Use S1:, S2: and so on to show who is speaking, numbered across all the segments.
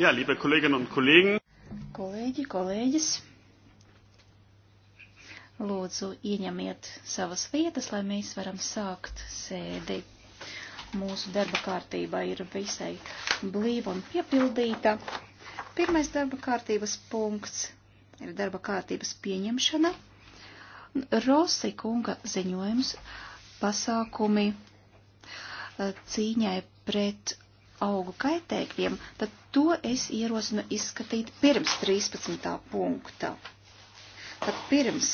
S1: Ja, liebe Kolleginnen un Kollegen.
S2: Kolēģi, kolēģis, lūdzu ieņemiet savas vietas, lai mēs varam sākt sēdi. Mūsu darba kārtība ir visai blīva un piepildīta. Pirmais darba kārtības punkts ir darba kārtības pieņemšana. Rosi kunga ziņojums pasākumi eh, cīņai pret augu kaitēkļiem, tad To es ierosinu izskatīt pirms 13. punkta. Tad pirms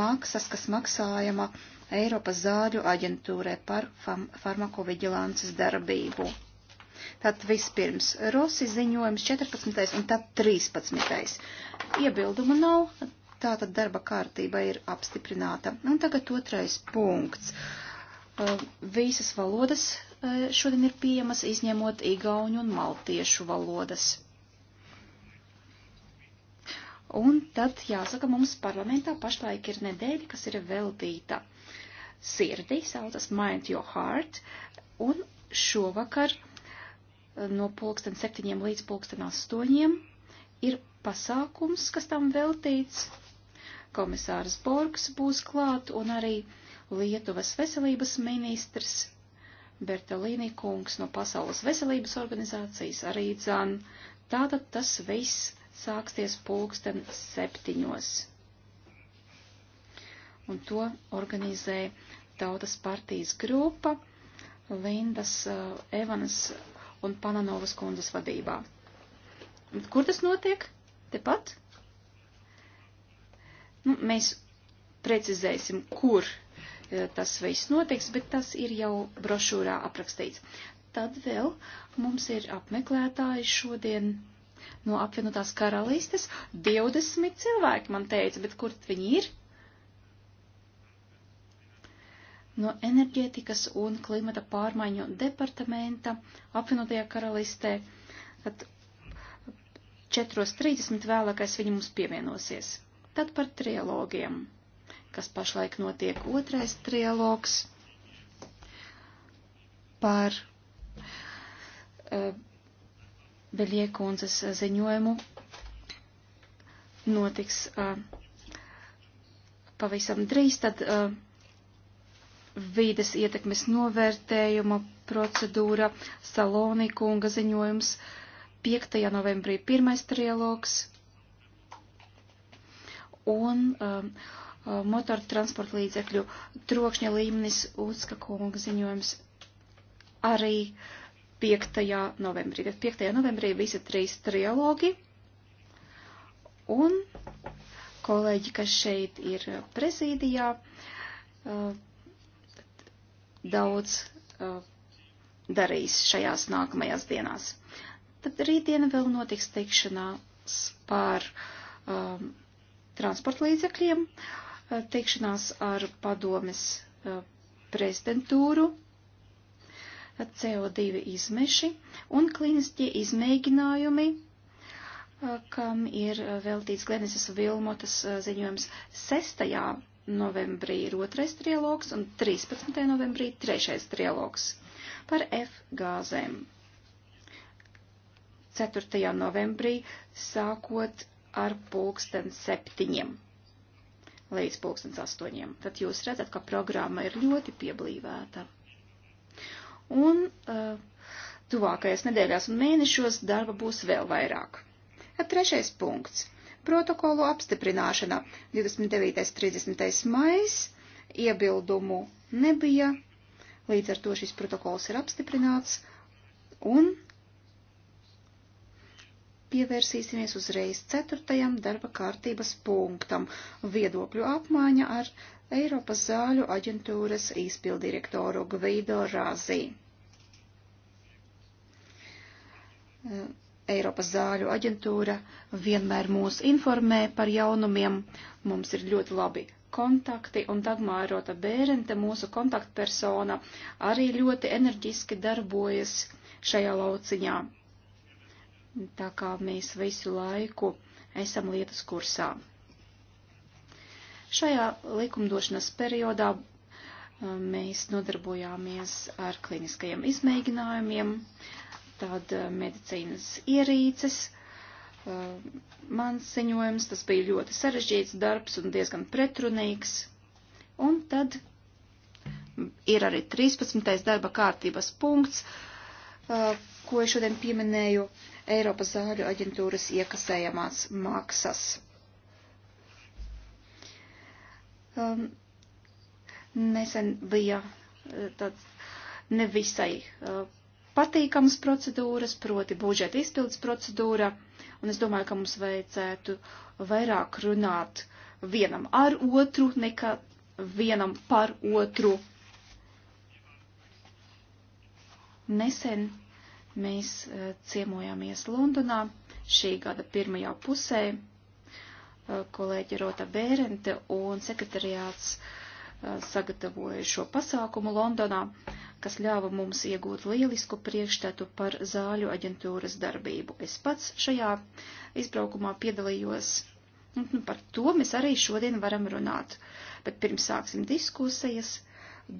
S2: maksas, kas maksājama Eiropas zāļu aģentūrē par farm farmakoviģilances darbību. Tad vispirms Rosi ziņojums 14. un tad 13. Iebildumu nav, tā tad darba kārtība ir apstiprināta. Un tagad otrais punkts. Uh, visas valodas Eh, šodien ir pieejamas izņemot igauņu un maltiešu valodas. Un tad jāsaka, mums parlamentā pašlaik ir nedēļa, kas ir veltīta sirdī, saucas Mind Your Heart, un šovakar eh, no pulksten septiņiem līdz pulksten astoņiem ir pasākums, kas tam veltīts. Komisārs Borgs būs klāt un arī Lietuvas veselības ministrs Bertolīni kungs no Pasaules veselības organizācijas arī dzan. Tātad tas viss sāksies pulksten septiņos. Un to organizē Tautas partijas grupa Lindas uh, Evanas un Pananovas kundas vadībā. Un kur tas notiek? Tepat? Nu, mēs precizēsim, kur Eh, tas viss notiks, bet tas ir jau brošūrā aprakstīts. Tad vēl mums ir apmeklētāji šodien no apvienotās karalistes. 20 cilvēki man teica, bet kur viņi ir? No enerģētikas un klimata pārmaiņu departamenta apvienotajā karalistē. Tad 4.30 vēlākais viņi mums pievienosies. Tad par trilogiem kas pašlaik notiek otrais trialogs par uh, eh, Beļiekundzes ziņojumu notiks uh, pavisam drīz, tad uh, vīdes ietekmes novērtējuma procedūra, Salonikunga ziņojums, 5. novembrī pirmais trialogs un uh, motortransporta līdzekļu trokšņa līmenis Uzska kunga ziņojums arī 5. novembrī. Tad 5. novembrī visi trīs trialogi un kolēģi, kas šeit ir prezīdijā, eh, daudz eh, darīs šajās nākamajās dienās. Tad rītdiena vēl notiks tikšanās par um, transporta līdzekļiem. Uh, Eh, tikšanās ar padomes eh, prezidentūru, eh, CO2 izmeši un klīniskie izmēģinājumi, kam ir veltīts Glenisas Vilmotas ziņojums 6. novembrī ir otrais trialogs un 13. novembrī trešais trialogs par F gāzēm. 4. novembrī sākot ar pulksten septiņiem līdz pulkstens astoņiem. Tad jūs redzat, ka programma ir ļoti pieblīvēta. Un uh, tuvākajās nedēļās un mēnešos darba būs vēl vairāk. Tad trešais punkts. Protokolu apstiprināšana 29. 30. mais iebildumu nebija, līdz ar to šis protokols ir apstiprināts un pievērsīsimies uzreiz ceturtajam darba kārtības punktam - viedokļu apmaiņa ar Eiropas zāļu aģentūras izpildirektoru Gvido Rāzī. Eh, Eiropas zāļu aģentūra vienmēr mūs informē par jaunumiem, mums ir ļoti labi kontakti, un Dagmārota Bērente, mūsu kontaktpersona, arī ļoti enerģiski darbojas šajā lauciņā tā kā mēs visu laiku esam lietas kursā. Šajā likumdošanas periodā uh, mēs nodarbojāmies ar kliniskajiem izmēģinājumiem, tad uh, medicīnas ierīces. Uh, mans ziņojums, tas bija ļoti sarežģīts darbs un diezgan pretrunīgs. Un tad ir arī 13. darba kārtības punkts, ko es šodien pieminēju, Eiropas zāļu aģentūras iekasējamās maksas. Um, nesen bija uh, tāds nevisai uh, patīkams procedūras, proti budžeta izpildes procedūra, un es domāju, ka mums vajadzētu vairāk runāt vienam ar otru, nekā vienam par otru. Nesen Mēs eh, ciemojāmies Londonā šī gada pirmajā pusē. Eh, kolēģi Rota Bērente un sekretariāts eh, sagatavoja šo pasākumu Londonā, kas ļāva mums iegūt lielisku priekšstatu par zāļu aģentūras darbību. Es pats šajā izbraukumā piedalījos Un nu, par to mēs arī šodien varam runāt. Bet pirms sāksim diskusijas,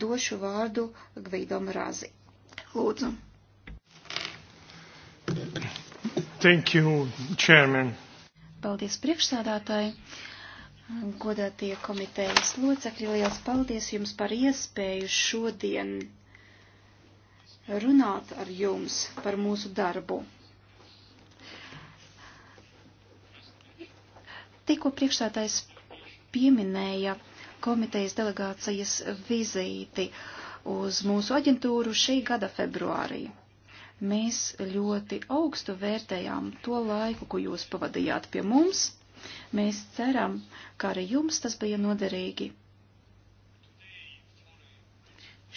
S2: došu vārdu Gvidam Razi. Lūdzu.
S1: Thank you, Chairman.
S2: Paldies priekšsādātāji, godātie komitejas locekļi, liels paldies jums par iespēju šodien runāt ar jums par mūsu darbu. Tikko priekšsādājs pieminēja komitejas delegācijas vizīti uz mūsu aģentūru šī gada februārī. Mēs ļoti augstu vērtējām to laiku, ko jūs pavadījāt pie mums. Mēs ceram, ka arī jums tas bija noderīgi.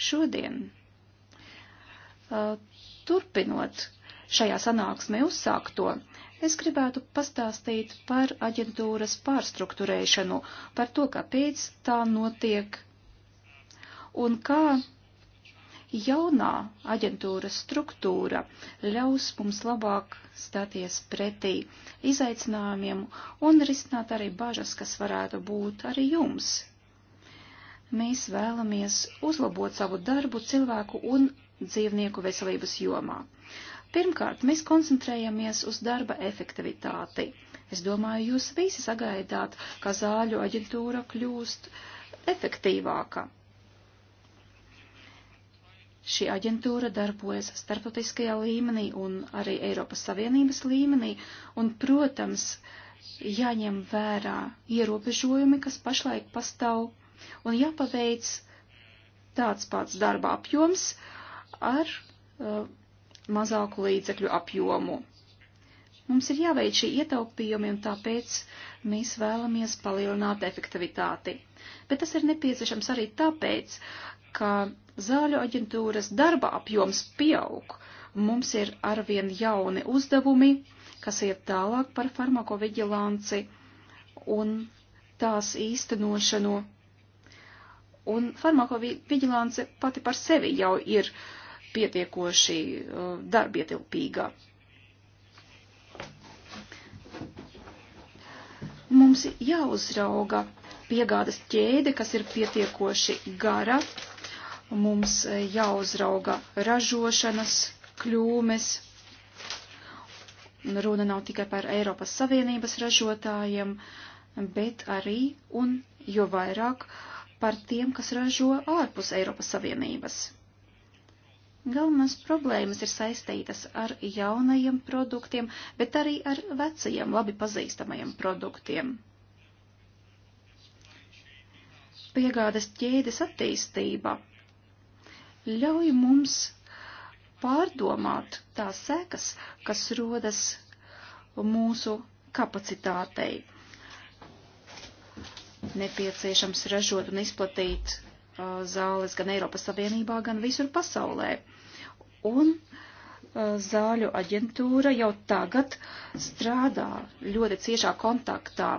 S2: Šodien, uh, turpinot šajā sanāksmē uzsākto, es gribētu pastāstīt par aģentūras pārstruktūrēšanu, par to, kāpēc tā notiek un kā Jaunā aģentūras struktūra ļaus mums labāk stāties pretī izaicinājumiem un risināt arī bažas, kas varētu būt arī jums. Mēs vēlamies uzlabot savu darbu cilvēku un dzīvnieku veselības jomā. Pirmkārt, mēs koncentrējamies uz darba efektivitāti. Es domāju, jūs visi sagaidāt, ka zāļu aģentūra kļūst efektīvāka. Šī aģentūra darbojas starptautiskajā līmenī un arī Eiropas Savienības līmenī, un, protams, jāņem vērā ierobežojumi, kas pašlaik pastāv, un jāpaveic tāds pats darba apjoms ar uh, mazāku līdzekļu apjomu. Mums ir jāveic šī ietaupījumi, un tāpēc mēs vēlamies palielināt efektivitāti. Bet tas ir nepieciešams arī tāpēc, ka zāļu aģentūras darba apjoms pieaug. Mums ir arvien jauni uzdevumi, kas iet tālāk par farmakoviģilanci un tās īstenošanu. Un farmakovigilance pati par sevi jau ir pietiekoši uh, darbietilpīga. Mums jāuzrauga piegādas ķēde, kas ir pietiekoši gara, Mums jāuzrauga ražošanas kļūmes. Runa nav tikai par Eiropas Savienības ražotājiem, bet arī un jo vairāk par tiem, kas ražo ārpus Eiropas Savienības. Galvenās problēmas ir saistītas ar jaunajiem produktiem, bet arī ar vecajiem, labi pazīstamajiem produktiem. Piegādes ķēdes attīstība ļauj mums pārdomāt tās sekas, kas rodas mūsu kapacitātei. Nepieciešams ražot un izplatīt uh, zāles gan Eiropas Savienībā, gan visur pasaulē. Un uh, zāļu aģentūra jau tagad strādā ļoti ciešā kontaktā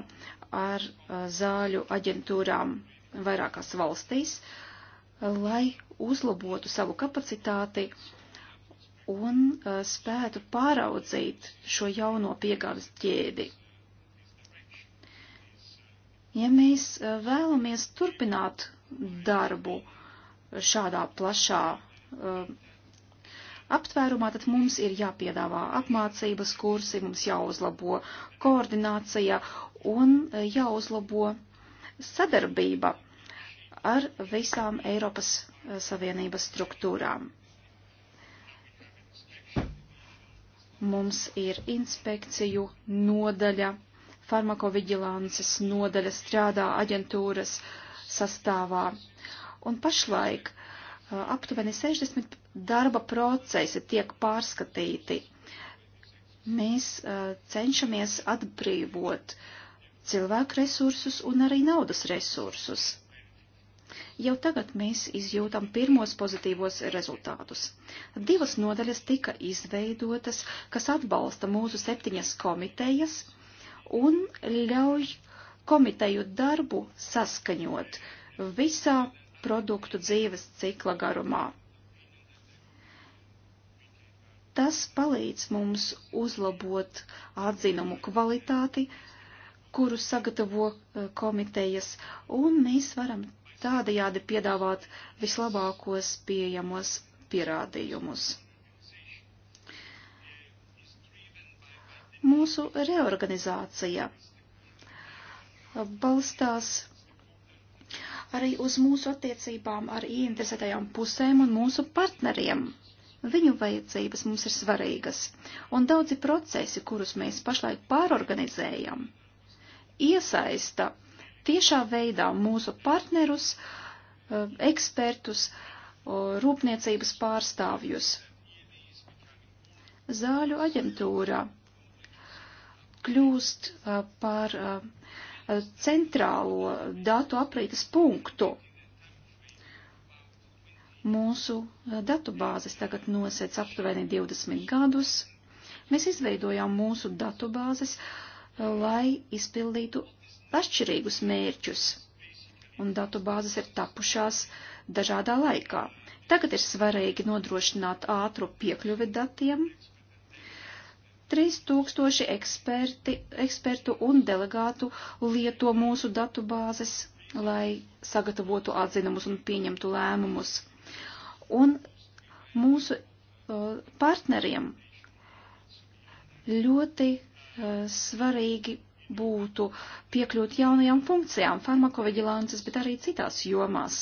S2: ar uh, zāļu aģentūrām vairākās valstīs. Uh, lai uzlabotu savu kapacitāti un eh, spētu pāraudzīt šo jauno piegādes ķēdi. Ja mēs eh, vēlamies turpināt darbu šādā plašā eh, aptvērumā, tad mums ir jāpiedāvā apmācības kursi, mums jāuzlabo koordinācija un jāuzlabo sadarbība ar visām Eiropas eh, Savienības struktūrām. Mums ir inspekciju nodaļa, farmakoviģilances nodaļa strādā aģentūras sastāvā. Un pašlaik eh, aptuveni 60 darba procesi tiek pārskatīti. Mēs eh, cenšamies atbrīvot cilvēku resursus un arī naudas resursus Jau tagad mēs izjūtam pirmos pozitīvos rezultātus. Divas nodaļas tika izveidotas, kas atbalsta mūsu septiņas komitejas un ļauj komiteju darbu saskaņot visā produktu dzīves cikla garumā. Tas palīdz mums uzlabot atzinumu kvalitāti, kuru sagatavo eh, komitejas, un mēs varam tādajādi piedāvāt vislabākos pieejamos pierādījumus. Mūsu reorganizācija balstās arī uz mūsu attiecībām ar ieinteresētajām pusēm un mūsu partneriem. Viņu vajadzības mums ir svarīgas, un daudzi procesi, kurus mēs pašlaik pārorganizējam, iesaista uh, tiešā veidā mūsu partnerus, eh, ekspertus, rūpniecības pārstāvjus. Zāļu aģentūra kļūst eh, par eh, centrālo datu aprītas punktu. Mūsu datubāzes tagad nosēc aptuveni 20 gadus. Mēs izveidojām mūsu datubāzes, lai izpildītu atšķirīgus mērķus, un datu bāzes ir tapušās dažādā laikā. Tagad ir svarīgi nodrošināt ātru piekļuvi datiem. 3000 eksperti, ekspertu un delegātu lieto mūsu datu bāzes, lai sagatavotu atzinumus un pieņemtu lēmumus. Un mūsu uh, partneriem ļoti uh, svarīgi būtu piekļūt jaunajām funkcijām farmakoviģilānces, bet arī citās jomās.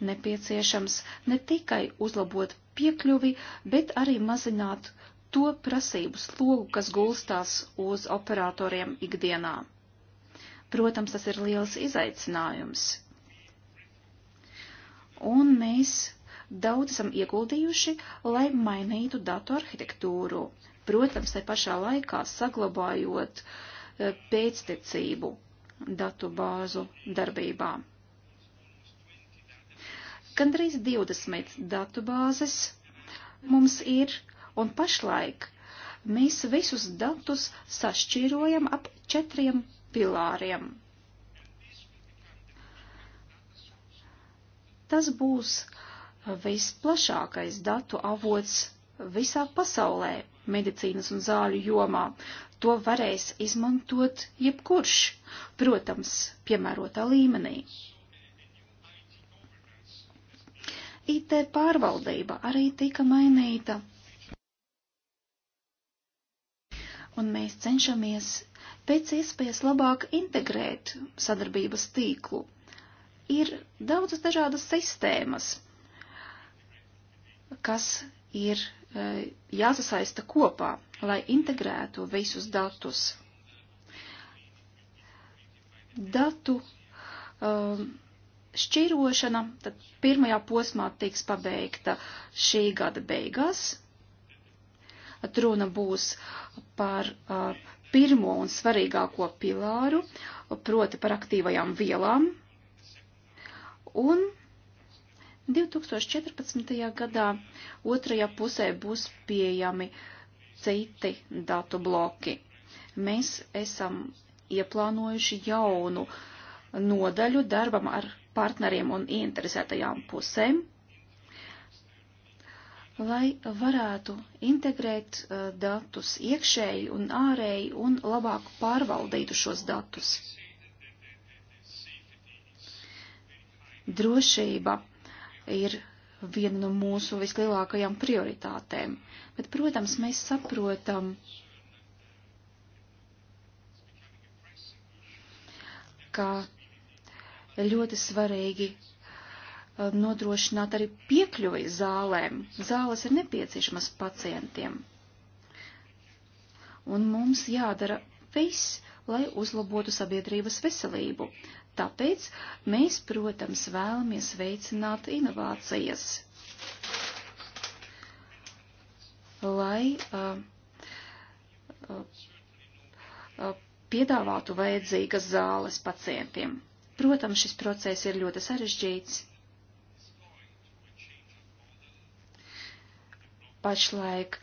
S2: Nepieciešams ne tikai uzlabot piekļuvi, bet arī mazināt to prasību slogu, kas gulstās uz operatoriem ikdienā. Protams, tas ir liels izaicinājums. Un mēs daudz esam ieguldījuši, lai mainītu datu arhitektūru protams, tai pašā laikā saglabājot eh, pēctecību datu bāzu darbībā. Gandrīz 20 datu bāzes mums ir, un pašlaik mēs visus datus sašķīrojam ap četriem
S3: pilāriem.
S2: Tas būs visplašākais datu avots visā pasaulē medicīnas un zāļu jomā. To varēs izmantot jebkurš, protams, piemērotā līmenī. IT pārvaldība arī tika mainīta. Un mēs cenšamies pēc iespējas labāk integrēt sadarbības tīklu. Ir daudzas dažādas sistēmas, kas ir Eh, jāsasaista kopā, lai integrētu visus datus. Datu um, šķirošana tad pirmajā posmā tiks pabeigta šī gada beigās. Runa būs par uh, pirmo un svarīgāko pilāru, proti par aktīvajām vielām. Un 2014. gadā otrajā pusē būs pieejami citi datu bloki. Mēs esam ieplānojuši jaunu nodaļu darbam ar partneriem un interesētajām pusēm, lai varētu integrēt uh, datus iekšēji un ārēji un labāk pārvaldītu šos datus. Drošība ir viena no mūsu vislielākajām prioritātēm. Bet, protams, mēs saprotam, ka ļoti svarīgi um, nodrošināt arī piekļuvi zālēm. Zāles ir nepieciešamas pacientiem. Un mums jādara viss, lai uzlabotu sabiedrības veselību. Tāpēc mēs, protams, vēlamies veicināt inovācijas, lai uh, uh, piedāvātu vajadzīgas zāles pacientiem. Protams, šis process ir ļoti sarežģīts. Pašlaik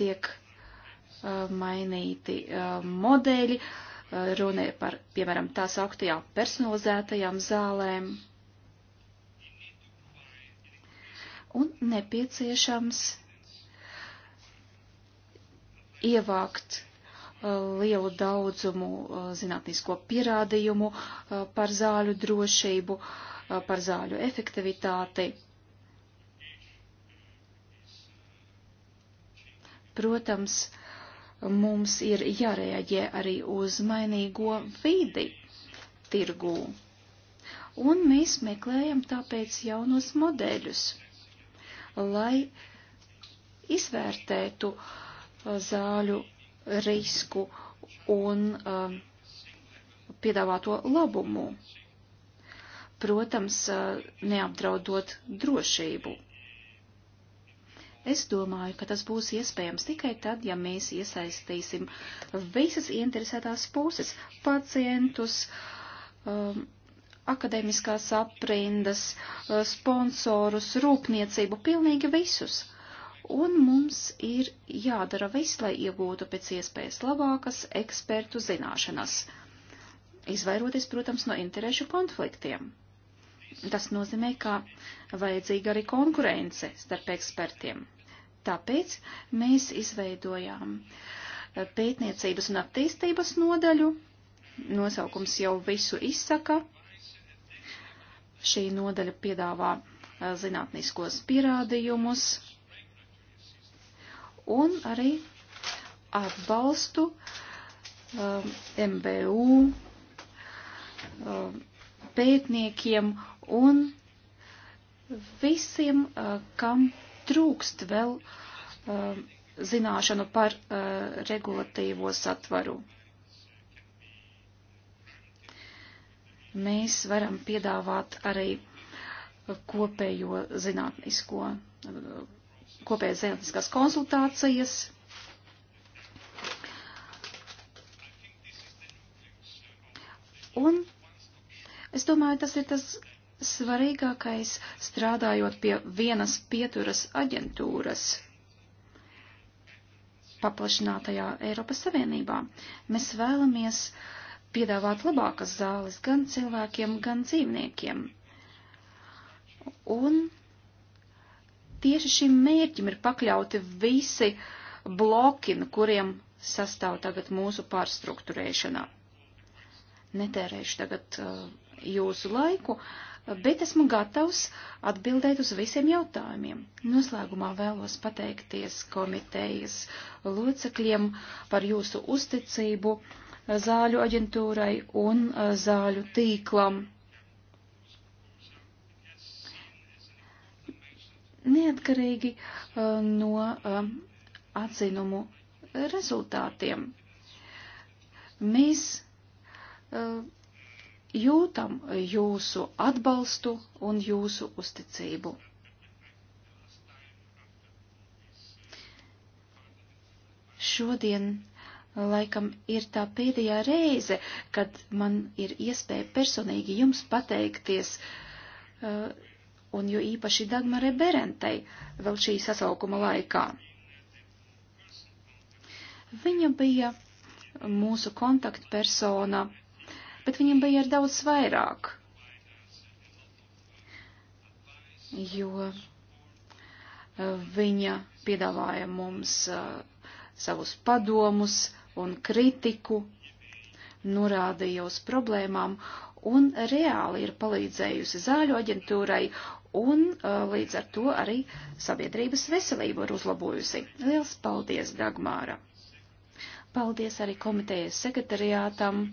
S2: tiek uh, mainīti modeļi, Eh, runa ir par, piemēram, tās augtajā personalizētajām zālēm. Un nepieciešams eh, ievākt eh, lielu daudzumu zinātnisko pierādījumu par zāļu drošību, par zāļu efektivitāti. Protams, mums ir jārēģē arī uz mainīgo vidi tirgū. Un mēs meklējam tāpēc jaunus modeļus, lai izvērtētu uh, zāļu risku un um, piedāvāto labumu. Protams, uh, neapdraudot drošību. Es domāju, ka tas būs iespējams tikai tad, ja mēs iesaistīsim visas interesētās puses - pacientus, um, akadēmiskās aprindas, uh, sponsorus, rūpniecību, pilnīgi visus. Un mums ir jādara viss, lai iegūtu pēc iespējas labākas ekspertu zināšanas, izvairoties, protams, no interešu konfliktiem. Tas nozīmē, ka vajadzīga arī konkurence starp ekspertiem. Tāpēc mēs izveidojām eh, pētniecības un attīstības nodaļu. Nosaukums jau visu izsaka. Šī nodaļa piedāvā eh, zinātniskos pierādījumus un arī atbalstu um, eh, MBU um, pētniekiem un visiem, uh, kam trūkst vēl uh, zināšanu par uh, regulatīvo satvaru. Mēs varam piedāvāt arī kopējo zinātnisko, kopējas zinātniskās konsultācijas, Un es domāju, tas ir tas svarīgākais strādājot pie vienas pieturas aģentūras paplašinātajā Eiropas Savienībā. Mēs vēlamies piedāvāt labākas zāles gan cilvēkiem, gan dzīvniekiem. Un tieši šim mērķim ir pakļauti visi bloki, no nu, kuriem sastāv tagad mūsu pārstruktūrēšanā. Netērēšu tagad uh, jūsu laiku. Uh, bet esmu gatavs atbildēt uz visiem jautājumiem. Noslēgumā vēlos pateikties komitejas locekļiem par jūsu uzticību zāļu aģentūrai un zāļu tīklam. Neatkarīgi uh, no uh, atzinumu rezultātiem. Mēs uh, jūtam jūsu atbalstu un jūsu uzticību. Šodien laikam ir tā pēdējā reize, kad man ir iespēja personīgi jums pateikties, uh, un jo īpaši Dagmare Berentai vēl šī sasaukuma laikā. Viņa bija mūsu kontaktpersona bet viņam bija ir daudz vairāk. Jo eh, viņa piedāvāja mums eh, savus padomus un kritiku, norādīja uz problēmām un reāli ir palīdzējusi zāļu aģentūrai un eh, līdz ar to arī sabiedrības veselību ir uzlabojusi. Liels paldies, Dagmāra! Paldies arī komitejas sekretariātam!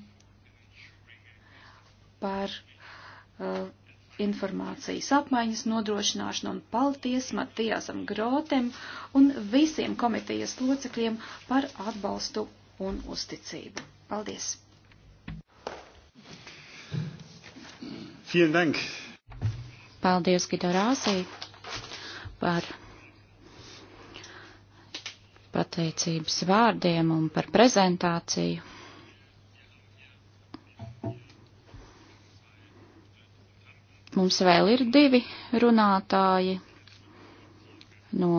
S2: par uh, informācijas apmaiņas nodrošināšanu un paldies Matijasam Grotem un visiem komitejas locekļiem par atbalstu un uzticību. Paldies!
S1: Vielen Dank.
S3: Paldies, Gita Rāsī, par pateicības vārdiem un par prezentāciju. Mums vēl ir divi runātāji no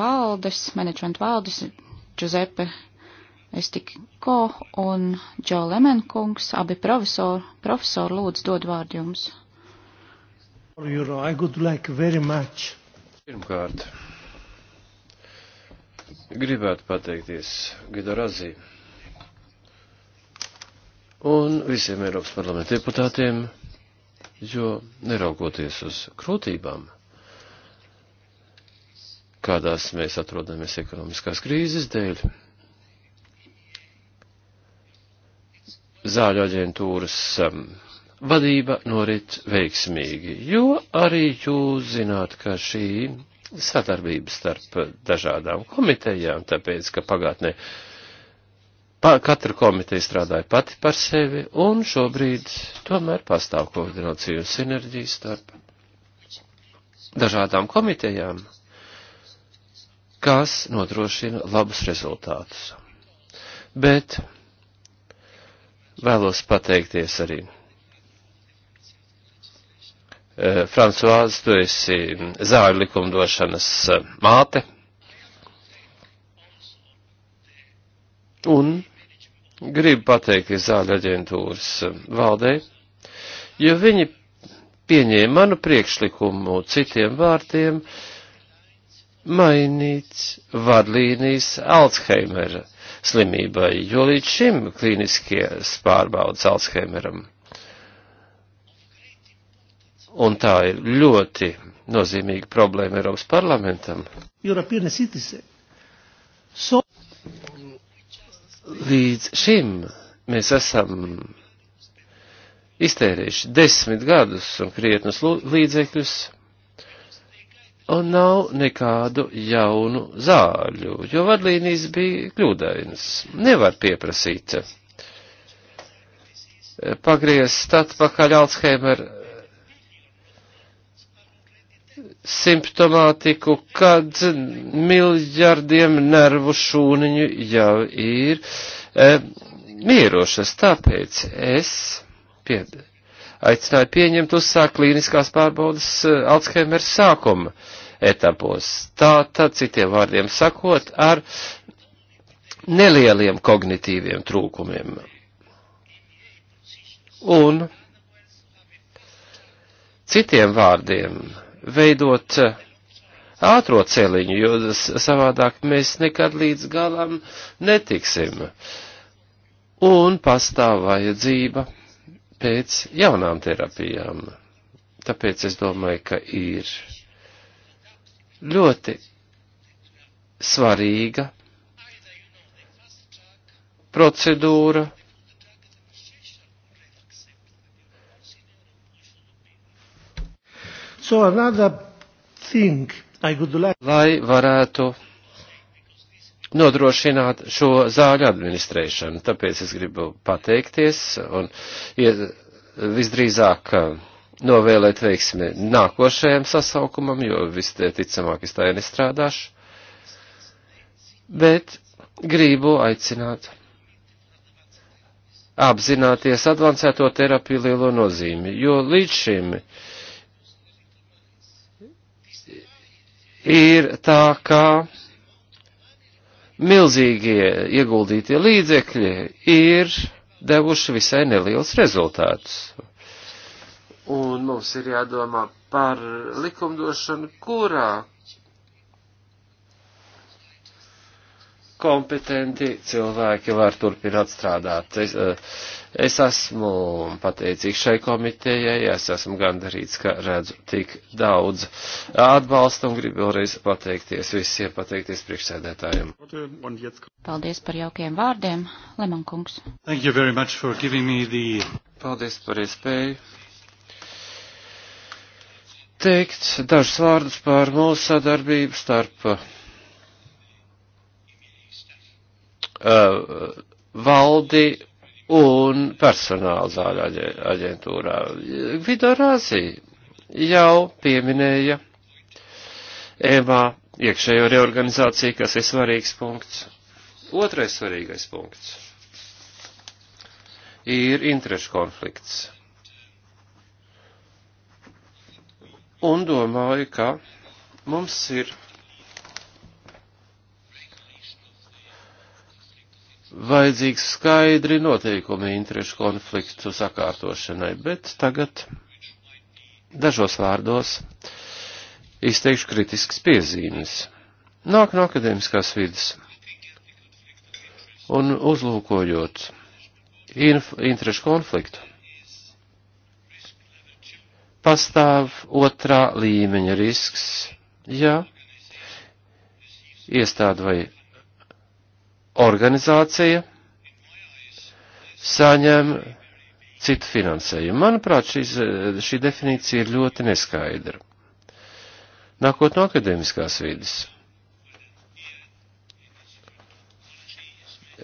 S3: valdes, menedžmenta valdes, Giuseppe Estiko un Džo Lemenkungs, abi profesori, profesori lūdzu dod vārdu jums.
S4: Like Pirmkārt, gribētu pateikties Gido Razī un visiem Eiropas parlamenta deputātiem jo neraugoties uz krūtībām, kādās mēs atrodamies ekonomiskās krīzes dēļ, zāļu aģentūras um, vadība norit veiksmīgi, jo arī jūs zināt, ka šī sadarbība starp dažādām komitejām, tāpēc, ka pagātnē uh, pa, katra komiteja strādāja pati par sevi, un šobrīd tomēr pastāv koordinācija un sinerģija starp dažādām komitejām, kas nodrošina labus rezultātus. Bet vēlos pateikties arī e, Francoāze, tu esi zāļu likumdošanas e, māte. Un Gribu pateikties zāļu aģentūras eh, valdei, jo viņi pieņēma manu priekšlikumu citiem vārtiem mainīt vadlīnijas Alzheimera slimībai, jo līdz šim klīniskie pārbaudas Alzheimeram. Un tā ir ļoti nozīmīga problēma Eiropas parlamentam. So Līdz šim mēs esam iztērējuši desmit gadus un krietnus līdzekļus, un nav nekādu jaunu zāļu, jo vadlīnijas bija kļūdainas. Nevar pieprasīt pagriezt atpakaļ Alzheimer simptomātiku, kad miljardiem nervu šūniņu jau ir e, mīrošas. Tāpēc es pie, aicināju pieņemt uzsākt klīniskās pārbaudas e, Alzheimer sākuma etapos. Tā tad, citiem vārdiem sakot, ar nelieliem kognitīviem trūkumiem. Un citiem vārdiem veidot eh, ātro celiņu, jo savādāk mēs nekad līdz galam netiksim. Un pastāv vajadzība pēc jaunām terapijām. Tāpēc es domāju, ka ir ļoti svarīga procedūra So another thing I would like. Lai varētu nodrošināt šo zāļu administrēšanu. Tāpēc es gribu pateikties un ja, visdrīzāk novēlēt veiksmi nākošajam sasaukumam, jo visticamāk es tā ja nestrādāšu. Bet gribu aicināt apzināties advancēto terapiju lielo nozīmi, jo līdz šim uh, ir tā, ka milzīgie ieguldītie līdzekļi ir devuši visai neliels rezultāts. Un mums ir jādomā par likumdošanu, kurā kompetenti cilvēki var turpināt strādāt. Es, eh, es esmu pateicīgs šai komitejai, es esmu gandarīts, ka redzu tik daudz atbalsta un gribu vēlreiz pateikties visiem, pateikties
S1: priekšsēdētājiem.
S3: Paldies par jaukiem vārdiem, Lemankungs.
S1: The... Paldies par iespēju
S4: teikt dažus vārdus par mūsu sadarbību starp uh, valdi un personāla zāļu aģe, aģentūrā. Vido Rāzī jau pieminēja EMA iekšējo reorganizāciju, kas ir svarīgs punkts. Otrais svarīgais punkts ir interešu konflikts. Un domāju, ka mums ir vajadzīgi skaidri noteikumi interešu konfliktu sakārtošanai, bet tagad dažos vārdos izteikšu kritisks piezīmes. Nāk no akadēmiskās vidas un uzlūkojot interešu konfliktu. Pastāv otrā līmeņa risks, ja iestāde vai organizācija saņem citu finansējumu. Manuprāt, šis, šī definīcija ir ļoti neskaidra. Nākot no akadēmiskās vidas.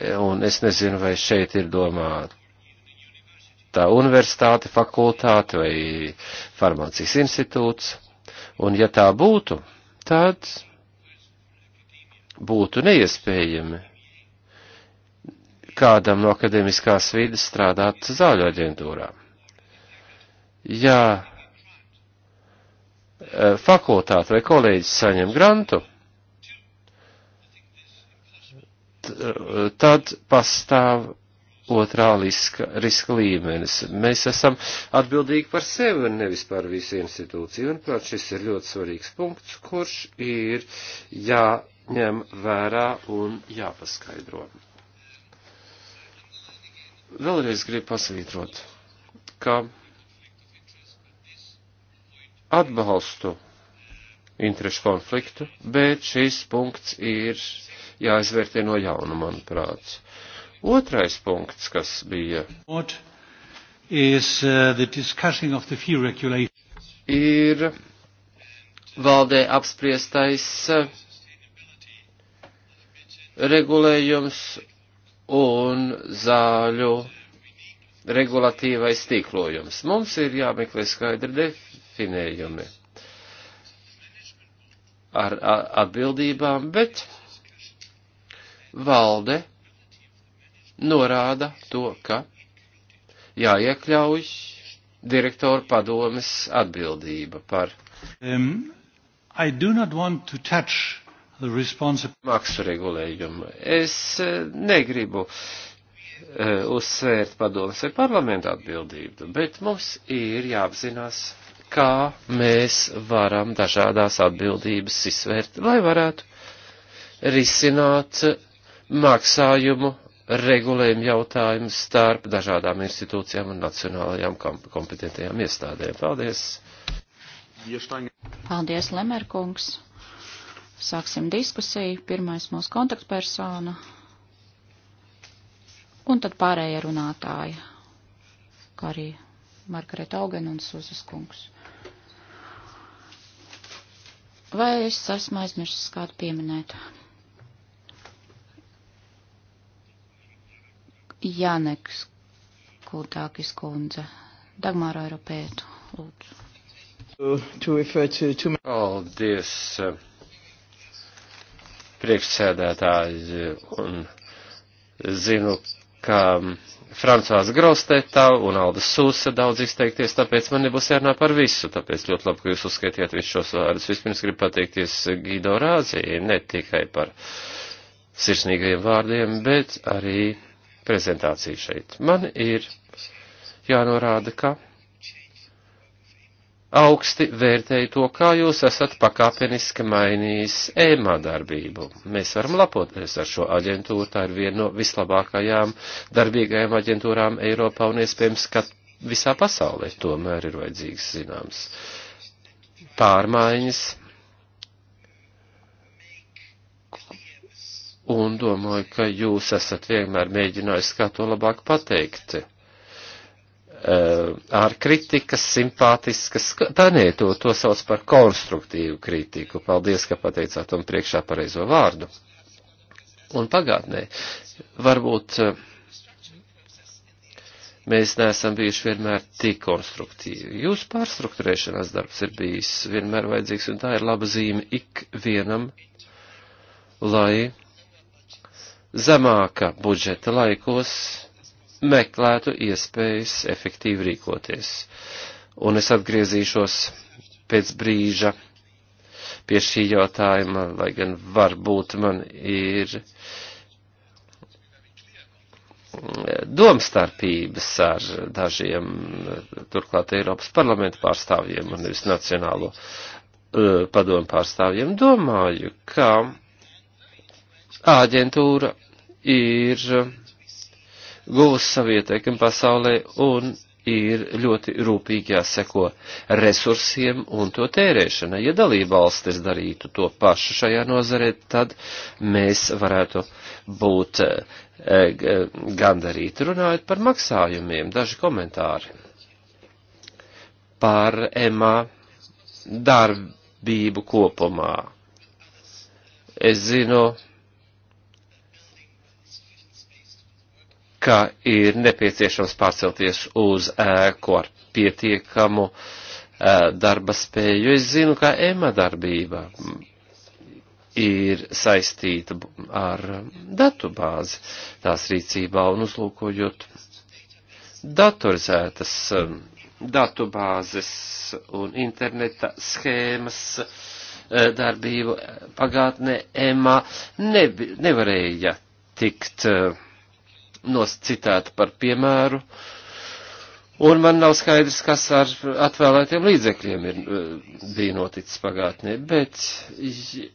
S4: Un es nezinu, vai šeit ir domāta tā universitāte, fakultāte vai farmācijas institūts. Un ja tā būtu, tad būtu neiespējami kādam no akadēmiskās vidas strādāt zāļu aģentūrā. Ja e, fakultāte vai kolēģis saņem grantu, e, tad pastāv otrā riska, riska līmenis. Mēs esam atbildīgi par sevi un nevis par visu institūciju. Manuprāt, šis ir ļoti svarīgs punkts, kurš ir jāņem vērā un jāpaskaidro. Vēlreiz gribu pasvītrot, ka atbalstu interešu konfliktu, bet šis punkts ir jāizvērtē no jauna, manuprāt. Otrais punkts, kas bija,
S1: uh, ir
S4: valdē apspriestais uh, regulējums un zāļu regulatīvais tīklojums. Mums ir jāmeklē skaidri definējumi ar atbildībām, bet valde norāda to, ka jāiekļauj direktora padomes atbildība par. Um, I do not want to touch maksu regulējumu. Es eh, negribu eh, uzsvērt padomus vai parlamentu atbildību, bet mums ir jāapzinās, kā mēs varam dažādās atbildības izsvērt, lai varētu risināt maksājumu regulējumu jautājumu starp dažādām institūcijām un nacionālajām kompetentajām iestādēm. Paldies!
S3: Paldies, Lemerkungs! Sāksim diskusiju. Pirmais mūsu kontaktpersona. Un tad pārējie runātāji, kā arī Margareta Augen un Suzas kungs. Vai es esmu aizmirsis kādu pieminēt? Janeks Kultākis kundze, Dagmāra Eiropētu, lūdzu.
S5: To refer to, to...
S4: Paldies. Oh, priekšsēdētāji un zinu, ka Francās Graustētā un Alda Sūsa daudz izteikties, tāpēc man nebūs jārunā par visu, tāpēc ļoti labi, ka jūs uzskaitījāt visus šos vārdus. Vispirms gribu pateikties Gido Rāzī, ne tikai par sirsnīgajiem vārdiem, bet arī prezentāciju šeit. Man ir jānorāda, ka augsti vērtēju to, kā jūs esat pakāpeniski mainījis ēmā darbību. Mēs varam lapoties ar šo aģentūru, tā ir viena no vislabākajām darbīgajām aģentūrām Eiropā un iespējams, ka visā pasaulē tomēr ir vajadzīgs zināms pārmaiņas. Un domāju, ka jūs esat vienmēr mēģinājis kā to labāk pateikt ar eh, kritikas simpātiskas, tā nē, to, to sauc par konstruktīvu kritiku. Paldies, ka pateicāt un priekšā pareizo vārdu. Un pagātnē, varbūt eh, mēs neesam bijuši vienmēr tik konstruktīvi. Jūsu pārstruktūrēšanās darbs ir bijis vienmēr vajadzīgs, un tā ir laba zīme ikvienam, lai zemāka budžeta laikos meklētu iespējas efektīvi rīkoties. Un es atgriezīšos pēc brīža pie šī jautājuma, lai gan varbūt man ir domstarpības ar dažiem, turklāt Eiropas parlamenta pārstāvjiem un nevis Nacionālo uh, padomu pārstāvjiem. Domāju, ka aģentūra ir guvis savu ieteikumu pasaulē un ir ļoti rūpīgi jāseko resursiem un to tērēšanai. Ja dalībvalstis darītu to pašu šajā nozarē, tad mēs varētu būt e, gandarīti runājot par maksājumiem. Daži komentāri par EMA darbību kopumā. Es zinu, ka ir nepieciešams pārcelties uz ēku ar pietiekamu darba spēju. Es zinu, ka ema darbība ir saistīta ar datu bāzi tās rīcībā un uzlūkojot datorizētas datu bāzes un interneta schēmas darbību pagātnē EMA ne, nevarēja tikt uh, noscitāta par piemēru, un man nav skaidrs, kas ar atvēlētiem līdzekļiem ir, eh, bija noticis pagātnē, bet eh,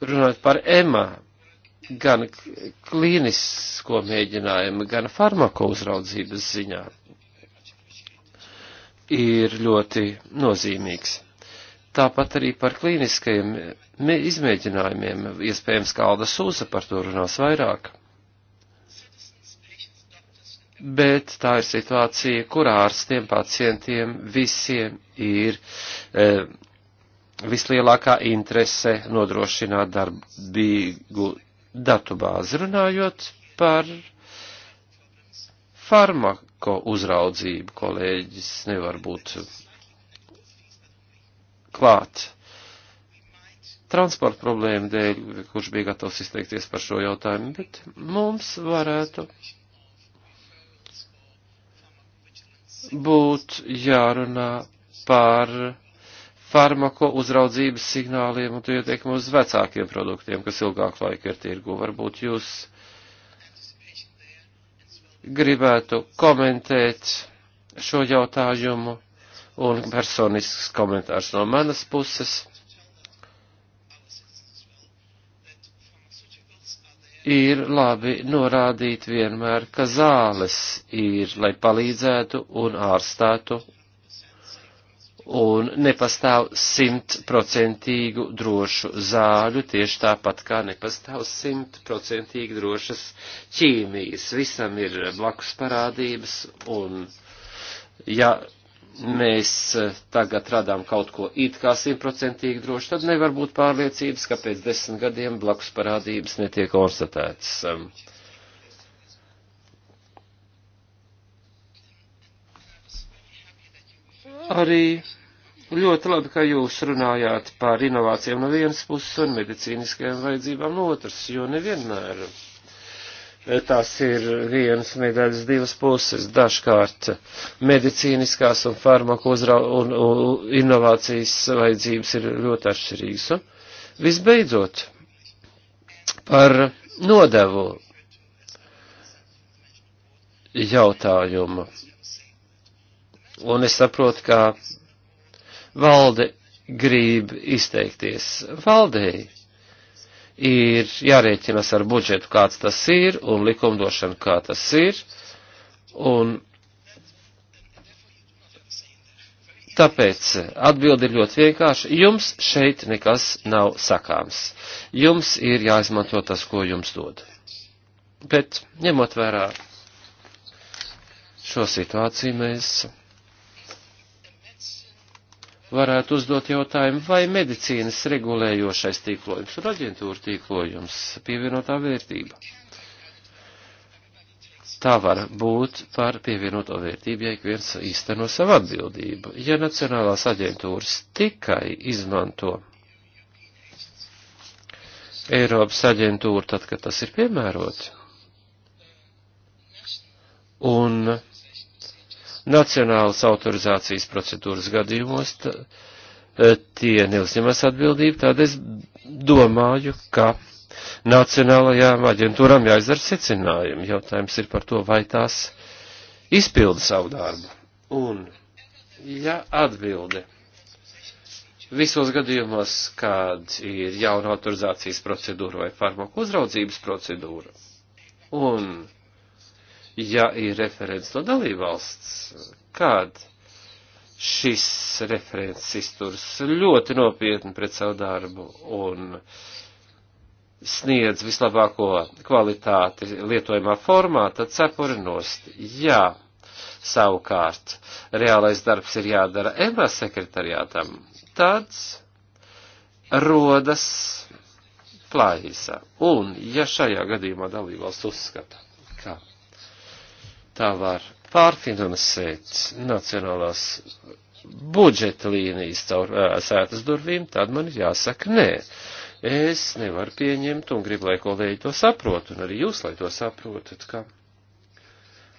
S4: runājot par EMA, gan klīnisko mēģinājumu, gan farmako uzraudzības ziņā ir ļoti nozīmīgs. Tāpat arī par klīniskajiem izmēģinājumiem, iespējams, Kalda Sūsa par to runās vairāk. Bet tā ir situācija, kurā ārstiem, pacientiem visiem ir e, vislielākā interese nodrošināt darbīgu datu bāzi, runājot par farmako uzraudzību. Kolēģis nevar būt klāt. Transporta problēma dēļ, kurš bija gatavs izteikties par šo jautājumu, bet mums varētu būt jārunā par farmako uzraudzības signāliem un to ieteikumu uz vecākiem produktiem, kas ilgāku laiku ir tirgu. Varbūt jūs gribētu komentēt šo jautājumu Un personisks komentārs no manas puses. ir labi norādīt vienmēr, ka zāles ir, lai palīdzētu un ārstātu, un nepastāv simtprocentīgu drošu zāļu, tieši tāpat kā nepastāv simtprocentīgi drošas ķīmijas. Visam ir blakus parādības, un ja mēs eh, tagad radām kaut ko it kā simtprocentīgi droši, tad nevar būt pārliecības, ka pēc desmit gadiem blakus parādības netiek konstatētas. Arī ļoti labi, ka jūs runājāt par inovācijām no vienas puses un medicīniskajām vajadzībām no otras, jo nevienmēr tās ir vienas medaļas divas puses, dažkārt medicīniskās un farmaku un, un inovācijas vajadzības ir ļoti atšķirīgas. Un visbeidzot, par nodevu jautājumu. Un es saprotu, ka valde grib izteikties valdēji ir jārēķinas ar budžetu, kāds tas ir, un likumdošanu, kā tas ir, un Tāpēc atbildi ir ļoti vienkārši. Jums šeit nekas nav sakāms. Jums ir jāizmanto tas, ko jums dod. Bet ņemot vērā šo situāciju, mēs varētu uzdot jautājumu, vai medicīnas regulējošais tīklojums un aģentūra tīklojums pievienotā vērtība. Tā var būt par pievienoto vērtību, ja ik viens īsteno savu atbildību. Ja nacionālās aģentūras tikai izmanto Eiropas aģentūru tad, kad tas ir piemērots, un nacionālas autorizācijas procedūras gadījumos tā, e, tie neuzņemas atbildību, tad es domāju, ka nacionālajām aģentūrām jāizdara secinājumi. Jautājums ir par to, vai tās izpilda savu darbu. Un, ja atbilde visos gadījumos, kad ir jauna autorizācijas procedūra vai farmaku uzraudzības procedūra, un ja ir referents no dalībvalsts, kad šis referents izturs ļoti nopietni pret savu darbu un sniedz vislabāko kvalitāti lietojumā formā, tad cepuri nost. Jā, savukārt, reālais darbs ir jādara EMA sekretariātam, tad rodas plājīsā. Un, ja šajā gadījumā dalībvalsts uzskata, tā var pārfinansēt nacionālās budžeta līnijas caur sētas durvīm, tad man ir jāsaka nē. Es nevaru pieņemt un gribu, lai kolēģi to saprot, un arī jūs, lai to saprotat, ka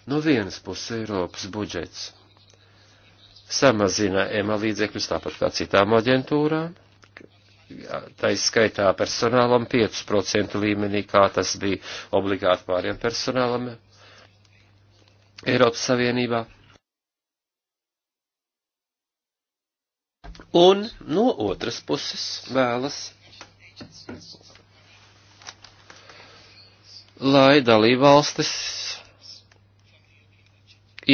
S4: no vienas puses Eiropas budžets samazina EMA līdzekļus tāpat kā citām aģentūrām, tā izskaitā personālam 5% līmenī, kā tas bija obligāti pāriem personālam Eiropas Savienībā. Un no otras puses vēlas, lai dalībvalstis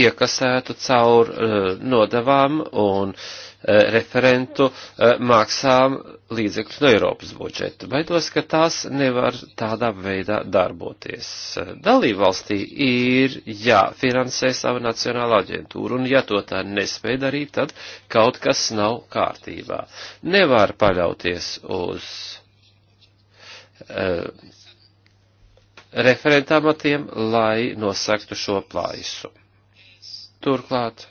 S4: iekasētu caur uh, eh, nodavām un uh, Eh, referentu eh, maksām līdzekļus no Eiropas budžeta. Baidos, ka tās nevar tādā veidā darboties. Eh, dalībvalstī ir jāfinansē sava nacionāla aģentūra, un ja to tā nespēj darīt, tad kaut kas nav kārtībā. Nevar paļauties uz uh, referentāmatiem, lai nosaktu šo plaisu. Turklāt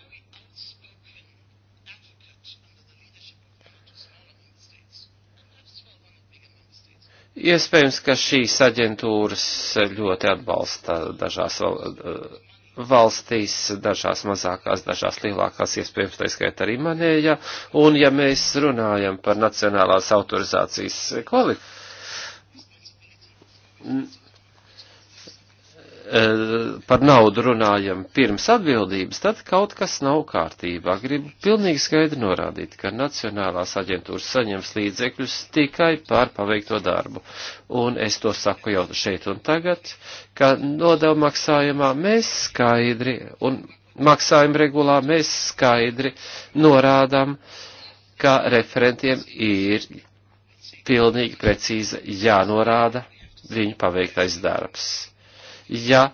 S4: Iespējams, ka šīs aģentūras ļoti atbalsta dažās eh, valstīs, dažās mazākās, dažās lielākās, iespējams, tā skaitā arī manējā, un ja mēs runājam par nacionālās autorizācijas kvalitāti, E, par naudu runājam pirms atbildības, tad kaut kas nav kārtībā. Gribu pilnīgi skaidri norādīt, ka Nacionālās aģentūras saņems līdzekļus tikai par paveikto darbu. Un es to saku jau šeit un tagad, ka nodevu maksājumā mēs skaidri un maksājuma regulā mēs skaidri norādām, ka referentiem ir pilnīgi precīzi jānorāda viņu paveiktais darbs Ja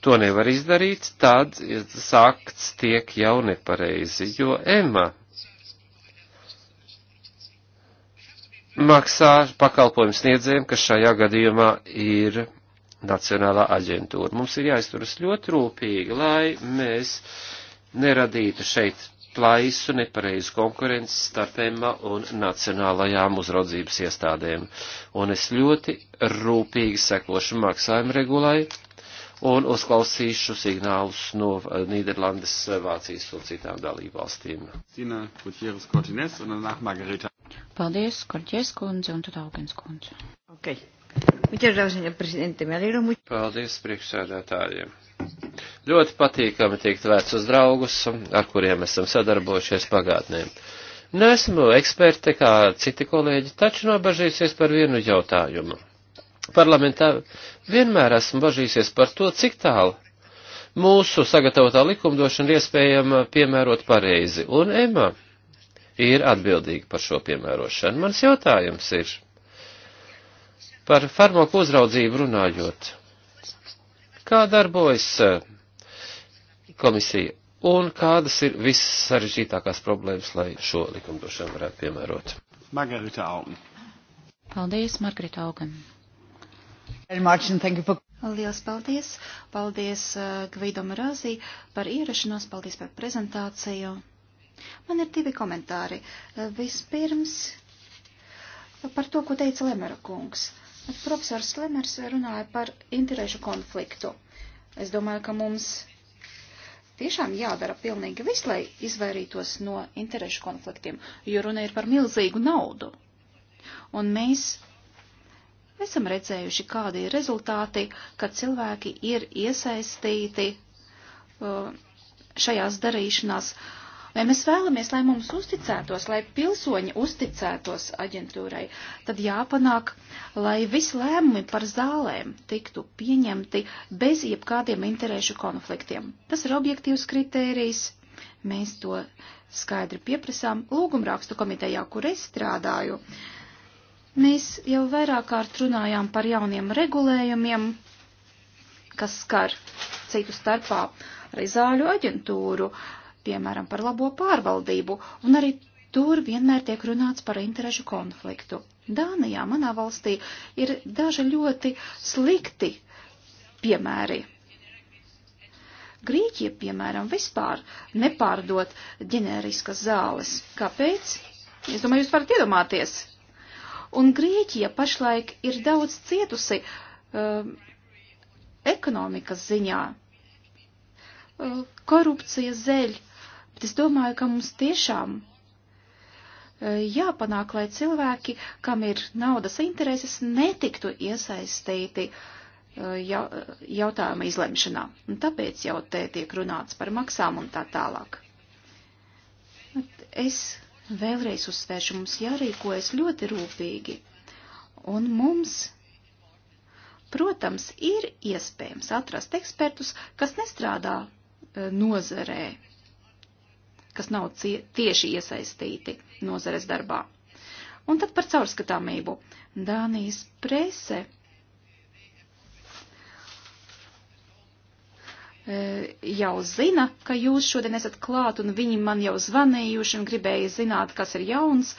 S4: to nevar izdarīt, tad sakts tiek jau nepareizi, jo Emma maksā pakalpojumu sniedzējiem, kas šajā gadījumā ir Nacionālā aģentūra. Mums ir jāizturas ļoti rūpīgi, lai mēs neradītu šeit plaisu nepareizu konkurenci starp EMA un nacionālajām uzraudzības iestādēm. Un es ļoti rūpīgi sekošu maksājumu regulai un uzklausīšu signālus no eh, Nīderlandes, eh, Vācijas un citām dalībvalstīm.
S3: Paldies, Korķies kundze un tad Augens kundze. Okay.
S1: Paldies priekšsēdētājiem.
S4: Ļoti patīkami tikt vērts uz draugus, ar kuriem esam sadarbojušies pagātnē. Nesmu eksperte kā citi kolēģi, taču nobažīsies par vienu jautājumu. Parlamentā vienmēr esmu bažīsies par to, cik tālu mūsu sagatavotā likumdošana iespējama piemērot pareizi, un Ema ir atbildīga par šo piemērošanu. Mans jautājums ir par farmaku uzraudzību runājot. Kā darbojas komisija un kādas ir viss sarežģītākās problēmas, lai šo likumdošanu varētu piemērot. Margarita Augen.
S3: Paldies, Margarita Augen. Liels paldies! Paldies uh,
S2: Gvido Marāzī par ierašanos, paldies par prezentāciju. Man ir divi komentāri. Uh, vispirms par to, ko teica Lemera kungs. Profesors Lemers runāja par interešu konfliktu. Es domāju, ka mums tiešām jādara pilnīgi viss, lai izvairītos no interešu konfliktiem, jo runa ir par milzīgu naudu. Un mēs esam redzējuši, kādi ir rezultāti, kad cilvēki ir iesaistīti uh, šajās darīšanās. Uh, Vai mēs vēlamies, lai mums uzticētos, lai pilsoņi uzticētos aģentūrai, tad jāpanāk, lai visi lēmumi par zālēm tiktu pieņemti bez jebkādiem interešu konfliktiem. Tas ir objektīvs kritērijs. Mēs to skaidri pieprasām lūgumrakstu komitejā, kur es strādāju. Mēs jau vairāk kārt runājām par jauniem regulējumiem, kas skar citu starpā arī zāļu aģentūru. Uh, piemēram, par labo pārvaldību, un arī tur vienmēr tiek runāts par interešu konfliktu. Dānijā, manā valstī, ir daži ļoti slikti piemēri. Grieķija, piemēram, vispār nepārdot ģenēriskas zāles. Kāpēc? Es domāju, jūs varat iedomāties. Un Grieķija pašlaik ir daudz cietusi um, ekonomikas ziņā. Uh, korupcija zeļ, Bet es domāju, ka mums tiešām e, jāpanāk, lai cilvēki, kam ir naudas intereses, netiktu iesaistīti e, jautājuma izlemšanā. Un tāpēc jau te tiek runāts par maksām un tā tālāk. Es vēlreiz uzsvēršu, mums jārīkojas ļoti rūpīgi. Un mums, protams, ir iespējams atrast ekspertus, kas nestrādā e, nozerē, kas nav tieši iesaistīti nozares darbā. Un tad par caurskatāmību. Dānijas prese e, jau zina, ka jūs šodien esat klāt, un viņi man jau zvanījuši un gribēja zināt, kas ir jauns,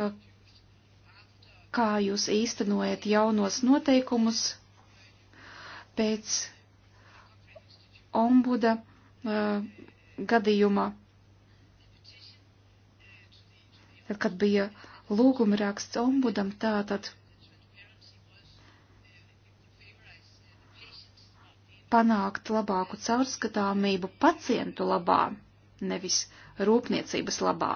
S2: e, kā jūs īstenojat jaunos noteikumus pēc ombuda e, gadījuma Tad, kad bija lūguma raksts ombudam, tātad panākt labāku caurskatāmību pacientu labā, nevis rūpniecības labā.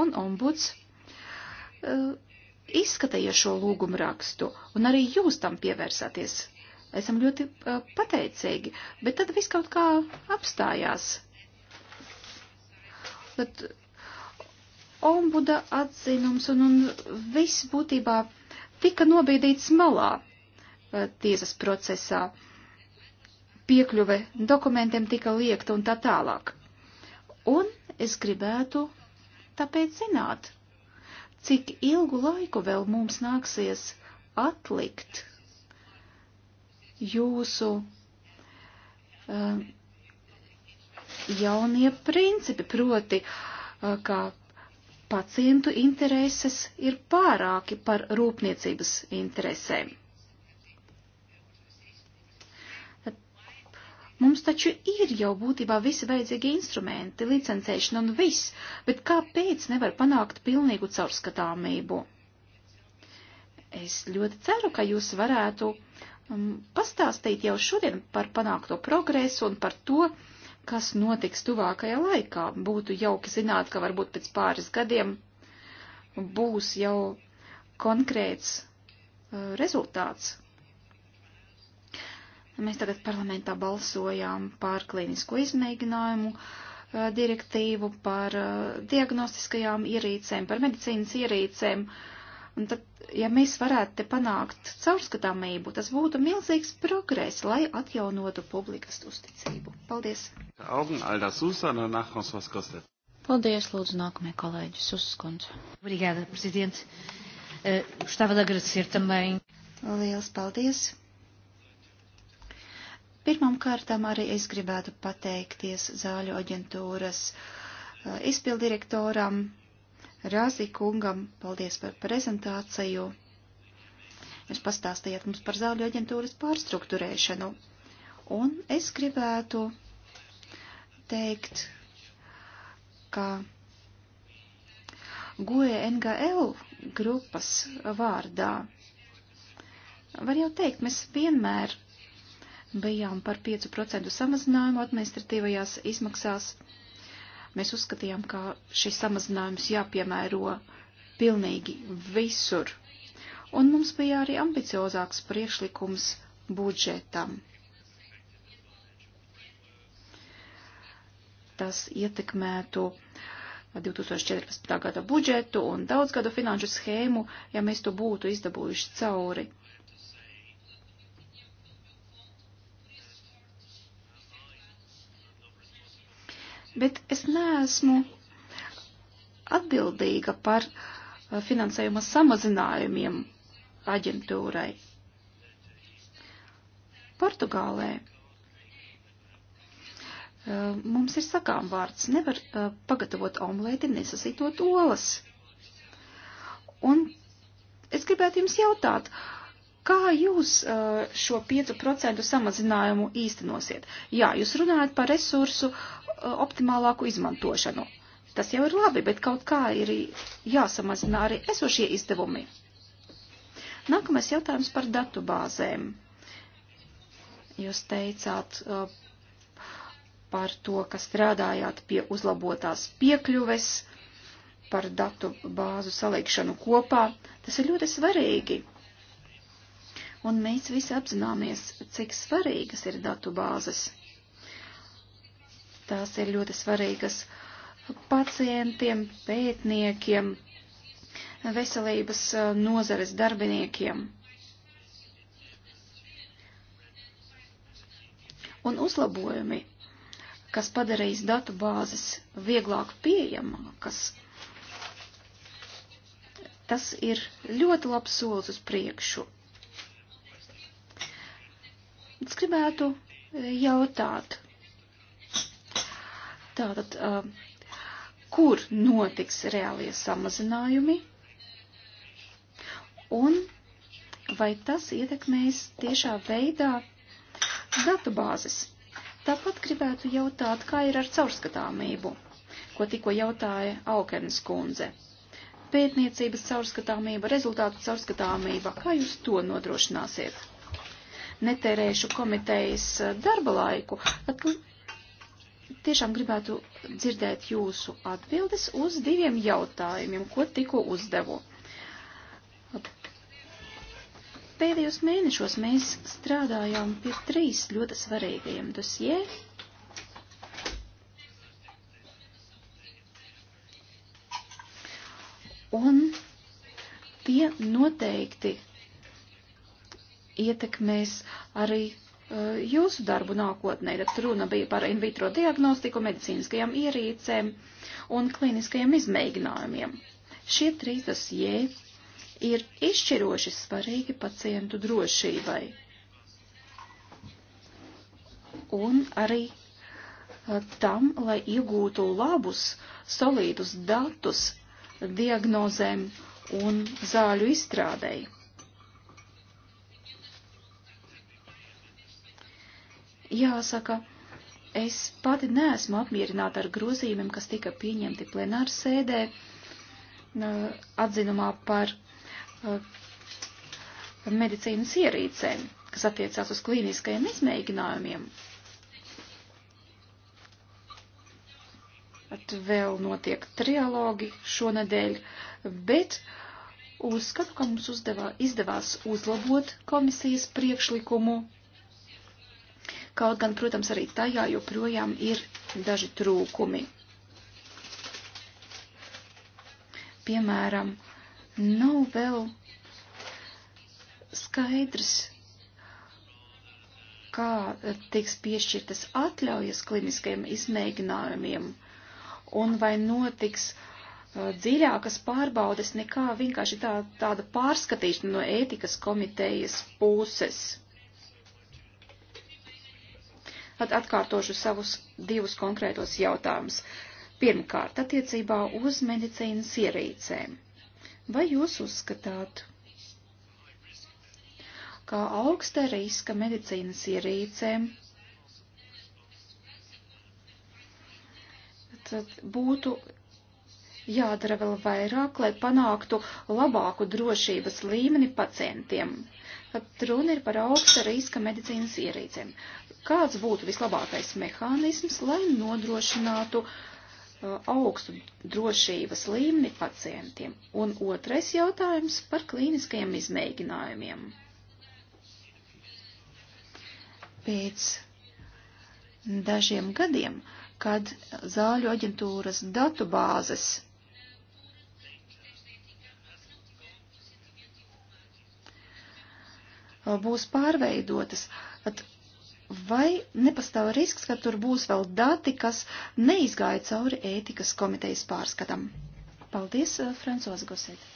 S2: Un ombuds uh, izskatīja šo lūgumu rakstu, un arī jūs tam pievērsāties. Esam ļoti uh, pateicīgi, bet tad viss kaut kā apstājās bet ombuda atzinums un, un viss būtībā tika nobīdīts malā eh, tiesas procesā. Piekļuve dokumentiem tika liekta un tā tālāk. Un es gribētu tāpēc zināt, cik ilgu laiku vēl mums nāksies atlikt jūsu uh, jaunie principi, proti, uh, kā pacientu intereses ir pārāki par rūpniecības interesēm. Mums taču ir jau būtībā visi vajadzīgi instrumenti, licencēšana un viss, bet kāpēc nevar panākt pilnīgu caurskatāmību? Es ļoti ceru, ka jūs varētu um, pastāstīt jau šodien par panākto progresu un par to, uh, kas notiks tuvākajā laikā. Būtu jauki zināt, ka varbūt pēc pāris gadiem būs jau konkrēts uh, rezultāts. Mēs tagad parlamentā balsojām par klīnisko izmēģinājumu uh, direktīvu, par uh, diagnostiskajām ierīcēm, par medicīnas ierīcēm. Uh, Un tad, ja mēs varētu te panākt caurskatāmību, tas būtu milzīgs progress, lai atjaunotu publikas uzticību. Paldies!
S1: Augen, Alda Susana, nākams vas kostet.
S3: Paldies,
S2: lūdzu, nākamie kolēģi, Suskundze. Obrigada, prezidents. Eh, gostava de agradecer também. Liels paldies! Pirmam kārtam arī es gribētu pateikties zāļu aģentūras eh, izpildirektoram Rāzi kungam, paldies par prezentāciju. Jūs pastāstījāt mums par zāļu aģentūras pārstruktūrēšanu. Un es gribētu teikt, ka GOE NGL grupas vārdā var jau teikt, mēs vienmēr bijām par 5% samazinājumu administratīvajās izmaksās Mēs uzskatījām, ka šis samazinājums jāpiemēro pilnīgi visur. Un mums bija arī ambiciozāks priekšlikums budžetam. Tas ietekmētu 2014. gada budžetu un daudzgadu finanšu schēmu, ja mēs to būtu izdabūjuši cauri. bet es neesmu atbildīga par eh, finansējuma samazinājumiem aģentūrai. Portugālē eh, mums ir sakām vārds, nevar eh, pagatavot omlēti nesasītot olas. Un es gribētu jums jautāt, uh, Kā jūs uh, šo 5% samazinājumu īstenosiet? Jā, jūs runājat par resursu uh, optimālāku izmantošanu. Tas jau ir labi, bet kaut kā ir jāsamazina arī esošie izdevumi. Nākamais jautājums par datu bāzēm. Jūs teicāt uh, par to, ka strādājāt pie uzlabotās piekļuves, par datu bāzu salikšanu kopā. Tas ir ļoti svarīgi un mēs visi apzināmies, cik svarīgas ir datu bāzes. Tās ir ļoti svarīgas pacientiem, pētniekiem, veselības eh, nozares darbiniekiem. Un uzlabojumi, kas padarīs datu bāzes vieglāk pieejamākas, tas ir ļoti labs solis uz priekšu. Es gribētu eh, jautāt, tātad, eh, kur notiks reālie samazinājumi un vai tas ietekmēs tiešā veidā datubāzes. Tāpat gribētu jautāt, kā ir ar caurskatāmību, ko tikko jautāja Aukenes kundze. Pētniecības caurskatāmība, rezultātu caurskatāmība, kā jūs to nodrošināsiet? netērēšu komitejas eh, darba laiku. Tad tiešām gribētu dzirdēt jūsu atbildes uz diviem jautājumiem, ko tikko uzdevu. Pēdējos mēnešos mēs strādājām pie trīs ļoti svarīgiem dosjē. Un tie noteikti ietekmēs arī uh, jūsu darbu nākotnē. Tad runa bija par in vitro diagnostiku, medicīniskajām ierīcēm un kliniskajiem izmēģinājumiem. Šie trīs dosjē ir izšķiroši svarīgi pacientu drošībai un arī uh, tam, lai iegūtu labus, solīdus datus diagnozēm un zāļu izstrādēji. Jāsaka, es pati neesmu apmierināta ar grozījumiem, kas tika pieņemti plenāru sēdē atzinumā par medicīnas ierīcēm, kas attiecās uz klīniskajiem izmēģinājumiem. At vēl notiek trialogi šonadēļ, bet uzskatu, ka mums uzdevā, izdevās uzlabot komisijas priekšlikumu kaut gan, protams, arī tajā joprojām ir daži trūkumi. Piemēram, nav vēl skaidrs, kā tiks piešķirtas atļaujas kliniskajiem izmēģinājumiem un vai notiks uh, dziļākas pārbaudes nekā vienkārši tā, tāda pārskatīšana no ētikas komitejas puses tad atkārtošu savus divus konkrētos jautājumus. Pirmkārt, attiecībā uz medicīnas ierīcēm. Vai jūs uzskatāt, ka augsta riska medicīnas ierīcēm tad būtu jādara vēl vairāk, lai panāktu labāku drošības līmeni pacientiem? Runa ir par augsta riska medicīnas ierīcēm. Kāds būtu vislabākais mehānisms, lai nodrošinātu uh, augstu drošības līmeni pacientiem? Un otrais jautājums par klīniskajiem izmēģinājumiem. Pēc dažiem gadiem, kad zāļu aģentūras datubāzes Uh, būs pārveidotas. At vai nepastāv risks, ka tur būs vēl dati, kas neizgāja cauri ētikas komitejas pārskatam? Paldies, uh, Francoza Goset.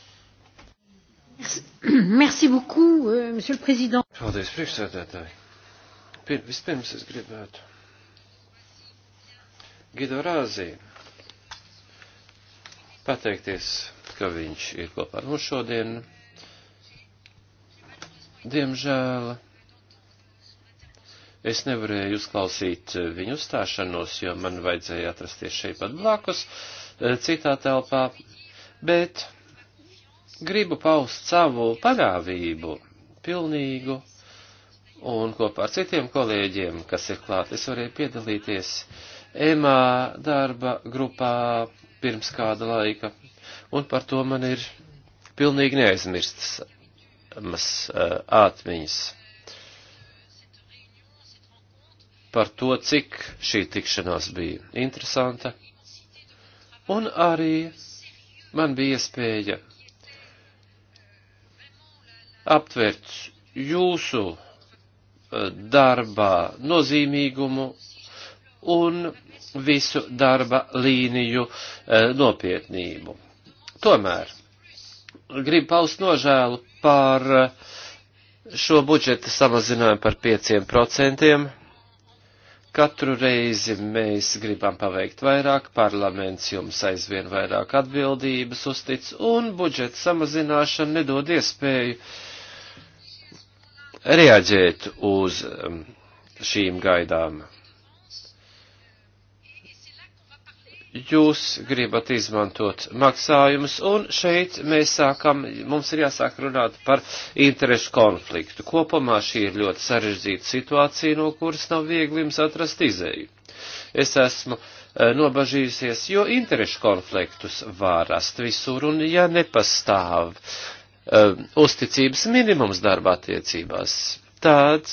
S3: Merci beaucoup, euh, monsieur le président.
S4: Paldies, priekšsēdētāji. Pir, vispirms es gribētu. Gido Rāzī pateikties, ka viņš ir kopā ar mums šodien
S3: Diemžēl
S4: es nevarēju uzklausīt eh, viņu uzstāšanos, jo man vajadzēja atrasties šeit pat blakus, eh, citā telpā, bet gribu paust savu paļāvību, pilnīgu, un kopā ar citiem kolēģiem, kas ir klāt, es varēju piedalīties EMA darba grupā pirms kāda laika, un par to man ir pilnīgi neaizmirstas neatliekamas eh, atmiņas par to, cik šī tikšanās bija interesanta, un arī man bija iespēja aptvert jūsu eh, darbā nozīmīgumu un visu darba līniju eh, nopietnību. Tomēr gribu paust nožēlu par eh, šo budžeta samazinājumu par 5%. Katru reizi mēs gribam paveikt vairāk, parlaments jums aizvien vairāk atbildības uztic, un budžeta samazināšana nedod iespēju reaģēt uz mm, šīm gaidām. jūs gribat izmantot maksājumus, un šeit mēs sākam, mums ir jāsāk runāt par interešu konfliktu. Kopumā šī ir ļoti sarežģīta situācija, no kuras nav viegli jums atrast izēju. Es esmu e, nobažījusies, jo interešu konfliktus var rast visur, un ja nepastāv um, uzticības minimums darba attiecībās, tad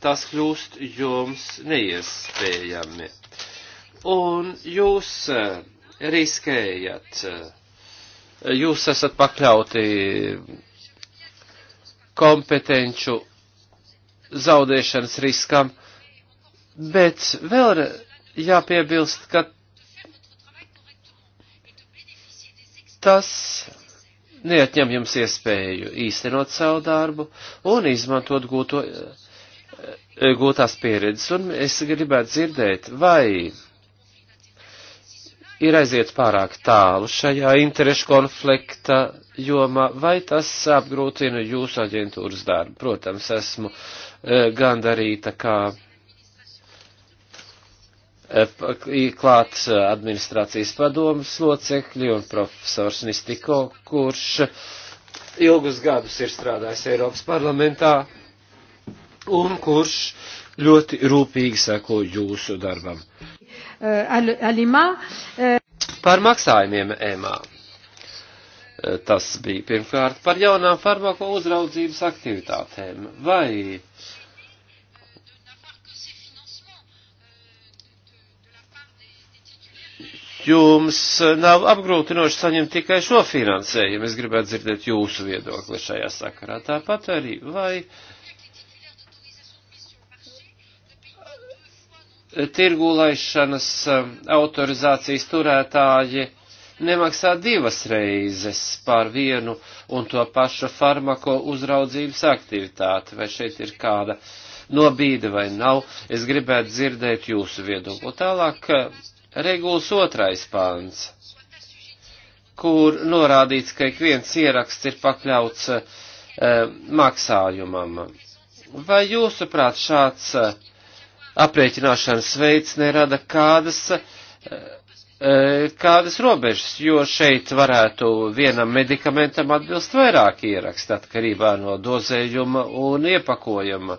S4: tas kļūst jums neiespējami Un jūs eh, riskējat, eh, jūs esat pakļauti kompetenču zaudēšanas riskam, bet vēl jāpiebilst, ka tas neatņem jums iespēju īstenot savu darbu un izmantot gūto, eh, gūtās pieredzes. Un es gribētu dzirdēt, vai ir aiziet pārāk tālu šajā interešu konflikta jomā, vai tas apgrūtina jūsu aģentūras darbu? Protams, esmu e, gandarīta, kā e, klāt e, administrācijas padomas locekļi un profesors Nistiko, kurš ilgus gadus ir strādājis Eiropas parlamentā un kurš ļoti rūpīgi seko jūsu darbam
S2: à uh, Limā. Uh,
S4: par maksājumiem EMA. Uh, tas bija pirmkārt par jaunām farmako uzraudzības aktivitātēm. Vai jums nav apgrūtinoši saņemt tikai šo finansējumu. Es gribētu dzirdēt jūsu viedokli šajā sakarā. Tāpat arī vai tirgulaišanas um, autorizācijas turētāji nemaksā divas reizes par vienu un to pašu farmako uzraudzības aktivitāti, vai šeit ir kāda nobīde vai nav, es gribētu dzirdēt jūsu viedokli. Tālāk, uh, regulas otrais pāns, kur norādīts, ka ik viens ieraksts ir pakļauts e, maksājumam. Vai jūsuprāt šāds uh, aprēķināšanas veids nerada kādas, eh, eh, kādas robežas, jo šeit varētu vienam medikamentam atbilst vairāk ierakst atkarībā no dozējuma un iepakojuma.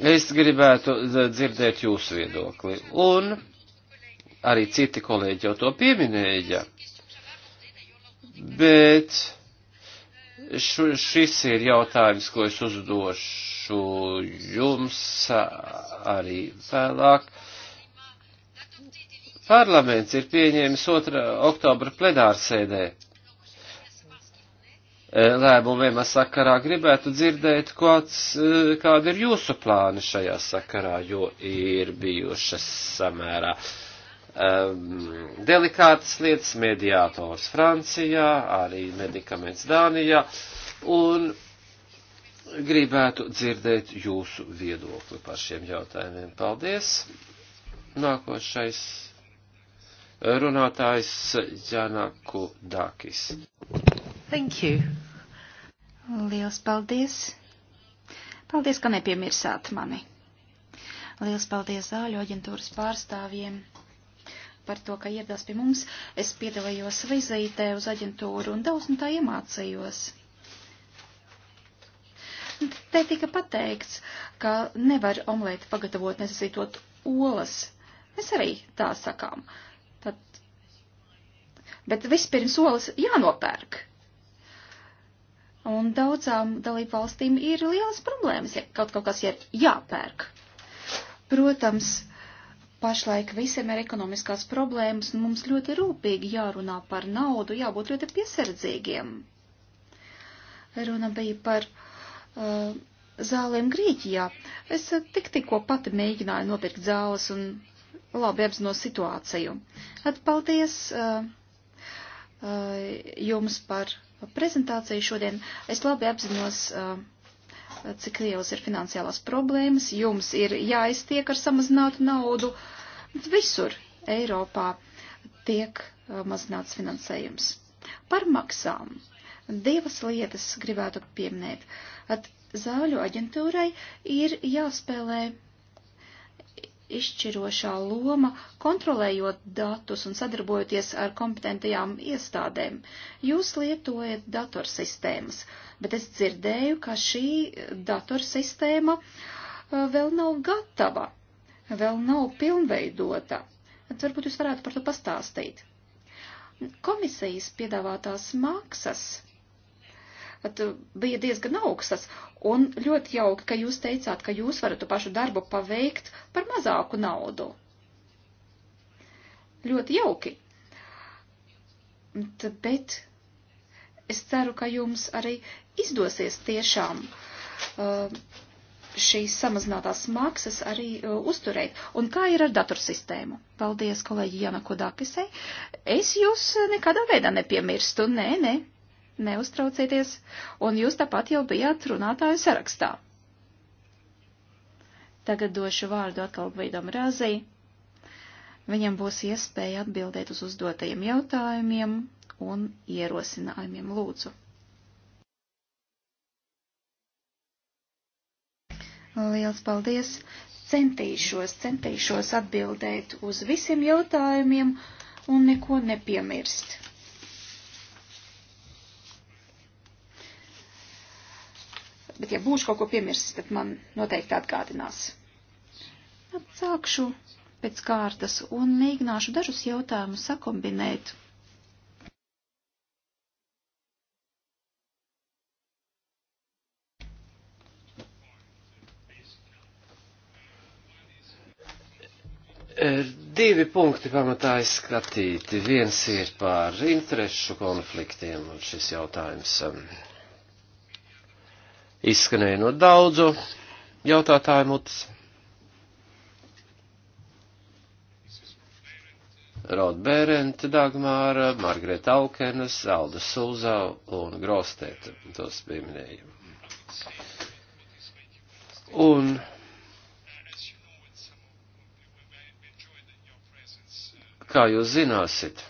S4: Es gribētu dzirdēt jūsu viedokli. Un arī citi kolēģi jau to pieminēja. Bet šis ir jautājums, ko es uzdošu došu jums arī vēlāk. Parlaments ir pieņēmis 2. oktobra plenārsēdē e, lēmumiem sakarā gribētu dzirdēt, kāds, e, kāda ir jūsu plāna šajā sakarā, jo ir bijušas samērā um, delikātas lietas, mediātors Francijā, arī medikaments Dānijā, un gribētu dzirdēt jūsu viedokli par šiem jautājumiem. Paldies! Nākošais runātājs Janaku Dakis.
S2: Thank you. Liels paldies. Paldies, ka nepiemirsāt mani. Liels paldies zāļu aģentūras pārstāvjiem par to, ka ieradās pie mums. Es piedalījos vizītē uz aģentūru un daudz no tā iemācījos. Te tika pateikts, ka nevar omlēti pagatavot nesasītot olas. Mēs arī tā sakām. Tad... Bet vispirms olas jānopērk. Un daudzām dalību valstīm ir lielas problēmas, ja kaut, kaut kas ir jāpērk. Protams, pašlaik visiem ir ekonomiskās problēmas, un mums ļoti rūpīgi jārunā par naudu, jābūt ļoti piesardzīgiem. Runa bija par uh, uh, zālēm Grieķijā. Es uh, tik tikko pati mēģināju nopirkt zāles un labi apzinos situāciju. Atpaldies uh, uh, jums par prezentāciju šodien. Es labi apzinos, uh, cik lielas ir finansiālās problēmas. Jums ir jāiztiek ar samazinātu naudu. Visur Eiropā tiek uh, mazināts finansējums. Par maksām. Divas lietas gribētu pieminēt. Uh, Tad zāļu aģentūrai ir jāspēlē izšķirošā loma, kontrolējot datus un sadarbojoties ar kompetentajām iestādēm. Jūs lietojat datorsistēmas, bet es dzirdēju, ka šī datorsistēma e, vēl nav gatava, vēl nav pilnveidota. Tad varbūt jūs varētu par to pastāstīt. Komisijas piedāvātās maksas pat uh, bija diezgan augstas, un ļoti jauki, ka jūs teicāt, ka jūs varat to pašu darbu paveikt par mazāku naudu. Ļoti jauki. Bet es ceru, ka jums arī izdosies tiešām uh, šīs samazinātās maksas arī uh, uzturēt. Un kā ir ar datorsistēmu? Paldies, kolēģi Jana Kodakisei. Es jūs nekādā veidā nepiemirstu. Nē, nē neuztraucieties, un jūs tāpat jau bijāt runātāju sarakstā. Tagad došu vārdu atkal Gvidam Razī. Viņam būs iespēja atbildēt uz uzdotajiem jautājumiem un ierosinājumiem lūdzu. Liels paldies! Centīšos, centīšos atbildēt uz visiem jautājumiem un neko nepiemirst. bet ja būšu kaut ko piemirsis, tad man noteikti atgādinās. Atsākšu pēc kārtas un mēģināšu dažus jautājumus sakombinēt.
S4: Divi punkti pamatā izskatīti. Viens ir par interešu konfliktiem un šis jautājums. Um, izskanēja no daudzu jautātāju mutes. Rod Bērent, Dagmāra, Margareta Alkenes, Alda Sulzā un Grostēta, tos pieminēju. Un kā jūs zināsit,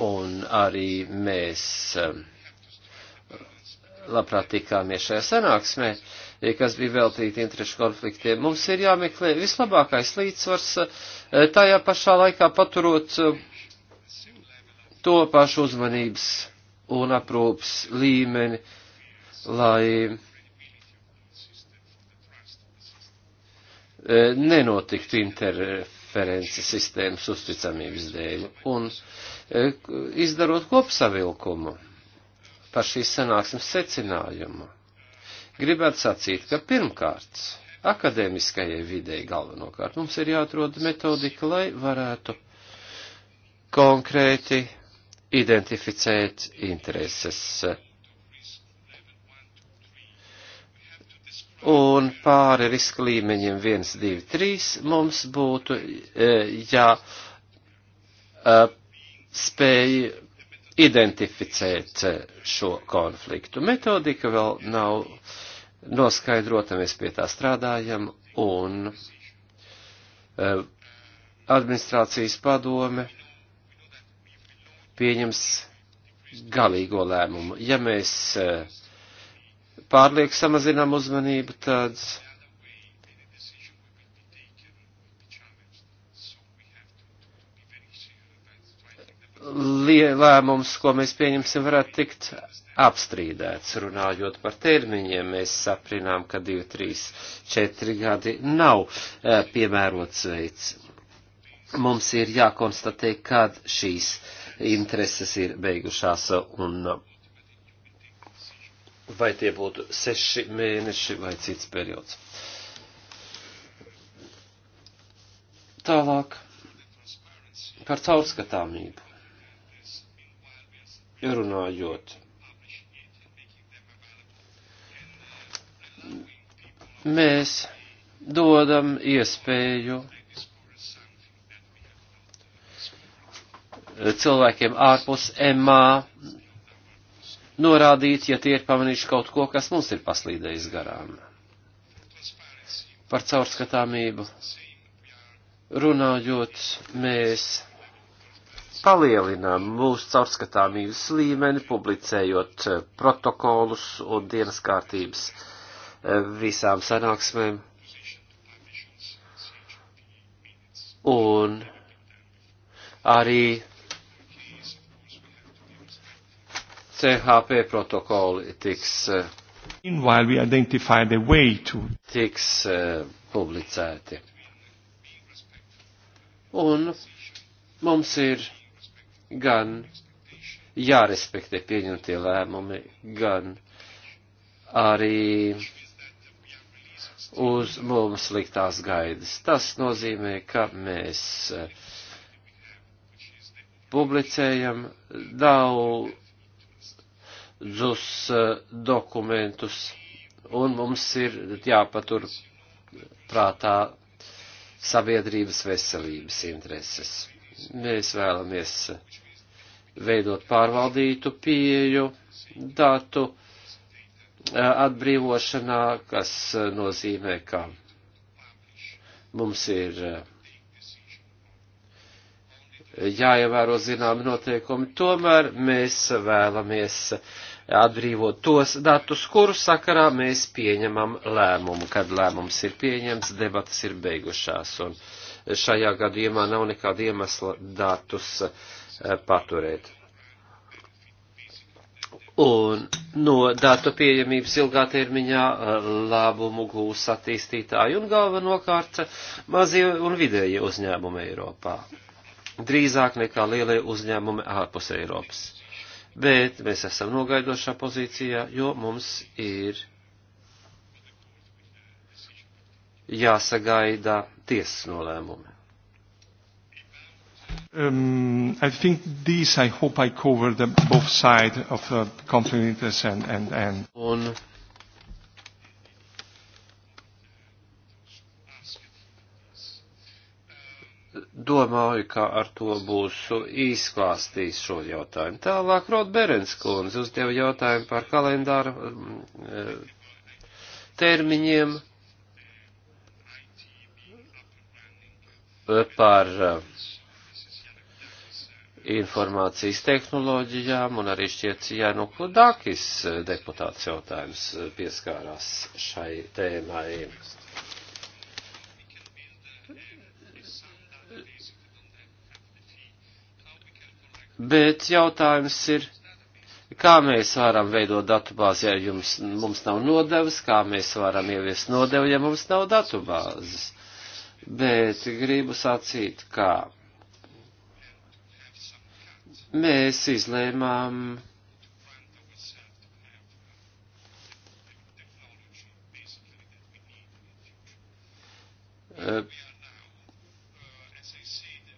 S4: un arī mēs um, labprāt tikāmies šajā sanāksmē, kas bija veltīta interešu konfliktiem. Mums ir jāmeklē vislabākais līdzsvars, eh, tajā pašā laikā paturot eh, to pašu uzmanības un aprūpas līmeni, lai eh, nenotiktu interferences sistēmas uzticamības dēļ un izdarot kopsavilkumu par šīs sanāksmes secinājumu, gribētu sacīt, ka pirmkārt, akadēmiskajai videi galvenokārt mums ir jāatrod metodika, lai varētu konkrēti identificēt intereses. Un pāri riska līmeņiem 1, 2, 3 mums būtu jā. E, ja, e, spēj identificēt eh, šo konfliktu. Metodika vēl nav noskaidrota, mēs pie tā strādājam, un eh, administrācijas padome pieņems galīgo lēmumu. Ja mēs eh, pārlieku samazinām uzmanību, tad lēmums, ko mēs pieņemsim, varētu tikt apstrīdēts. Runājot par termiņiem, mēs saprinām, ka 2, 3, 4 gadi nav e, piemērots veids. Mums ir jākonstatē, kad šīs intereses ir beigušās un vai tie būtu 6 mēneši vai cits periods. Tālāk par caurskatāmību runājot. Mēs dodam iespēju cilvēkiem ārpus MA norādīt, ja tie ir pamanījuši kaut ko, kas mums ir paslīdējis garām. Par caurskatāmību runājot, mēs palielinām mūsu caurskatāmības līmeni, publicējot eh, protokolus un dienas kārtības eh, visām sanāksmēm. Un arī CHP protokoli tiks,
S1: eh, to... tiks publicēti.
S4: Un mums ir gan jārespektē pieņemtie lēmumi, gan arī uz mums liktās gaidas. Tas nozīmē, ka mēs eh, publicējam daudzus eh, dokumentus, un mums ir jāpatur prātā sabiedrības veselības intereses. Mēs vēlamies veidot pārvaldītu pieju datu eh, atbrīvošanā, kas eh, nozīmē, ka mums ir eh, jāievēro zināmi noteikumi, tomēr mēs vēlamies atbrīvot tos datus, kuru sakarā mēs pieņemam lēmumu. Kad lēmums ir pieņemts, debatas ir beigušās. Un, uh, šajā gadījumā nav nekāda iemesla datus eh, paturēt. Un no datu pieejamības ilgā termiņā eh, labumu gūs attīstītāji un galvenokārt mazie un vidēji uzņēmumi Eiropā. Drīzāk nekā lielie uzņēmumi ārpus Eiropas. Bet mēs esam nogaidošā pozīcijā, jo mums ir jāsagaida tiesas nolēmumi.
S1: Um, I think these, I hope I cover the both sides of uh, conflict interest and, and, and. Un
S4: domāju, ka ar to būšu izklāstījis šo jautājumu. Tālāk Rod Berens kundze uzdeva jautājumu par kalendāru mm, eh, termiņiem par eh, informācijas tehnoloģijām, un arī šķiet, ja nu Kudakis eh, deputāts jautājums eh, pieskārās šai tēmai. Bet jautājums ir, kā mēs varam veidot datubāzi, ja jums, mums nav nodevas, kā mēs varam ieviest nodevu, ja mums nav datubāzes bet gribu sacīt, ka mēs izlēmām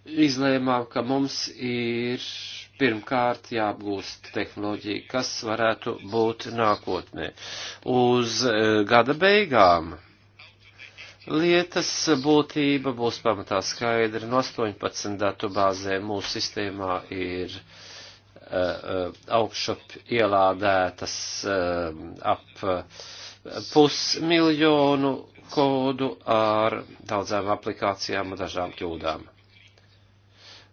S4: izlēmām, ka mums ir pirmkārt jāapgūst tehnoloģija, kas varētu būt nākotnē. Uz eh, gada beigām Lietas būtība būs pamatā skaidra. No 18 datu bāzēm mūsu sistēmā ir uh, augšup ielādētas uh, ap uh, pusmiljonu kodu ar daudzām aplikācijām un dažām kļūdām.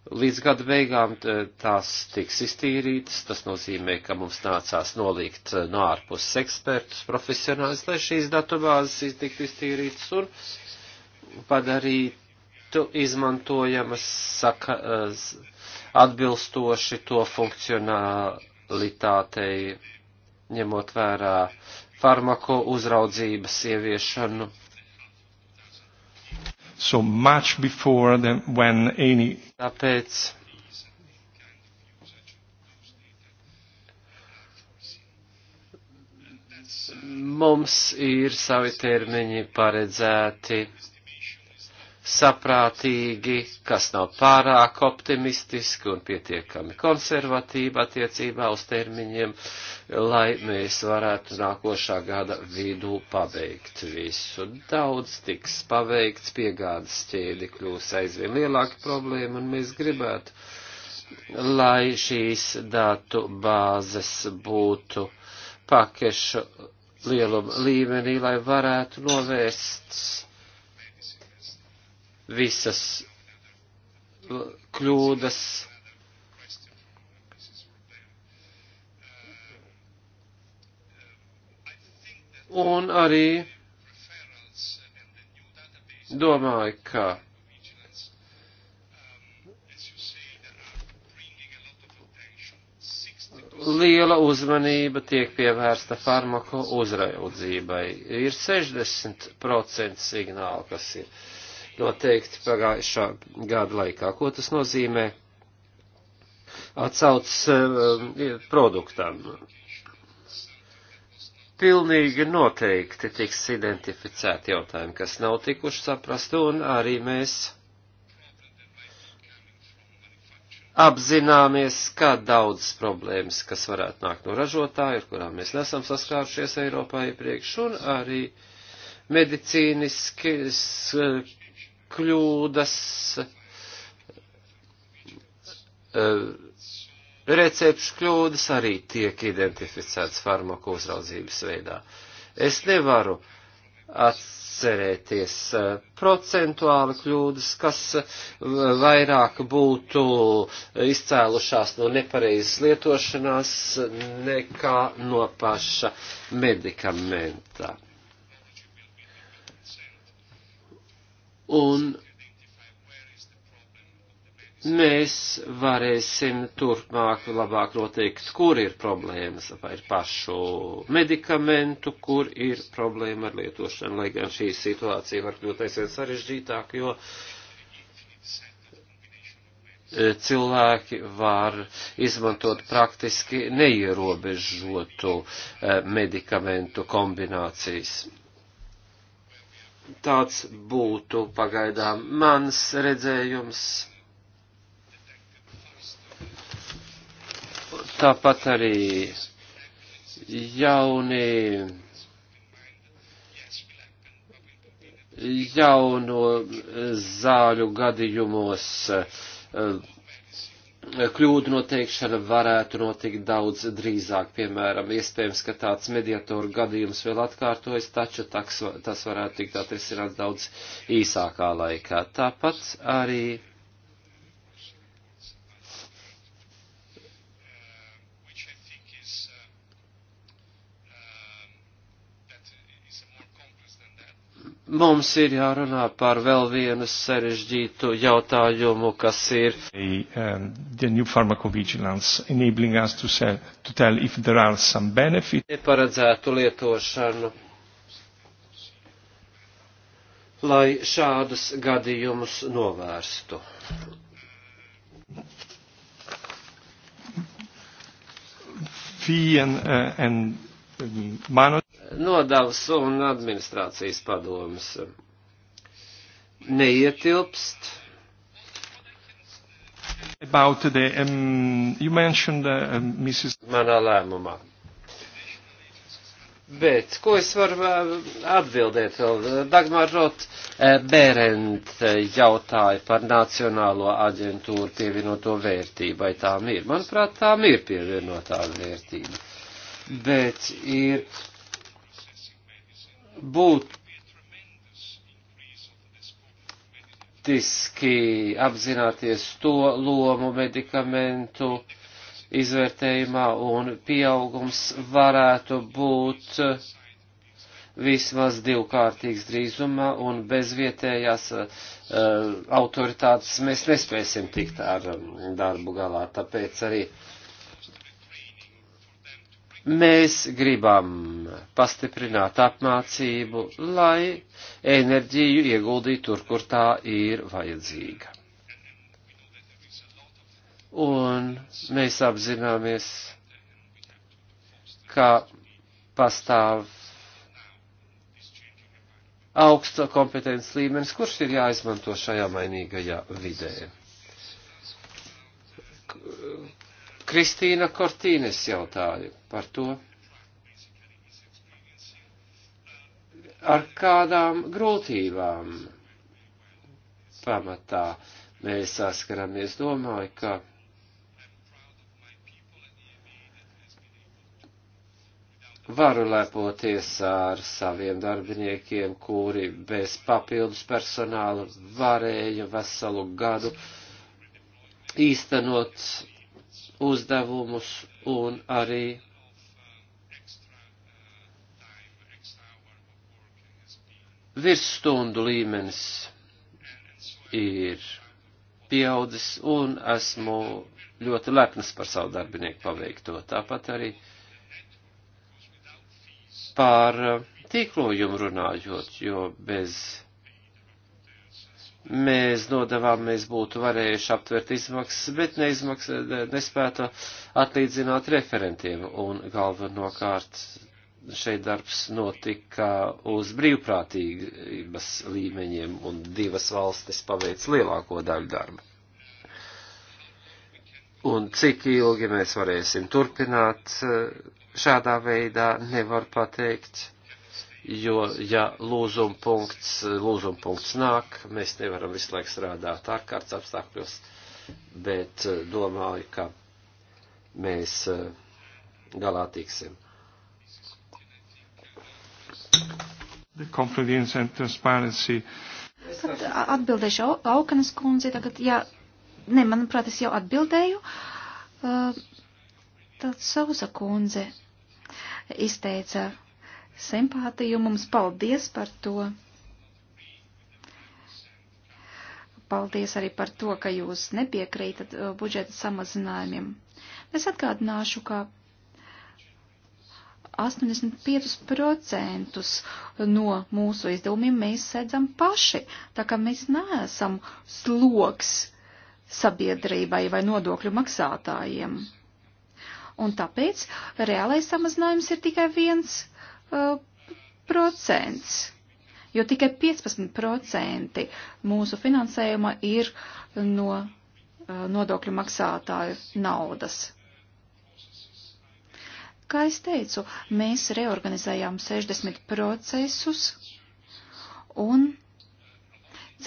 S4: Līdz gada beigām tās tiks iztīrītas, tas nozīmē, ka mums nācās nolikt e, no ārpuses ekspertus, profesionāļus, lai šīs datubāzes tiktu iztīrītas un padarītu izmantojamas saka, e, atbilstoši to funkcionalitātei, ņemot vērā farmako uzraudzības ieviešanu.
S1: So much before than when any
S4: Tāpēc mums ir savi termiņi paredzēti saprātīgi, kas nav pārāk optimistiski un pietiekami konservatīvi attiecībā uz termiņiem, lai mēs varētu nākošā gada vidū pabeigt visu. Daudz tiks paveikts, piegādes ķēdi kļūs aizvien lielāka problēma, un mēs gribētu, lai šīs datu bāzes būtu pakešu lieluma līmenī, lai varētu novērst visas kļūdas. Un arī domāju, ka liela uzmanība tiek pievērsta farmako uzraudzībai. Ir 60% signāli, kas ir noteikti pagājušā gada laikā. Ko tas nozīmē? Atsaucas eh, produktam. Pilnīgi noteikti tiks identificēti jautājumi, kas nav tikuši saprast, un arī mēs apzināmies, kā daudz problēmas, kas varētu nākt no ražotāja, ar kurām mēs nesam saskārušies Eiropā iepriekš, un arī medicīniskas kļūdas, e, recepšu kļūdas arī tiek identificētas farmaku uzraudzības veidā. Es nevaru atcerēties e, procentuāli kļūdas, kas vairāk būtu izcēlušās no nepareizas lietošanās nekā no paša medikamenta. Un mēs varēsim turpmāk labāk noteikt, kur ir problēmas, vai ir pašu medikamentu, kur ir problēma ar lietošanu, lai gan šī situācija var kļūt aizvien sarežģītāk, jo e, cilvēki var izmantot praktiski neierobežotu e, medikamentu kombinācijas. Tāds būtu pagaidām mans redzējums. Tāpat arī jauni, jauno zāļu gadījumos uh, kļūdu noteikšana varētu notikt daudz drīzāk. Piemēram, iespējams, ka tāds mediatoru gadījums vēl atkārtojas, taču taks, tas varētu tikt atrisināts daudz īsākā laikā. Tāpat arī Mums ir jārunā par vēl vienu sarežģītu jautājumu, kas ir. The,
S1: um, the new pharmacovigilance enabling us to, sell, to tell if there are some benefits.
S4: Neparedzētu lietošanu. Lai šādus gadījumus novērstu.
S1: Fee and, uh, and um,
S4: nodavas un administrācijas padomas neietilpst.
S1: About the, um, you mentioned uh, Mrs.
S4: Manā lēmumā. Bet, ko es varu uh, atbildēt vēl? Dagmar Rot uh, Bērent uh, jautāja par Nacionālo aģentūru pievienoto vērtību, vai tām ir. Manuprāt, tām ir pievienotā vērtība. Bet ir būt kritiski apzināties to lomu medikamentu izvērtējumā, un pieaugums varētu būt vismaz divkārtīgs drīzumā, un bez vietējās uh, autoritātes mēs nespēsim tikt ar mm, darbu galā. Tāpēc arī uh, Mēs gribam pastiprināt apmācību, lai enerģiju ieguldītu tur, kur tā ir vajadzīga. Un mēs apzināmies, ka pastāv augsta kompetences līmenis, kurš ir jāizmanto šajā mainīgajā vidē. Kristīna Kortīnes jautāja par to, ar kādām grūtībām pamatā mēs saskaramies. Domāju, ka Varu lepoties ar saviem darbiniekiem, kuri bez papildus personāla varēja veselu gadu īstenot uzdevumus un arī virsstundu līmenis ir pieaudzis un esmu ļoti lepnas par savu darbinieku paveikto. Tāpat arī par tīklojumu runājot, jo bez mēs nodavām, mēs būtu varējuši aptvert izmaksas, bet neizmaks, nespētu atlīdzināt referentiem. Un galvenokārt šeit darbs notika uz brīvprātības līmeņiem, un divas valstis paveic lielāko daļu darba. Un cik ilgi mēs varēsim turpināt eh, šādā veidā, nevar pateikt jo, ja lūzuma punkts, lūzuma punkts nāk, mēs nevaram visu laiku strādāt ārkārtas apstākļos, bet eh, domāju, ka mēs eh, galā tiksim.
S2: Atbildēšu Aukanas kundzi tagad, jā, ne, manuprāt, es jau atbildēju. Eh, tad Sauza kundze izteica simpātiju mums. Paldies par to! Paldies arī par to, ka jūs nepiekrītat uh, budžeta samazinājumiem. Es atgādināšu, ka 85% no mūsu izdevumiem mēs sēdzam paši, tā ka mēs neesam sloks sabiedrībai vai nodokļu maksātājiem. Un tāpēc reālais samazinājums ir tikai viens Uh, procents, jo tikai 15% mūsu finansējuma ir no uh, nodokļu maksātāju naudas. Kā es teicu, mēs reorganizējām 60 procesus un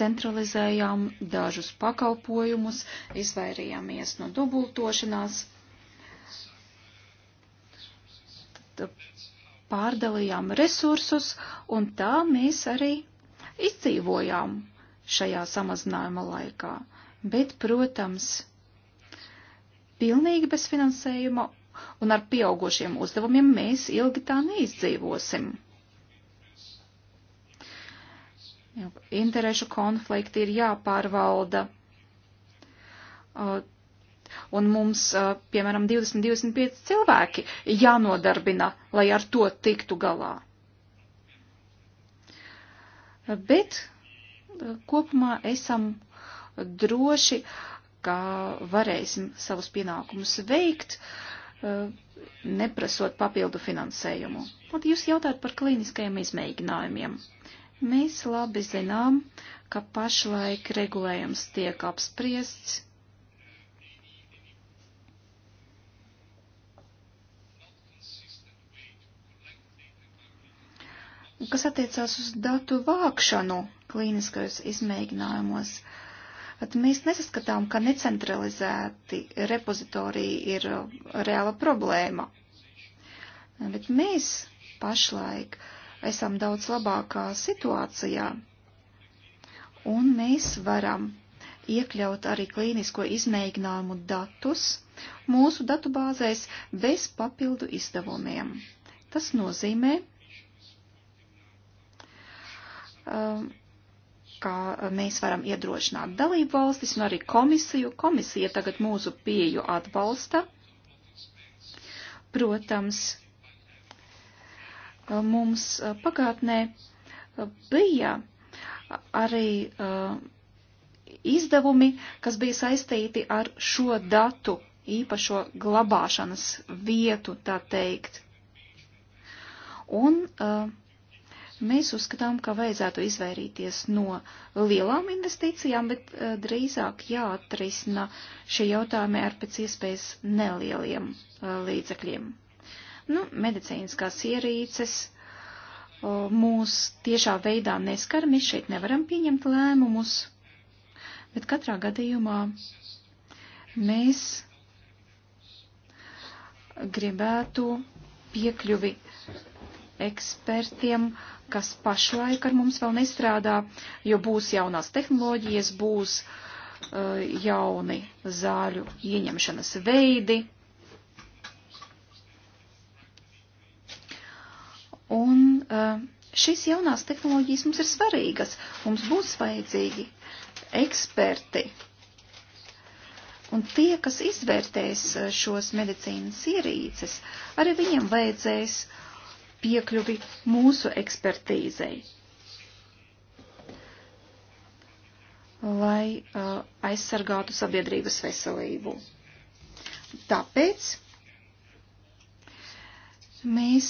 S2: centralizējām dažus pakalpojumus, izvairījāmies no dubultošanās pārdalījām resursus, un tā mēs arī izdzīvojām šajā samazinājuma laikā. Bet, protams, pilnīgi bez finansējuma un ar pieaugušiem uzdevumiem mēs ilgi tā neizdzīvosim. Interešu konflikti ir jāpārvalda. Uh, Un mums, piemēram, 20-25 cilvēki jānodarbina, lai ar to tiktu galā. Bet kopumā esam droši, ka varēsim savus pienākumus veikt, neprasot papildu finansējumu. Un jūs jautājat par klīniskajiem izmēģinājumiem. Mēs labi zinām, ka pašlaik regulējums tiek apspriests kas attiecās uz datu vākšanu klīniskajos izmēģinājumos. At mēs nesaskatām, ka necentralizēti repozitoriji ir uh, reāla problēma. Bet mēs pašlaik esam daudz labākā situācijā, un mēs varam iekļaut arī klīnisko izmēģinājumu datus mūsu datubāzēs bez papildu izdevumiem. Tas nozīmē, Um, kā mēs varam iedrošināt dalību valstis un arī komisiju. Komisija tagad mūsu pieju atbalsta. Protams, uh, mums uh, pagātnē uh, bija arī izdevumi, kas bija saistīti ar šo datu īpašo glabāšanas vietu, tā teikt. Un uh, Mēs uzskatām, ka vajadzētu izvairīties no lielām investīcijām, bet eh, drīzāk jāatrisina šie jautājumi ar pēc iespējas nelieliem eh, līdzekļiem. Nu, medicīniskās ierīces eh, mūs tiešā veidā neskar, mēs šeit nevaram pieņemt lēmumus, bet katrā gadījumā mēs gribētu piekļuvi ekspertiem, kas pašlaik ar mums vēl nestrādā, jo būs jaunās tehnoloģijas, būs uh, jauni zāļu ieņemšanas veidi. Un uh, šīs jaunās tehnoloģijas mums ir svarīgas. Mums būs vajadzīgi eksperti. Un tie, kas izvērtēs uh, šos medicīnas ierīces, arī viņiem vajadzēs uh, piekļuvi mūsu ekspertīzei, lai uh, aizsargātu sabiedrības veselību. Tāpēc mēs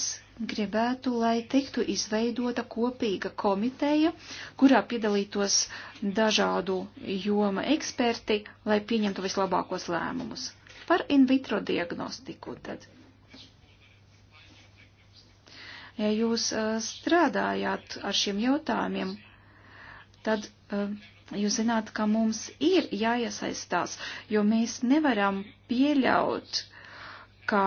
S2: gribētu, lai tiktu izveidota kopīga komiteja, kurā piedalītos dažādu joma eksperti, lai pieņemtu vislabākos lēmumus par in vitro diagnostiku. Tad Ja jūs strādājāt ar šiem jautājumiem, tad jūs zināt, ka mums ir jāiesaistās, jo mēs nevaram pieļaut, ka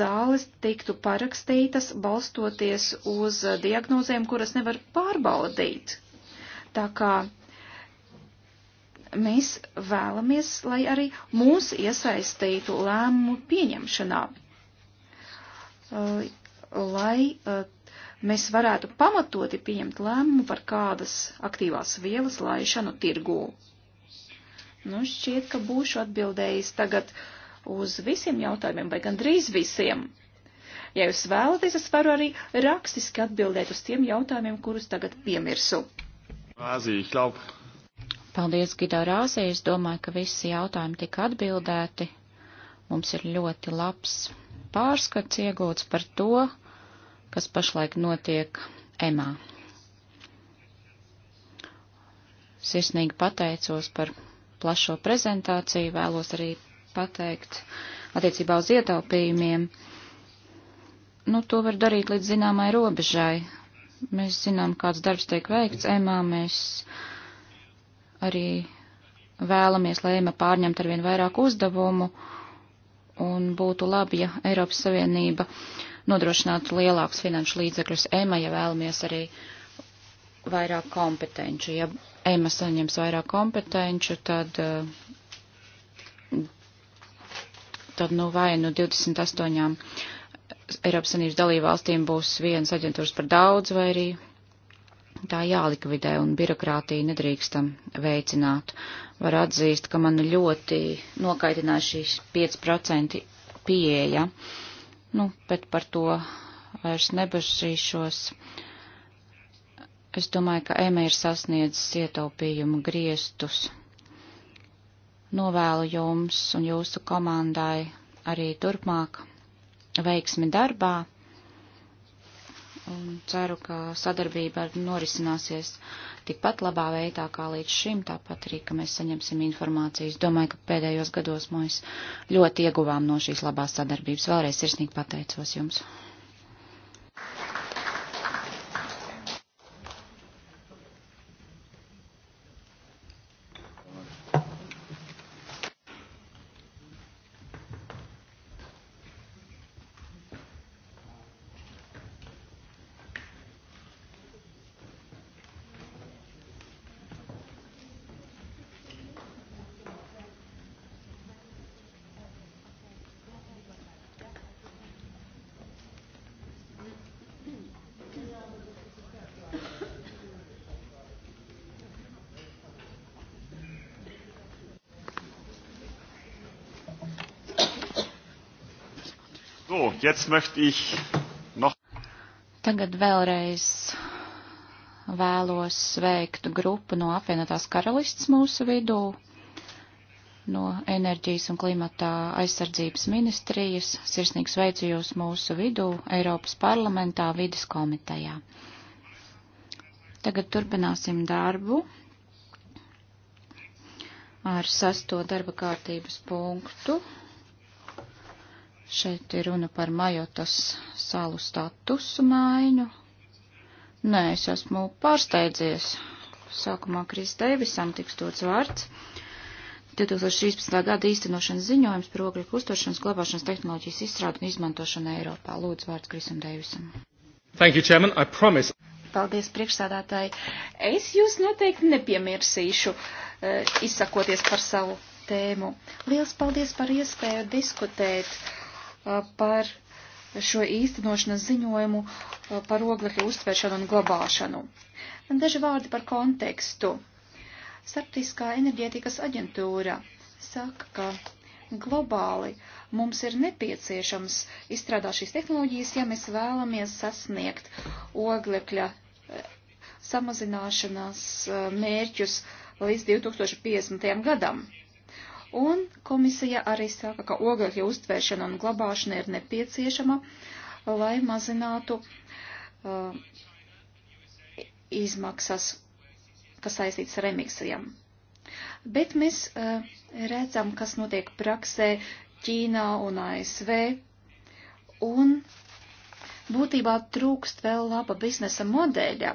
S2: zāles tiktu parakstītas balstoties uz diagnozēm, kuras nevar pārbaudīt. Tā kā mēs vēlamies, lai arī mūs iesaistītu lēmumu pieņemšanā. Uh, lai uh, mēs varētu pamatoti pieņemt lēmumu par kādas aktīvās vielas laišanu tirgū. Nu, šķiet, ka būšu atbildējis tagad uz visiem jautājumiem, vai gandrīz visiem. Ja jūs vēlaties, es varu arī rakstiski
S3: atbildēt uz tiem jautājumiem, kurus tagad piemirsu.
S1: Āzija, glaub.
S3: Paldies, Gidā Rāzija. Es domāju, ka visi jautājumi tika atbildēti. Mums ir ļoti labs pārskats iegūts par to, kas pašlaik notiek EMA. Sirsnīgi pateicos par plašo prezentāciju, vēlos arī pateikt attiecībā uz ietaupījumiem. Nu, to var darīt līdz zināmai robežai. Mēs zinām, kāds darbs tiek veikts EMA, mēs arī vēlamies, lai EMA pārņemt arvien vairāk uzdevumu un būtu labi, ja Eiropas Savienība nodrošinātu lielākus finanšu līdzekļus EMA, ja vēlamies arī vairāk kompetenču. Ja EMA saņems vairāk kompetenču, tad, eh, tad nu vai nu 28 Eiropas Savienības dalībvalstīm būs viens aģentūrs par daudz, vai arī tā jālikvidē un birokrātiju nedrīkstam veicināt. Var atzīst, ka man ļoti nokaitināja šīs 5% pieeja, nu, bet par to vairs nebažīšos. Es domāju, ka Eme ir sasniedzis ietaupījumu griestus. Novēlu jums un jūsu komandai arī turpmāk veiksmi darbā un ceru, ka sadarbība norisināsies tikpat labā veidā kā līdz šim, tāpat arī, ka mēs saņemsim informāciju. Es domāju, ka pēdējos gados mēs ļoti ieguvām no šīs labās sadarbības. Vēlreiz sirsnīgi pateicos jums.
S1: Jetzt möchte ich noch.
S3: Tagad vēlreiz vēlos sveikt grupu no apvienotās karalists mūsu vidū, no enerģijas un klimatā aizsardzības ministrijas. Sirsnīgi sveicu jūs mūsu vidū, Eiropas parlamentā, vidas komitejā. Tagad turpināsim darbu ar sasto darba kārtības punktu Šeit ir runa par Majotas salu statusu maiņu. Nē, es esmu pārsteidzies. Sākumā Kris Deivisam tiks dots vārds. 2013. gada īstenošanas ziņojums par ogļu kustošanas glabāšanas tehnoloģijas izstrādu un izmantošanu Eiropā. Lūdzu, vārds Krisam Deivisam.
S1: Thank you, Chairman. I promise.
S2: Paldies, priekšsādātāji. Es jūs noteikti nepiemirsīšu, eh, izsakoties par savu tēmu. Liels paldies par iespēju diskutēt par šo īstenošanas ziņojumu par oglekļu uztvēršanu un glabāšanu. Daži vārdi par kontekstu. Starptiskā enerģētikas aģentūra saka, ka globāli mums ir nepieciešams izstrādāt šīs tehnoloģijas, ja mēs vēlamies sasniegt oglekļa samazināšanās mērķus līdz 2050. gadam. Un komisija arī saka, ka ogļu uztvēršana un glabāšana ir nepieciešama, lai mazinātu uh, izmaksas, kas saistīts ar emisijām. Bet mēs uh, redzam, kas notiek praksē Ķīnā un ASV, un būtībā trūkst vēl laba biznesa modeļa.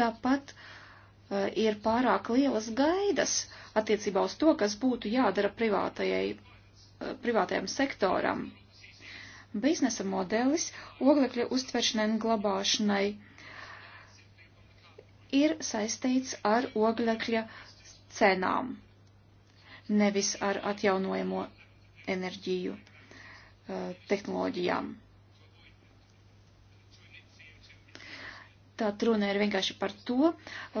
S2: Tāpat uh, ir pārāk lielas gaidas attiecībā uz to, kas būtu jādara eh, privātajam sektoram. Biznesa modelis oglekļa uztveršanai un glabāšanai ir saistīts ar oglekļa cenām, nevis ar atjaunojamo enerģiju eh, tehnoloģijām. Tātad runa ir vienkārši par to,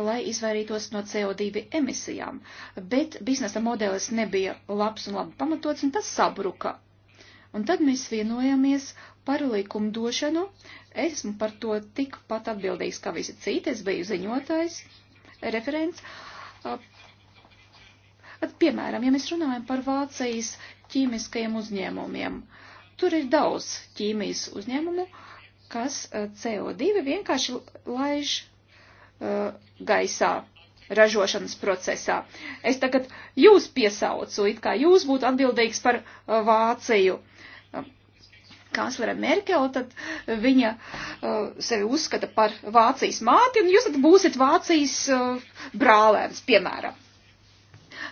S2: lai izvairītos no CO2 emisijām. Bet biznesa modelis nebija labs un labi pamatots, un tas sabruka. Un tad mēs vienojamies par likumdošanu. Esmu par to tikpat atbildīgs kā visi citi. Es biju ziņotājs, referents. Piemēram, ja mēs runājam par Vācijas ķīmiskajiem uzņēmumiem, tur ir daudz ķīmijas uzņēmumu, uh, kas eh, CO2 vienkārši laiž uh, gaisā ražošanas procesā. Es tagad jūs piesaucu, it kā jūs būtu atbildīgs par uh, Vāciju. Uh, kanclere Merkele, tad viņa sevi uzskata par Vācijas māti, un jūs tad būsiet Vācijas brālēns, piemēram.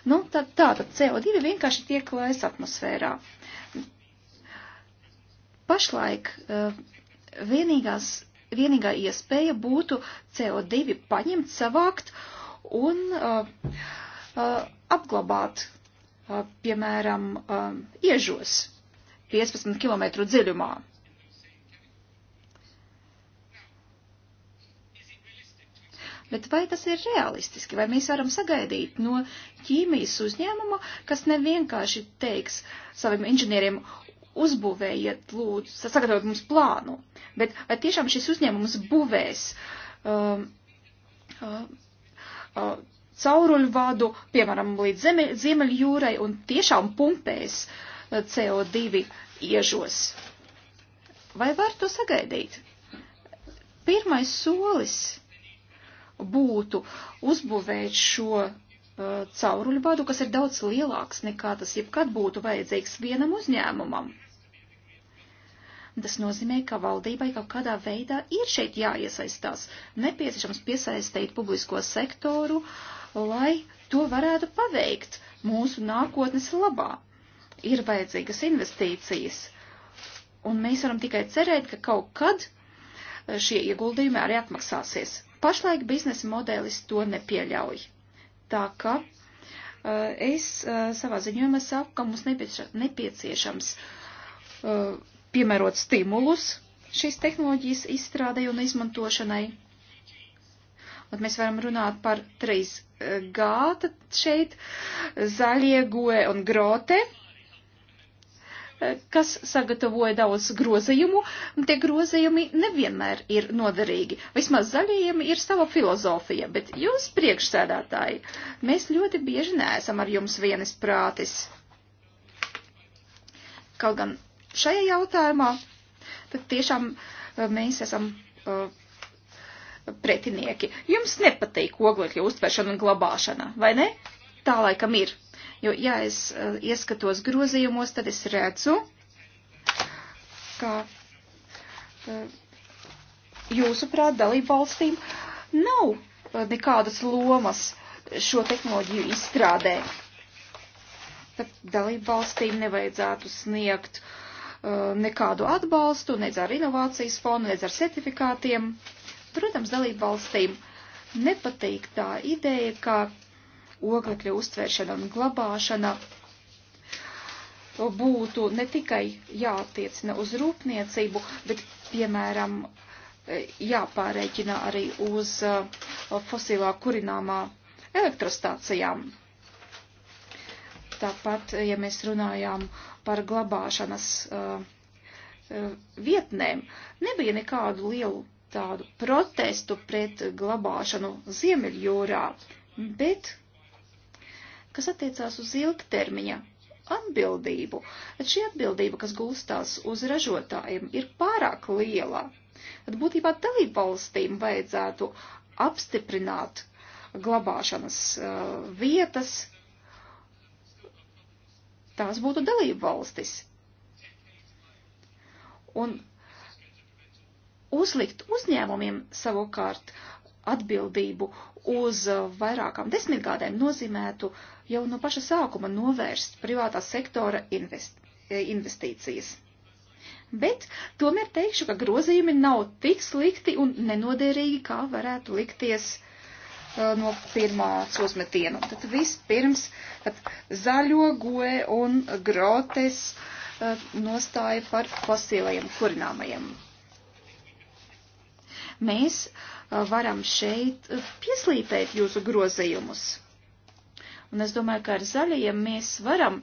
S2: Nu, tad tā, tad CO2 vienkārši tiek laists atmosfērā. Pašlaik uh, vienīgās, vienīgā iespēja būtu CO2 paņemt, savākt un uh, uh, apglabāt, uh, piemēram, uh, iežos 15 km dziļumā. Bet vai tas ir realistiski, vai mēs varam sagaidīt no ķīmijas uzņēmuma, kas nevienkārši teiks saviem inženieriem, uzbūvējiet lūdzu, sagatavot mums plānu, bet vai tiešām šis uzņēmums būvēs um, uh, uh, cauruļvadu, piemēram, līdz zeme, Ziemeļjūrai un tiešām pumpēs uh, CO2 iežos? Vai var to sagaidīt? Pirmais solis būtu uzbūvēt šo uh, cauruļvadu, kas ir daudz lielāks nekā tas jebkad būtu vajadzīgs vienam uzņēmumam. Tas nozīmē, ka valdībai kaut kādā veidā ir šeit jāiesaistās. Nepieciešams piesaistīt publisko sektoru, lai to varētu paveikt mūsu nākotnes labā. Ir vajadzīgas investīcijas. Un mēs varam tikai cerēt, ka kaut kad šie ieguldījumi arī atmaksāsies. Pašlaik biznesa modelis to nepieļauj. Tā ka eh, es eh, savā ziņojumā saku, ka mums nepieciešams eh, piemērot stimulus šīs tehnoloģijas izstrādē un izmantošanai. Un mēs varam runāt par 3G, e, tad šeit zaļie goe un grote, e, kas sagatavoja daudz grozījumu, un tie grozījumi nevienmēr ir noderīgi. Vismaz zaļajiem ir sava filozofija, bet jūs priekšsēdātāji, mēs ļoti bieži neesam ar jums vienas prātis. Kaut gan šajā jautājumā, tad tiešām eh, mēs esam uh, pretinieki. Jums nepatīk oglekļa uztveršana un glabāšana, vai ne? Tā laikam ir. Jo, ja es uh, ieskatos grozījumos, tad es redzu, ka uh, jūsuprāt dalību valstīm nav nekādas lomas šo tehnoloģiju izstrādē. Tad dalību valstīm nevajadzētu sniegt uh, Uh, nekādu atbalstu, nedz ar inovācijas fondu, nedz ar certifikātiem. Protams, dalību valstīm nepatīk tā ideja, ka oglekļa uztvēršana un glabāšana būtu ne tikai jātiecina uz rūpniecību, bet, piemēram, jāpārēķina arī uz uh, fosilā kurināmā elektrostācijām. Tāpat, ja mēs runājām par glabāšanas uh, uh, vietnēm, nebija nekādu lielu tādu protestu pret glabāšanu Ziemeļjūrā, bet kas attiecās uz ilgtermiņa atbildību, tad šī atbildība, kas gulstās uz ražotājiem, ir pārāk liela. Tad būtībā dalību valstīm vajadzētu apstiprināt glabāšanas uh, vietas, tās būtu dalību valstis. Un uzlikt uzņēmumiem savukārt atbildību uz vairākām desmitgādēm nozīmētu jau no paša sākuma novērst privātā sektora invest, e, investīcijas. Bet tomēr teikšu, ka grozījumi nav tik slikti un nenoderīgi, kā varētu likties Uh, no pirmās uzmetiena. Tad vispirms tad zaļo goe un grotes uh, nostāja par fosilajiem kurināmajiem. Mēs uh, varam šeit pieslīpēt jūsu grozējumus. Un es domāju, ka ar zaļajiem mēs varam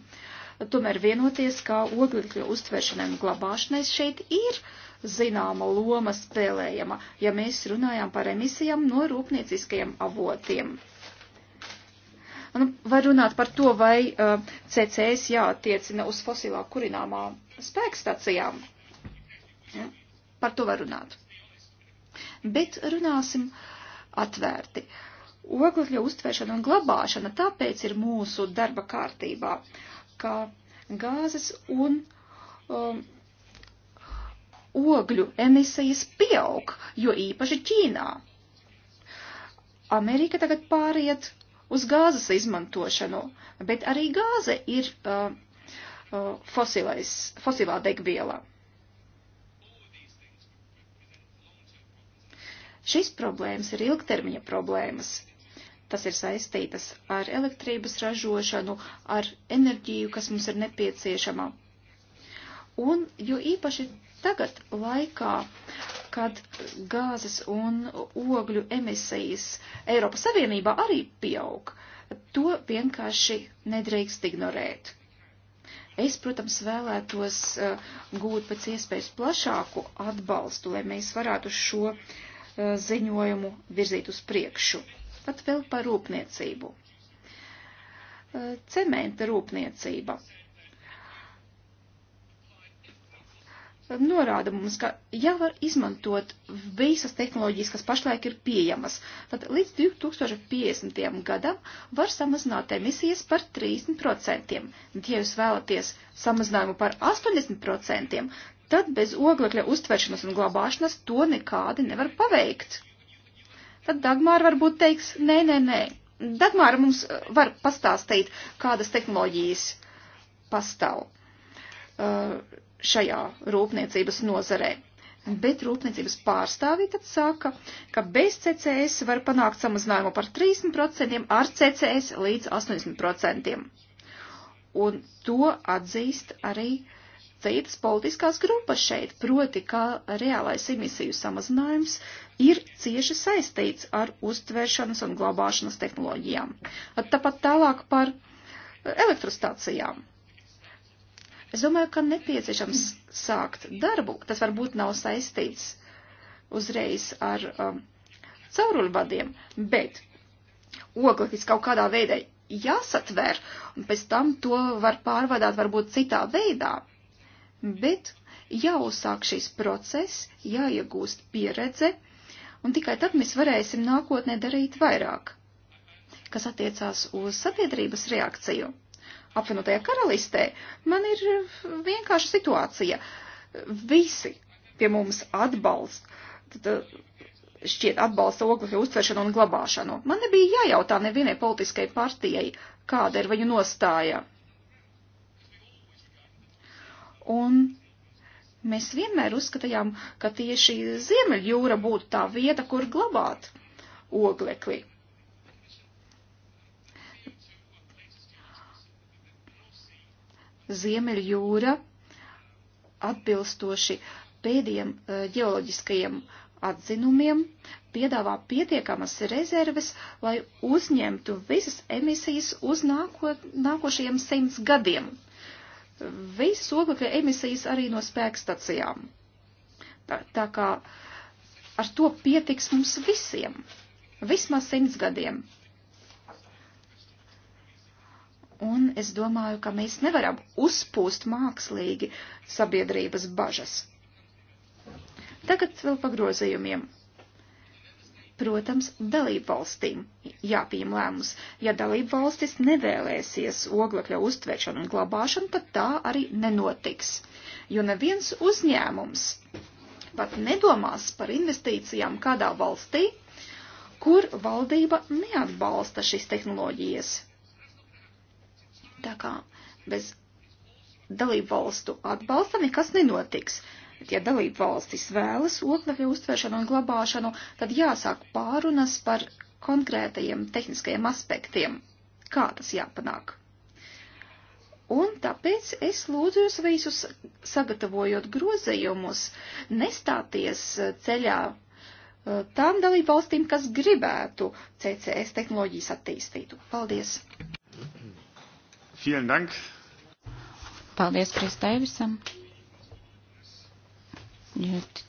S2: tomēr vienoties, kā oglekļa uztveršanai un glabāšanai šeit ir uh, zināma loma spēlējama, ja mēs runājam par emisijām no rūpnieciskajiem avotiem. Nu, var runāt par to, vai uh, CCS jātiecina uz fosilā kurināmā spēkstacijām. Ja? Par to var runāt. Bet runāsim atvērti. Oglekļa uztvēršana un glabāšana tāpēc ir mūsu darba kārtībā, ka gāzes un um, ogļu emisijas pieaug, jo īpaši Ķīnā. Amerika tagad pāriet uz gāzes izmantošanu, bet arī gāze ir uh, uh, fosilais, fosilā degviela. Šīs problēmas ir ilgtermiņa problēmas. Tas ir saistītas ar elektrības ražošanu, ar enerģiju, kas mums ir nepieciešama. Un jo īpaši Tagad laikā, kad gāzes un ogļu emisijas Eiropas Savienībā arī pieaug, to vienkārši nedrīkst ignorēt. Es, protams, vēlētos uh, gūt pēc iespējas plašāku atbalstu, lai mēs varētu šo uh, ziņojumu virzīt uz priekšu. Pat vēl par rūpniecību. Uh, cementa rūpniecība. norāda mums, ka jāvar izmantot visas tehnoloģijas, kas pašlaik ir pieejamas. Tad līdz 2050. gadam var samazināt emisijas par 30%. Ja jūs vēlaties samazinājumu par 80%, tad bez oglekļa uztveršanas un glabāšanas to nekādi nevar paveikt. Tad Dagmāra varbūt teiks, nē, nē, nē. Dagmāra mums eh, var pastāstīt, kādas tehnoloģijas pastāv. Uh, šajā rūpniecības nozarē. Bet rūpniecības pārstāvji tad saka, ka bez CCS var panākt samazinājumu par 30%, ar CCS līdz 80%. Un to atzīst arī citas politiskās grupas šeit, proti, ka reālais emisiju samazinājums ir cieši saistīts ar uztvēršanas un glabāšanas tehnoloģijām. Tāpat tālāk par elektrostācijām. Es domāju, ka nepieciešams sākt darbu. Tas varbūt nav saistīts uzreiz ar um, cauruļvadiem, bet ogleklis kaut kādā veidā jāsatver, un pēc tam to var pārvadāt varbūt citā veidā. Bet jāuzsāk šis process, jāiegūst pieredze, un tikai tad mēs varēsim nākotnē darīt vairāk. Kas attiecās uz sabiedrības reakciju? apvienotajā karalistē, man ir vienkārša situācija. Visi pie mums atbalst, tad, eh, šķiet atbalsta oglekļa uztveršanu un glabāšanu. Man nebija jājautā nevienai politiskai partijai, kāda ir viņu nostāja. Un mēs vienmēr uzskatījām, ka tieši Ziemeļjūra būtu tā vieta, kur glabāt oglekli. Ziemeļu jūra atbilstoši pēdējiem eh, ģeoloģiskajiem atzinumiem piedāvā pietiekamas rezerves, lai uzņemtu visas emisijas uz nāko, nākošajiem simts gadiem. Visas oglekļa emisijas arī no spēkstacijām. Tā, tā kā ar to pietiks mums visiem, vismaz simts gadiem. Un es domāju, ka mēs nevaram uzpūst mākslīgi sabiedrības bažas. Tagad vēl pagrozījumiem. Protams, dalību valstīm jāpieņem lēmums. Ja dalību valstis nevēlēsies oglekļa uztvēršanu un glabāšanu, tad tā arī nenotiks. Jo neviens uzņēmums pat nedomās par investīcijām kādā valstī, kur valdība neatbalsta šīs tehnoloģijas. Tā kā bez dalību valstu atbalsta nekas nenotiks. Bet, ja dalību valstis vēlas oglekļa uztvēršanu un glabāšanu, tad jāsāk pārunas par konkrētajiem tehniskajiem aspektiem, kā tas jāpanāk. Un tāpēc es lūdzu jūs visus, sagatavojot grozējumus, nestāties ceļā uh, tām dalību valstīm, kas gribētu CCS tehnoloģijas attīstītu. Paldies!
S1: Vielen Dank.
S3: Paldies, Kris Deivisam. Ļoti,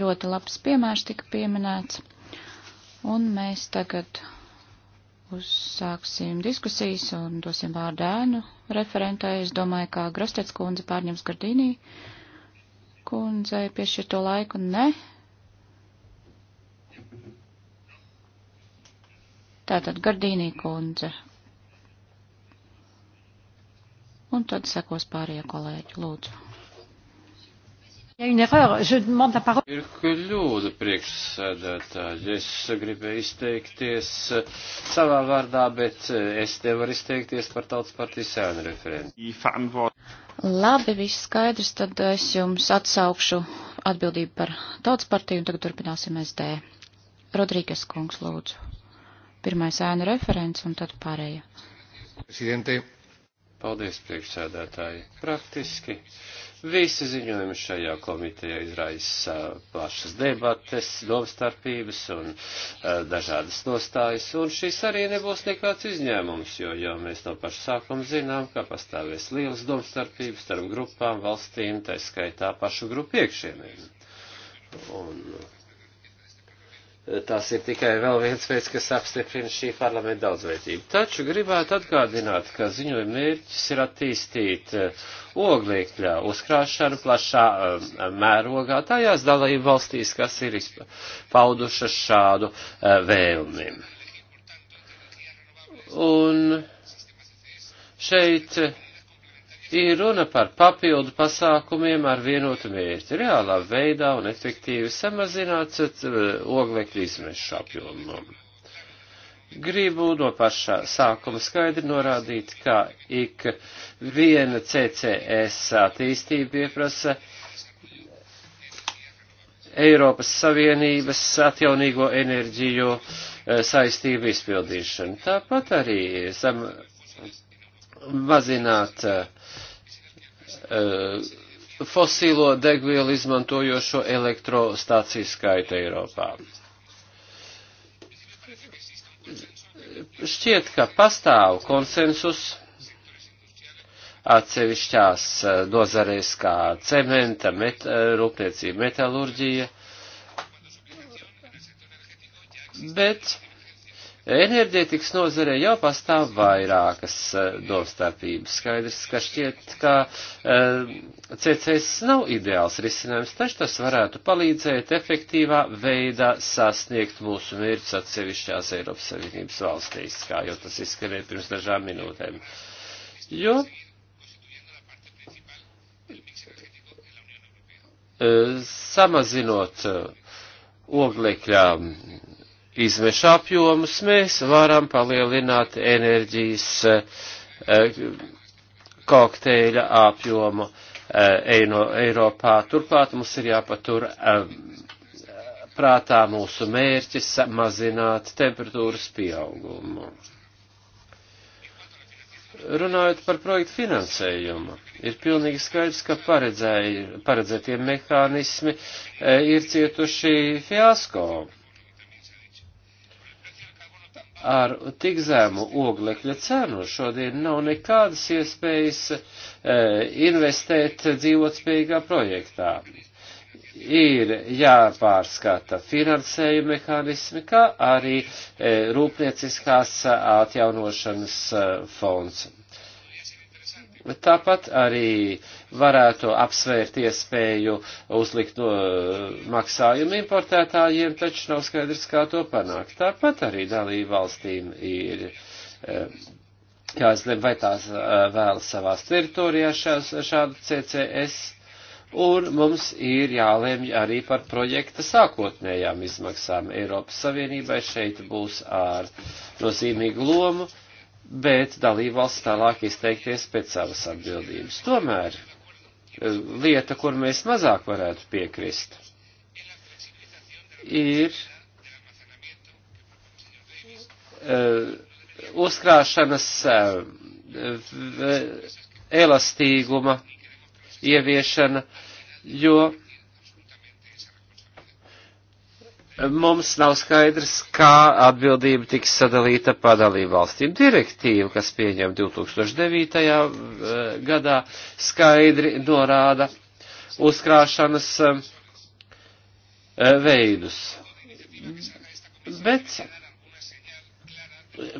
S3: ļoti labs piemērs tika pieminēts. Un mēs tagad uzsāksim diskusijas un dosim vārdu ēnu referentai. Es domāju, kā Grostets kundze pārņems Gardīnī kundzei piešķirto laiku. Ne, Tātad Gardīnī kundze, un tad sekos pārējie kolēģi. Lūdzu. Ir
S4: kļūda priekšsēdētāji. Es gribēju izteikties savā vārdā, bet es nevaru izteikties par tautas partijas sēnu referentu.
S3: Labi, viss skaidrs, tad es jums atsaukšu atbildību par tautas partiju un tagad turpināsim SD. Rodrīgas kungs, lūdzu. Pirmais ēnu referents un tad pārējie.
S5: Presidente,
S4: Paldies, priekšsēdētāji. Praktiski visi ziņojumi šajā komitejā izraisa plašas debates, domstarpības un eh, dažādas nostājas, un šis arī nebūs nekāds izņēmums, jo jau mēs no paša sākuma zinām, ka pastāvēs liels domstarpības starp grupām, valstīm, tā skaitā pašu grupu iekšieniem. Un tas ir tikai vēl viens veids, kas apstiprina šī parlamenta daudzveidību. Taču gribētu atgādināt, ka ziņojuma mērķis ir attīstīt eh, oglekļa uzkrāšanu plašā eh, mērogā tajās dalību valstīs, kas ir paudušas šādu eh, vēlmi. Un šeit ir runa par papildu pasākumiem ar vienotu mērķi - reālā veidā un efektīvi samazināt eh, oglekļa izmešu apjomu. Gribu no pašā sākuma skaidri norādīt, ka ik viena CCS attīstība pieprasa Eiropas Savienības atjaunīgo enerģiju eh, saistību izpildīšanu. Tāpat arī zam, mazināt uh, Uh, fosīlo degvielu izmantojošo elektrostāciju skaita Eiropā. Šķiet, ka pastāv konsensus atsevišķās uh, nozarēs kā cementa, met, uh, rūpniecība, metalurģija, bet Enerģētikas nozarē jau pastāv vairākas eh, domstarpības. Skaidrs, ka šķiet, ka uh, eh, CCS nav ideāls risinājums, taču tas varētu palīdzēt efektīvā veidā sasniegt mūsu mērķus atsevišķās Eiropas Savienības valstīs, kā jau tas izskanēja pirms dažām minūtēm. Jo uh, samazinot uh, oglekļa izmešu apjomus, mēs varam palielināt enerģijas eh, kokteļa apjomu eh, eino, Eiropā. Turklāt mums ir jāpatur eh, prātā mūsu mērķis mazināt temperatūras pieaugumu. Runājot par projektu finansējumu, ir pilnīgi skaidrs, ka paredzētie mehānismi ir cietuši fiasko ar tik zemu oglekļa cenu šodien nav nekādas iespējas e, investēt dzīvotspējīgā projektā. Ir jāpārskata finansējuma mehānismi, kā arī e, rūpnieciskās atjaunošanas e, fonds. Tāpat arī e, varētu apsvērt iespēju uzlikt no maksājumu importētājiem, taču nav skaidrs, kā to panākt. Tāpat arī dalību valstīm ir e, jāizlem, vai tās e, vēlas savās teritorijās šādu CCS un mums ir jālēmj arī par projekta sākotnējām izmaksām. Eiropas Savienībai šeit būs ar nozīmīgu lomu, bet dalībvalsts tālāk izteikties pēc savas atbildības. Tomēr lieta, kur mēs mazāk varētu piekrist, ir uh, uzkrāšanas uh, elastīguma ieviešana, jo mums nav skaidrs, kā atbildība tiks sadalīta pa dalību valstīm. Direktīva, kas pieņem 2009. Eh, gadā, skaidri norāda uzkrāšanas eh, veidus. Bet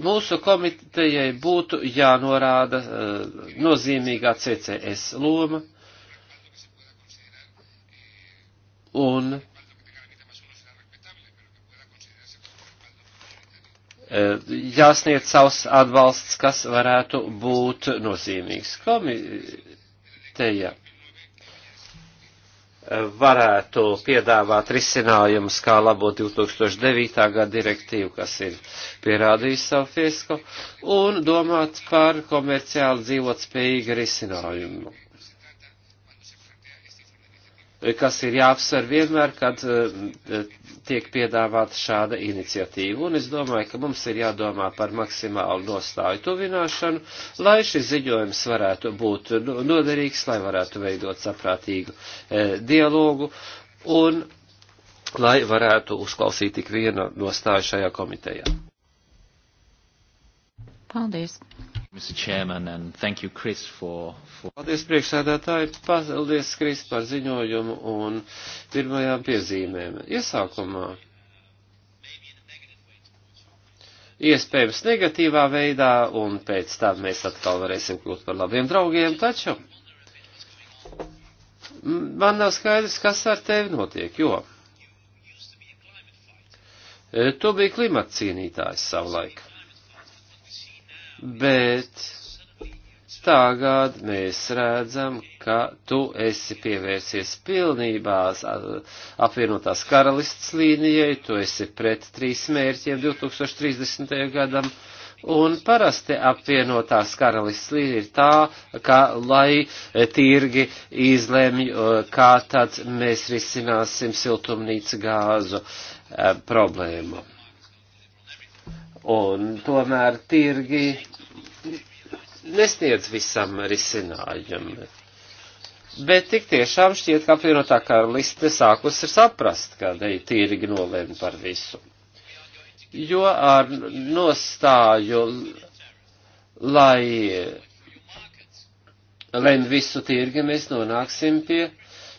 S4: mūsu komitejai būtu jānorāda eh, nozīmīgā CCS loma un Eh, jāsniedz savs atbalsts, kas varētu būt nozīmīgs. Komiteja eh, varētu piedāvāt risinājumus, kā labot 2009. gada direktīvu, kas ir pierādījis savu fiesku, un domāt par komerciāli dzīvot spējīgu risinājumu kas ir jāapsver vienmēr, kad eh, tiek piedāvāta šāda iniciatīva. Un es domāju, ka mums ir jādomā par maksimālu nostāju tuvināšanu, lai šis ziņojums varētu būt noderīgs, lai varētu veidot saprātīgu eh, dialogu un lai varētu uzklausīt tik viena nostāju šajā komitejā. Paldies! Chairman, you, Chris, for, for... Paldies, priekšsēdētāji, paldies, Kris, par ziņojumu un pirmajām piezīmēm. Iesākumā iespējams negatīvā veidā, un pēc tam mēs atkal varēsim kļūt par labiem draugiem, taču man nav skaidrs, kas ar tevi notiek, jo tu biji klimata cīnītājs savulaik bet tagad mēs redzam, ka tu esi pievērsies pilnībā apvienotās karalists līnijai, tu esi pret trīs mērķiem 2030. gadam. Un parasti apvienotās karalists līnija ir tā, ka lai tirgi izlemj, kā tad mēs risināsim siltumnīca gāzu e, problēmu Un tomēr tirgi nesniedz visam risinājumu. Bet tik tiešām šķiet, ka apvienotā karaliste sākus ir saprast, ka tīrgi nolēma par visu. Jo ar nostāju, lai lem visu tirgi, mēs nonāksim pie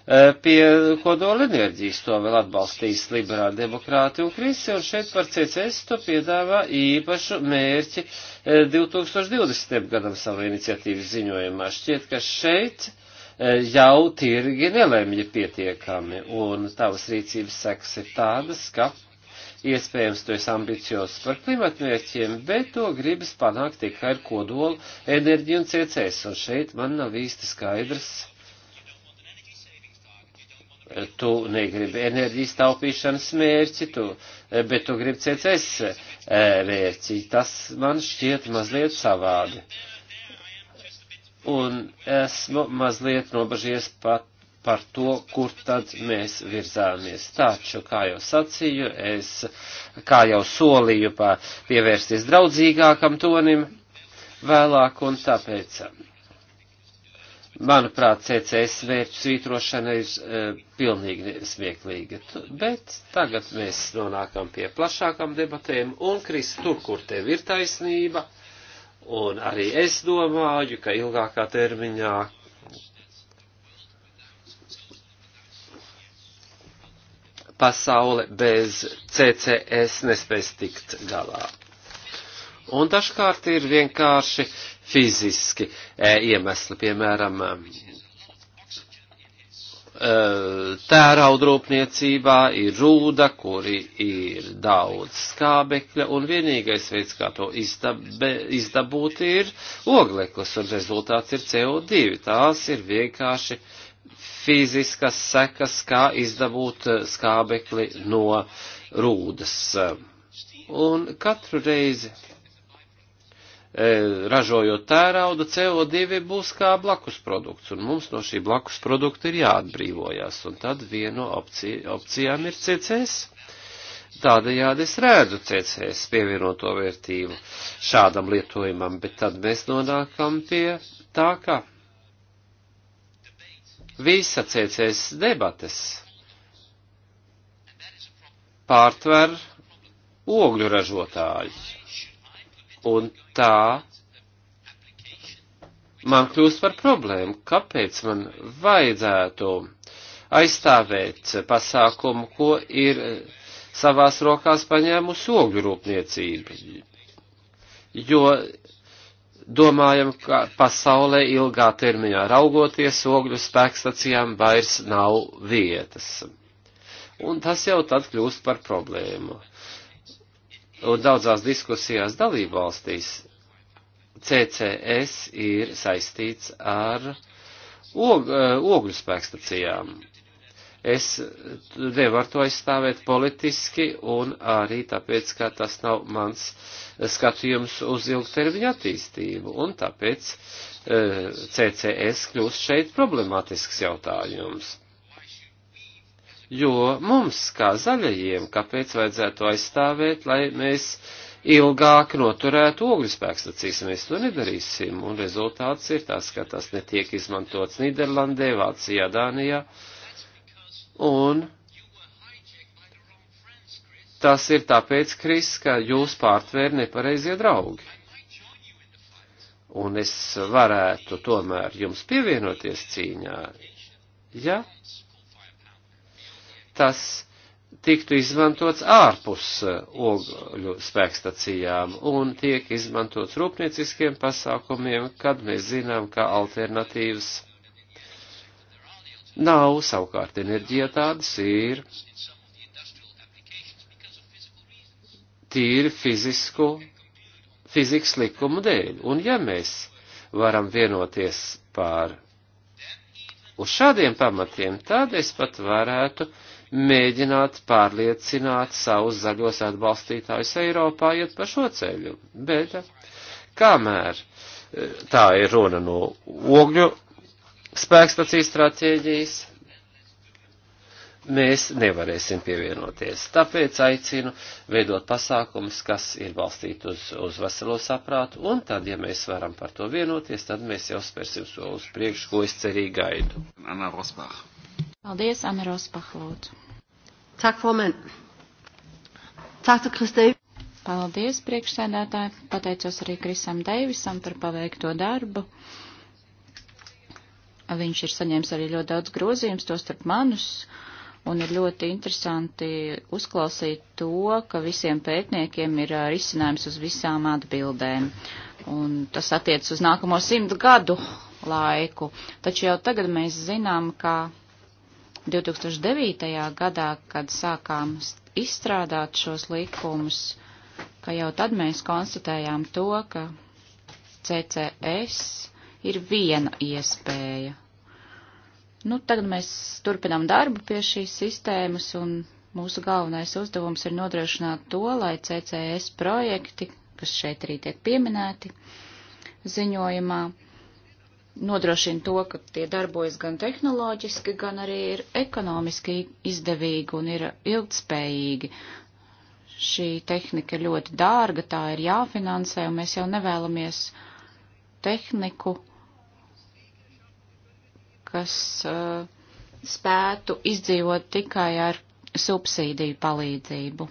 S4: Eh, pie kodola enerģijas. To vēl atbalstīs liberāli demokrāti un krisi, un šeit par CCS to piedāvā īpašu mērķi 2020. Eh, gadam savā iniciatīvas ziņojumā. Šķiet, ka šeit eh, jau tirgi nelemja pietiekami, un tavas rīcības sekas ir tādas, ka iespējams tu esi ambiciozs par klimatmērķiem, bet to gribas panākt tikai ar kodolu enerģiju un CCS, un šeit man nav īsti skaidrs tu negribi enerģijas taupīšanas mērķi, tu, bet tu gribi CCS eh, mērķi. Tas man šķiet mazliet savādi. Un esmu mazliet nobažies pat par to, kur tad mēs virzāmies. Taču, kā jau sacīju, es, kā jau solīju, pievērsties draudzīgākam tonim vēlāk un tāpēc manuprāt, CCS mērķu svītrošana ir e, pilnīgi smieklīga. Bet tagad mēs nonākam pie plašākām debatēm un, Kris, tur, kur tev ir taisnība, un arī es domāju, ka ilgākā termiņā pasaule bez CCS nespēs tikt galā. Un dažkārt ir vienkārši fiziski e, iemesli, piemēram, e, tēraudrūpniecībā ir rūda, kuri ir daudz skābekļa, un vienīgais veids, kā to izdabe, izdabūt, ir ogleklis, un rezultāts ir CO2. Tās ir vienkārši fiziskas sekas, kā izdabūt e, skābekli no rūdas. Un katru reizi E, ražojot tērauda, CO2 būs kā blakus produkts, un mums no šī blakus produkta ir jāatbrīvojas, un tad viena no opci opcijām ir CCS. Tādējādi es redzu CCS pievienoto vērtību šādam lietojumam, bet tad mēs nonākam pie tā, ka visa CCS debates pārtver ogļu ražotājus Un tā man kļūst par problēmu. Kāpēc man vajadzētu aizstāvēt pasākumu, ko ir savās rokās paņēmusi ogļu rūpniecība? Jo domājam, ka pasaulē ilgā termiņā raugoties ogļu spēkstacijām vairs nav vietas. Un tas jau tad kļūst par problēmu un daudzās diskusijās dalībvalstīs CCS ir saistīts ar og, eh, ogļu spēkstacijām. Es nevaru to aizstāvēt politiski un arī tāpēc, ka tas nav mans skatījums uz ilgtermiņa attīstību. Un tāpēc e, eh, CCS kļūst šeit problemātisks jautājums jo mums, kā zaļajiem, kāpēc vajadzētu aizstāvēt, lai mēs ilgāk noturētu ogļspēkstacīs, mēs to nedarīsim, un rezultāts ir tas, ka tas netiek izmantots Nīderlandē, Vācijā, Dānijā, un tas ir tāpēc, Kris, ka jūs pārtvēr nepareizie draugi. Un es varētu tomēr jums pievienoties cīņā, ja tas tiktu izmantots ārpus eh, ogļu spēkstacijām un tiek izmantots rūpnieciskiem pasākumiem, kad mēs zinām, ka alternatīvas nav, savukārt enerģija tādas ir tīri fizisku, fizikas likumu dēļ. Un ja mēs varam vienoties par uz šādiem pamatiem, tad es pat varētu mēģināt pārliecināt savus zaļos atbalstītājus Eiropā iet pa šo ceļu. Bet kamēr eh, tā ir runa no ogļu spēkstacijas stratēģijas, mēs nevarēsim pievienoties. Tāpēc aicinu veidot pasākumus, kas ir balstīti uz, uz veselo saprātu, un tad, ja mēs varam par to vienoties, tad mēs jau spērsim soli uz priekšu, ko es cerīgi gaidu. Anna Rosbach.
S3: Paldies, Anna Rosbach, lūdzu. Tak, formand. Tak, Kristēvi. Paldies, priekšsēdētāji. Pateicos arī Krisam Deivisam par paveikto darbu. Viņš ir saņēmis arī ļoti daudz grozījums, tostarp manus. Uh, un ir ļoti interesanti uzklausīt to, ka visiem pētniekiem ir risinājums uz visām atbildēm. Un tas attiec uz nākamo simtu gadu laiku. Taču jau tagad mēs zinām, ka 2009. gadā, kad sākām izstrādāt šos likumus, ka jau tad mēs konstatējām to, ka CCS ir viena iespēja Nu, tagad mēs turpinām darbu pie šīs sistēmas, un mūsu galvenais uzdevums ir nodrošināt to, lai CCS projekti, kas šeit arī tiek pieminēti ziņojumā, nodrošina to, ka tie darbojas gan tehnoloģiski, gan arī ir ekonomiski izdevīgi un ir ilgtspējīgi. Šī tehnika ļoti dārga, tā ir jāfinansē, un mēs jau nevēlamies tehniku kas uh, spētu izdzīvot tikai ar subsīdiju palīdzību.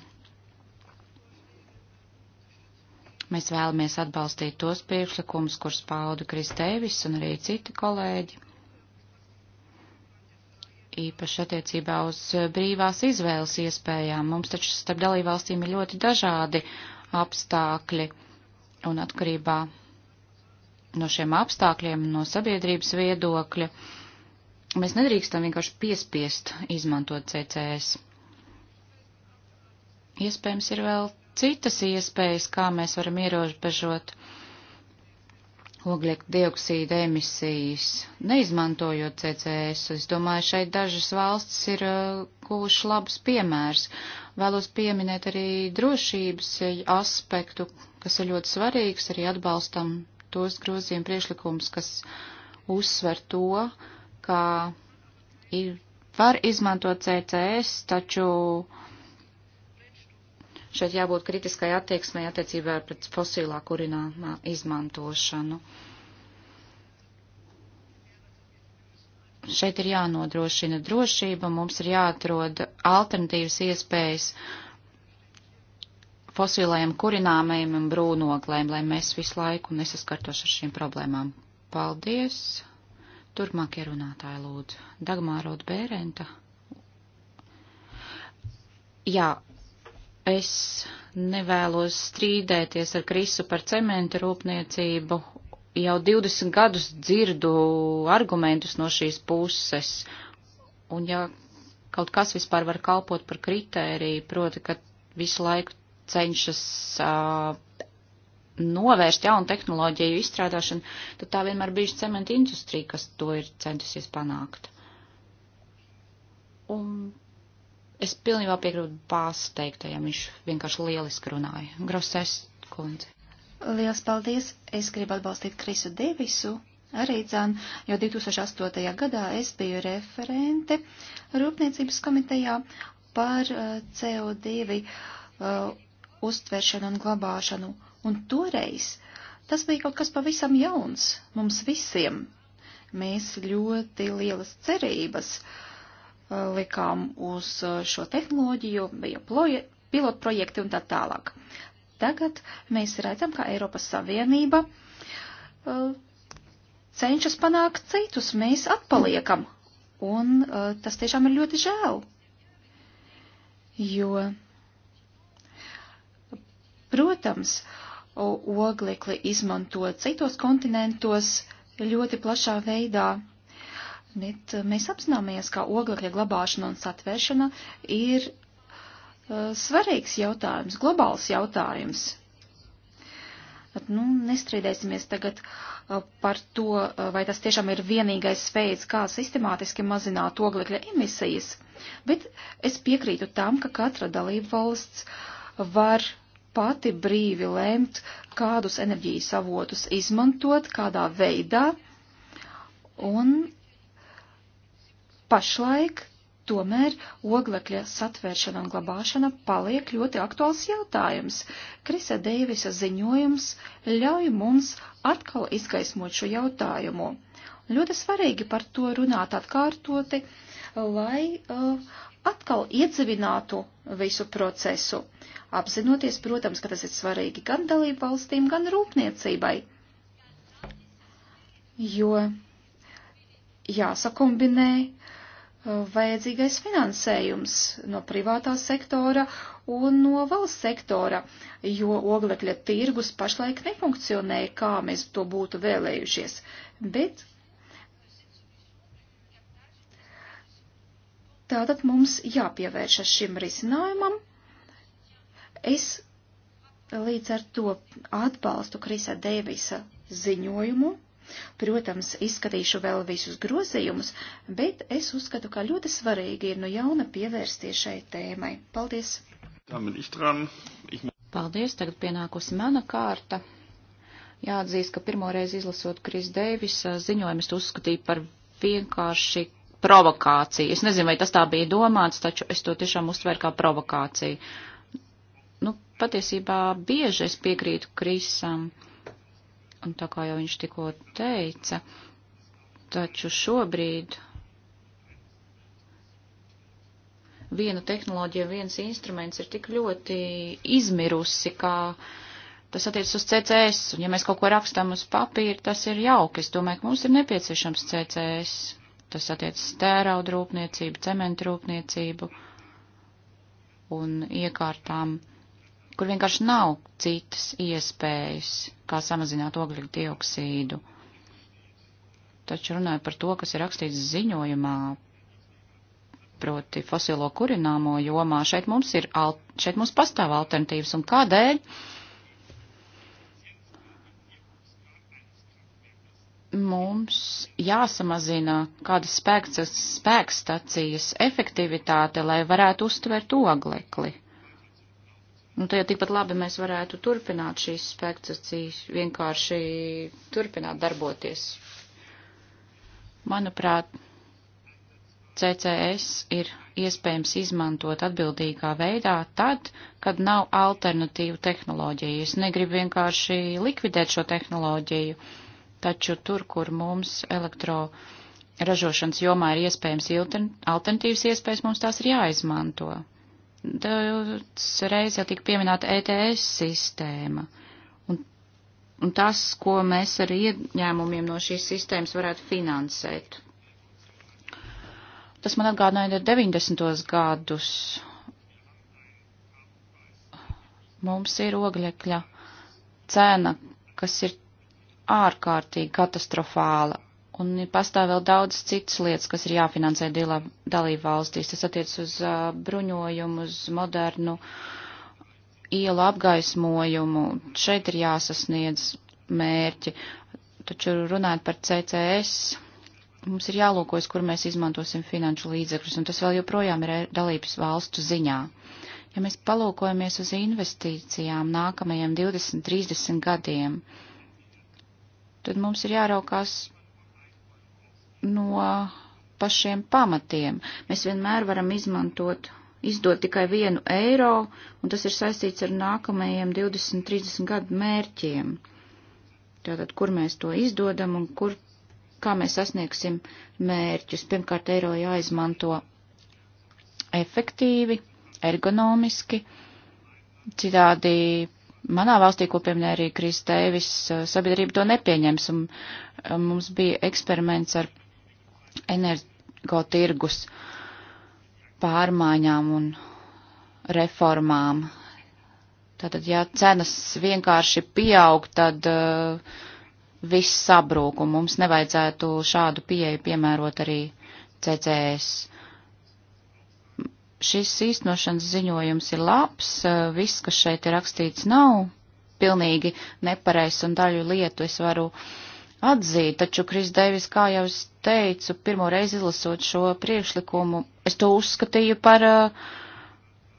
S3: Mēs vēlamies atbalstīt tos priekšlikumus, kurus pauda Kristēvis un arī citi kolēģi. Īpaši attiecībā uz brīvās izvēles iespējām. Mums taču starp dalībvalstīm ir ļoti dažādi apstākļi un atkarībā no šiem apstākļiem, no sabiedrības viedokļa Mēs nedrīkstam vienkārši piespiest izmantot CCS. Iespējams, ir vēl citas iespējas, kā mēs varam ierobežot oglekļa dioksīda emisijas, neizmantojot CCS. Es domāju, šeit dažas valstis ir uh, guvuši uh, labus piemērs. Vēlos pieminēt arī drošības eh, aspektu, kas ir ļoti svarīgs, arī atbalstam tos grozījumu priešlikumus, kas uzsver to, uh, ka ir, var izmantot CCS, taču šeit jābūt kritiskai attieksmei attiecībā pret fosilā kurināmā izmantošanu. Šeit ir jānodrošina drošība, mums ir jāatrod alternatīvas iespējas fosilajiem kurināmajiem un brūnoklēm, lai mēs visu laiku nesaskartos ar šīm problēmām. Paldies! Turpmākie runātāji lūdzu. Dagmārot Bērenta. Jā, es nevēlos strīdēties ar Krisu par cementu rūpniecību. Jau 20 gadus dzirdu argumentus no šīs puses. Un ja kaut kas vispār var kalpot par kritēriju, proti, ka visu laiku cenšas uh, novērst jaunu tehnoloģiju izstrādāšanu, tad tā vienmēr bijusi cementa industrija, kas to ir centusies panākt. Un es pilnībā piekrītu bāzes teiktajam, viņš vienkārši lieliski runāja. Grosses kundze.
S2: Liels paldies! Es gribu atbalstīt Krisu Devisu, arī dzan, jo 2008. gadā es biju referente Rūpniecības komitejā par CO2 uh, eh, eh, uztveršanu un glabāšanu uh, Un toreiz tas bija kaut kas pavisam jauns mums visiem. Mēs ļoti lielas cerības uh, likām uz uh, šo tehnoloģiju, bija pilotprojekti un tā tālāk. Tagad mēs redzam, ka Eiropas Savienība uh, cenšas panākt citus, mēs atpaliekam. Un tas tiešām ir ļoti žēl. Jo, protams, uh, oglekli izmanto citos kontinentos ļoti plašā veidā. Bet eh, mēs apzināmies, ka oglekļa glabāšana un satvēršana ir uh, svarīgs jautājums, globāls jautājums. Bet, nu, nestrīdēsimies tagad uh, par to, uh, vai tas tiešām ir vienīgais veids, kā sistemātiski mazināt oglekļa emisijas, bet es piekrītu tam, ka katra dalība valsts var uh, pati brīvi lemt, kādus enerģijas avotus izmantot, kādā veidā, un pašlaik tomēr oglekļa satvēršana un glabāšana paliek ļoti aktuāls jautājums. Krisa Deivisa ziņojums ļauj mums atkal izgaismot šo jautājumu. Ļoti svarīgi par to runāt atkārtoti, lai uh, atkal iedzivinātu visu procesu. Uh, apzinoties, protams, ka tas ir svarīgi gan dalību valstīm, gan rūpniecībai. Jo jāsakombinē uh, vajadzīgais finansējums no privātā sektora un no valsts sektora, jo oglekļa tirgus pašlaik nefunkcionē, kā mēs to būtu vēlējušies. Bet tātad mums jāpievēršas šim risinājumam Es līdz ar to atbalstu Krisa Deivisa ziņojumu. Protams, izskatīšu vēl visus grozījumus, bet es uzskatu, ka ļoti
S3: svarīgi ir no jauna pievērsties šai tēmai. Paldies! Paldies, tagad pienākusi mana kārta. Jāatzīst, ka pirmoreiz izlasot Kris Deivis ziņojumu es uzskatīju par vienkārši provokāciju. Es nezinu, vai tas tā bija domāts, taču es to tiešām uztveru kā provokāciju. Uh, patiesībā bieži es piekrītu Krisam, un tā kā jau viņš tikko teica, taču šobrīd viena tehnoloģija, viens instruments ir tik ļoti izmirusi, kā tas attiecas uz CCS, un ja mēs kaut ko rakstam uz papīra, tas ir jauki. Es domāju, ka mums ir nepieciešams CCS. Tas attiecas tērauda rūpniecību, cementu rūpniecību un iekārtām kur vienkārši nav citas iespējas, kā samazināt ogļu dioksīdu. Taču runāju par to, kas ir rakstīts ziņojumā, proti fosilo kurināmo jomā. Šeit mums, ir, šeit mums pastāv alternatīvas un kādēļ? mums jāsamazina kādas spēks, spēkstacijas efektivitāte, lai varētu uztvert oglekli. Un nu, tad jau tikpat labi mēs varētu turpināt šīs spekcijas, vienkārši turpināt darboties. Manuprāt, CCS ir iespējams izmantot atbildīgā veidā tad, kad nav alternatīvu tehnoloģiju. Es negribu vienkārši likvidēt šo tehnoloģiju, taču tur, kur mums elektroražošanas jomā ir iespējams alternatīvas iespējas, mums tās ir jāizmanto. Daudz reiz jau tika pieminēta ETS sistēma. Un, un tas, ko mēs ar ieņēmumiem no šīs sistēmas varētu finansēt. Tas man atgādināja 90. gadus. Mums ir oglekļa cena, kas ir ārkārtīgi katastrofāla Un pastāv vēl daudz citas lietas, kas ir jāfinansē dalību valstīs. Tas attiec uz uh, bruņojumu, uz modernu ielu apgaismojumu. Šeit ir jāsasniedz mērķi. Taču runājot par CCS, mums ir jālūkojas, kur mēs izmantosim finanšu līdzekļus, un tas vēl joprojām ir dalības valstu ziņā. Ja mēs palūkojamies uz investīcijām nākamajiem 20-30 gadiem, tad mums ir jāraukās no pašiem pamatiem. Mēs vienmēr varam izmantot, izdot tikai vienu eiro, un tas ir saistīts ar nākamajiem 20-30 gadu mērķiem. Tātad, kur mēs to izdodam un kur, kā mēs sasniegsim mērķus. Pirmkārt, eiro jāizmanto efektīvi, ergonomiski, citādi manā valstī, ko pieminēja arī Kristēvis, sabiedrība to nepieņems. Un um, mums bija eksperiments ar energotirgus pārmaiņām un reformām. Tātad, ja cenas vienkārši pieaug, tad uh, viss sabrūk, un mums nevajadzētu šādu pieeju piemērot arī CCS. Šis īstenošanas ziņojums ir labs, uh, viss, kas šeit ir rakstīts, nav pilnīgi nepareizs un daļu lietu es varu atzīt, taču Kris Devis, kā jau es teicu, pirmo reizi izlasot šo priekšlikumu, es to uzskatīju par uh,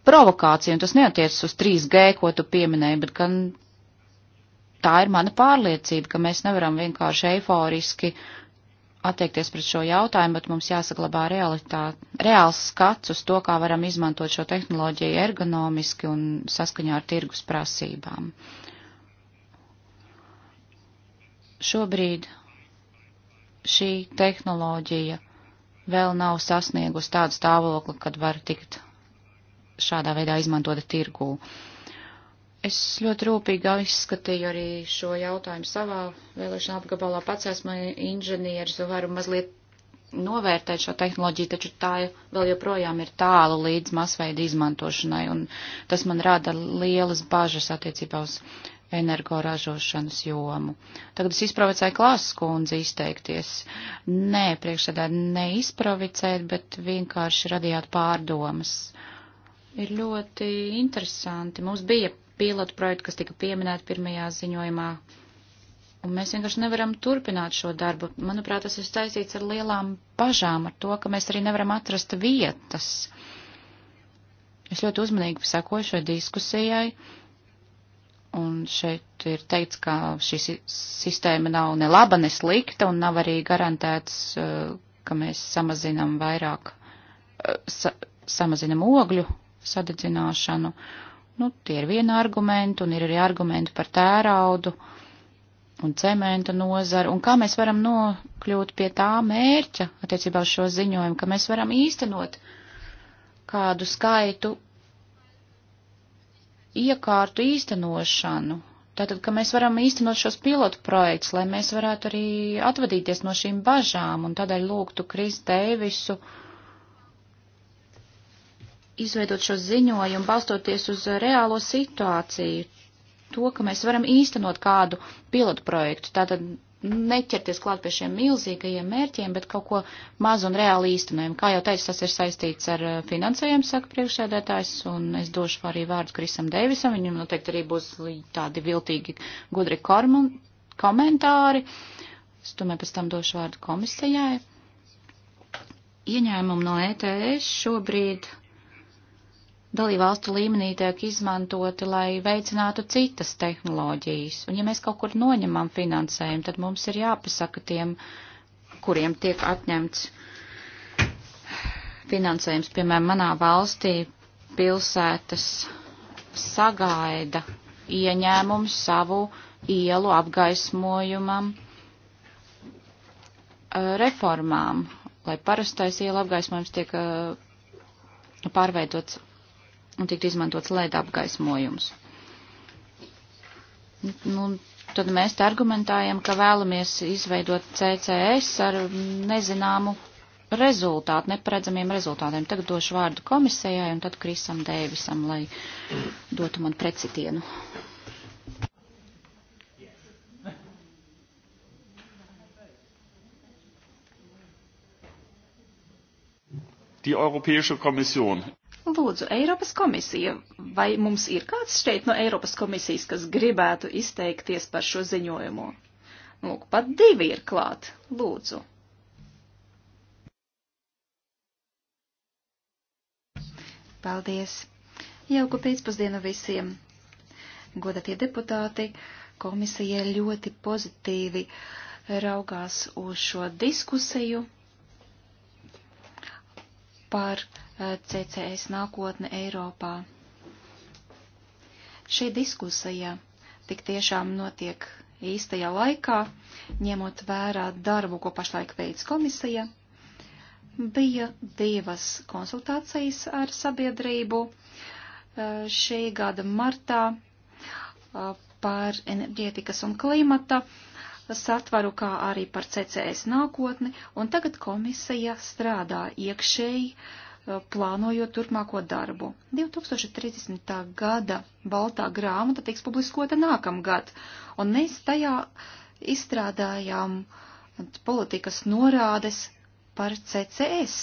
S3: provokāciju, un tas neatiecas uz 3G, ko tu pieminēji, bet gan tā ir mana pārliecība, ka mēs nevaram vienkārši eiforiski attiekties pret šo jautājumu, bet mums jāsaglabā realitāte, reāls skats uz to, kā varam izmantot šo tehnoloģiju ergonomiski un saskaņā ar tirgus prasībām. Šobrīd šī tehnoloģija vēl nav sasniegusi tādu stāvokli, kad var tikt šādā veidā izmantota tirgū. Es ļoti rūpīgi izskatīju arī šo jautājumu savā vēlēšana apgabalā. Pats esmu inženieris un varu mazliet novērtēt šo tehnoloģiju, taču tā vēl joprojām ir tālu līdz masveida izmantošanai, un tas man rada lielas bažas attiecībā uz energoražošanas jomu. Tagad es izprovicēju klāsas kundzi izteikties. Nē, priekšsēdā neizprovicēt, bet vienkārši radījāt pārdomas. Ir ļoti interesanti. Mums bija pilotu projekti, kas tika pieminēti pirmajā ziņojumā, un mēs vienkārši nevaram turpināt šo darbu. Manuprāt, tas ir saistīts ar lielām bažām, ar to, ka mēs arī nevaram atrast vietas. Es ļoti uzmanīgi sekoju šai diskusijai Un šeit ir teikts, ka šī sistēma nav ne laba, ne slikta, un nav arī garantēts, uh, ka mēs samazinam vairāk, uh, sa, samazinam ogļu sadedzināšanu. Nu, tie ir viena argumenta, un ir arī argumenti par tēraudu un cementa nozaru, un kā mēs varam nokļūt pie tā mērķa attiecībā uz šo ziņojumu, ka mēs varam īstenot kādu skaitu iekārtu īstenošanu. Tātad, ka mēs varam īstenot šos pilotu projekts, lai mēs varētu arī atvadīties no šīm bažām, un tādēļ lūgtu Kris Deivisu izveidot šo ziņojumu, balstoties uz reālo situāciju, to, ka mēs varam īstenot kādu pilotu projektu. Tātad neķerties klāt pie šiem milzīgajiem mērķiem, bet kaut ko mazu un reāli īstenojumu. Kā jau teicu, tas ir saistīts ar eh, finansējumu, saka priekšsēdētājs, un es došu arī vārdu Krisam Deivisam, viņam noteikti arī būs tādi viltīgi gudri kormun, komentāri. Es domāju, pēc tam došu vārdu komisijai. Ieņēmumi no ETS šobrīd dalībvalstu līmenī tiek izmantoti, lai veicinātu citas tehnoloģijas. Un ja mēs kaut kur noņemam finansējumu, tad mums ir jāpasaka tiem, kuriem tiek atņemts finansējums. Piemēram, manā valstī pilsētas sagaida ieņēmumu savu ielu apgaismojumam eh, reformām, lai parastais iela apgaismojums tiek eh, pārveidots un tiktu izmantots lēta apgaismojums. Nu, tad mēs te argumentējam, ka vēlamies izveidot CCS ar nezināmu rezultātu, neparedzamiem rezultātiem. Tagad došu vārdu komisijai un tad Krisam Dēvisam, lai dotu man precitienu.
S1: Die
S2: Europäische Kommission Lūdzu, Eiropas komisija, vai mums ir kāds šeit no Eiropas komisijas, kas gribētu izteikties par šo ziņojumu? Lūk, pat divi ir klāt. Lūdzu. Paldies. Jauku pēcpusdienu visiem. Godatie deputāti, komisija ļoti pozitīvi raugās uz šo diskusiju par CCS nākotne Eiropā. Šī diskusija tik tiešām notiek īstajā laikā, ņemot vērā darbu, ko pašlaik veids komisija. Bija divas konsultācijas ar sabiedrību šī gada martā par enerģētikas un klimata satvaru, kā arī par CCS nākotni, un tagad komisija strādā iekšēji Uh, plānojot turpmāko darbu. 2030. gada Baltā grāmata tiks publiskota nākamgad, un mēs tajā izstrādājām politikas norādes par CCS.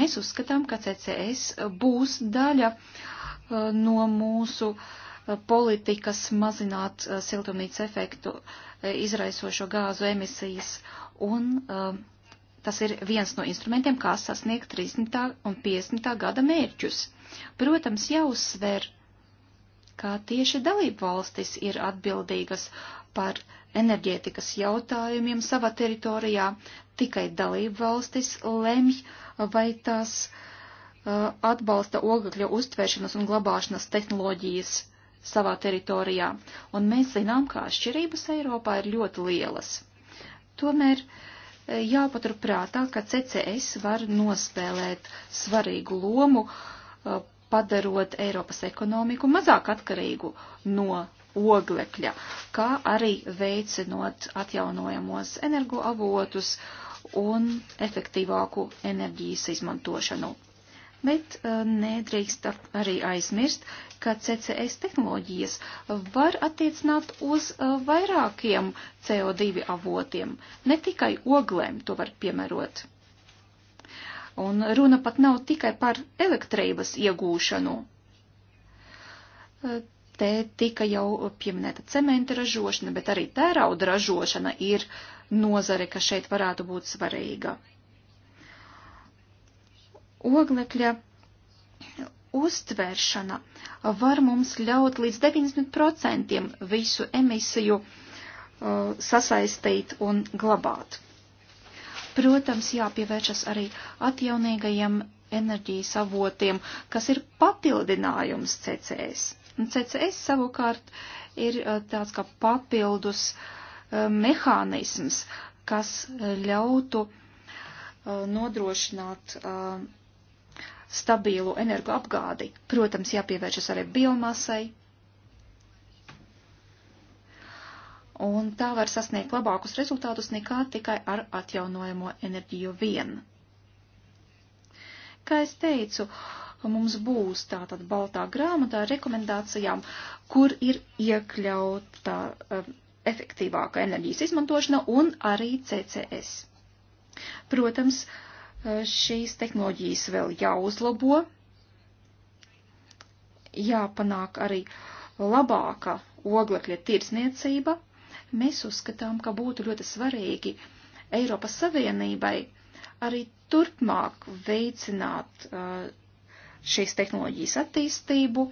S2: Mēs uzskatām, ka CCS būs daļa uh, no mūsu uh, politikas mazināt siltumnīca efektu izraisošo gāzu emisijas un uh, Tas ir viens no instrumentiem, kā sasniegt 30. un 50. gada mērķus. Protams, jāuzsver, kā tieši dalību valstis ir atbildīgas par enerģētikas jautājumiem savā teritorijā. Tikai dalību valstis lemj, vai tās uh, atbalsta ogakļa uztvēršanas un glabāšanas tehnoloģijas savā teritorijā, un mēs zinām, ka atšķirības Eiropā ir ļoti lielas. Tomēr uh, jāpaturprātā, ka CCS var nospēlēt svarīgu lomu, padarot Eiropas ekonomiku mazāk atkarīgu no oglekļa, kā arī veicinot atjaunojamos energoavotus un efektīvāku enerģijas izmantošanu. Bet uh, nedrīkst arī aizmirst, ka CCS tehnoloģijas var attiecināt uz uh, vairākiem CO2 avotiem, ne tikai oglēm to var piemērot. Un runa pat nav tikai par elektrības iegūšanu. Uh, te tika jau pieminēta cementa ražošana, bet arī tērauda ražošana ir nozare, kas šeit varētu būt svarīga oglekļa uztvēršana var mums ļaut līdz 90% visu emisiju uh, sasaistīt un glabāt. Protams, jāpievēršas arī atjaunīgajiem enerģijas avotiem, kas ir papildinājums CCS. Un CCS savukārt ir uh, tāds kā papildus uh, mehānisms, kas ļautu uh, nodrošināt uh, stabilu energoapgādi. Protams, jāpievēršas arī biomasai. Un tā var sasniegt labākus rezultātus nekā tikai ar atjaunojamo enerģiju vien. Kā es teicu, mums būs tātad baltā grāmatā ar rekomendācijām, kur ir iekļauta um, efektīvāka enerģijas izmantošana un arī CCS. Protams, uh, Eh, šīs tehnoloģijas vēl jāuzlabo, jāpanāk arī labāka oglekļa tirsniecība. Mēs uzskatām, ka būtu ļoti svarīgi Eiropas Savienībai arī turpmāk veicināt eh, šīs tehnoloģijas attīstību,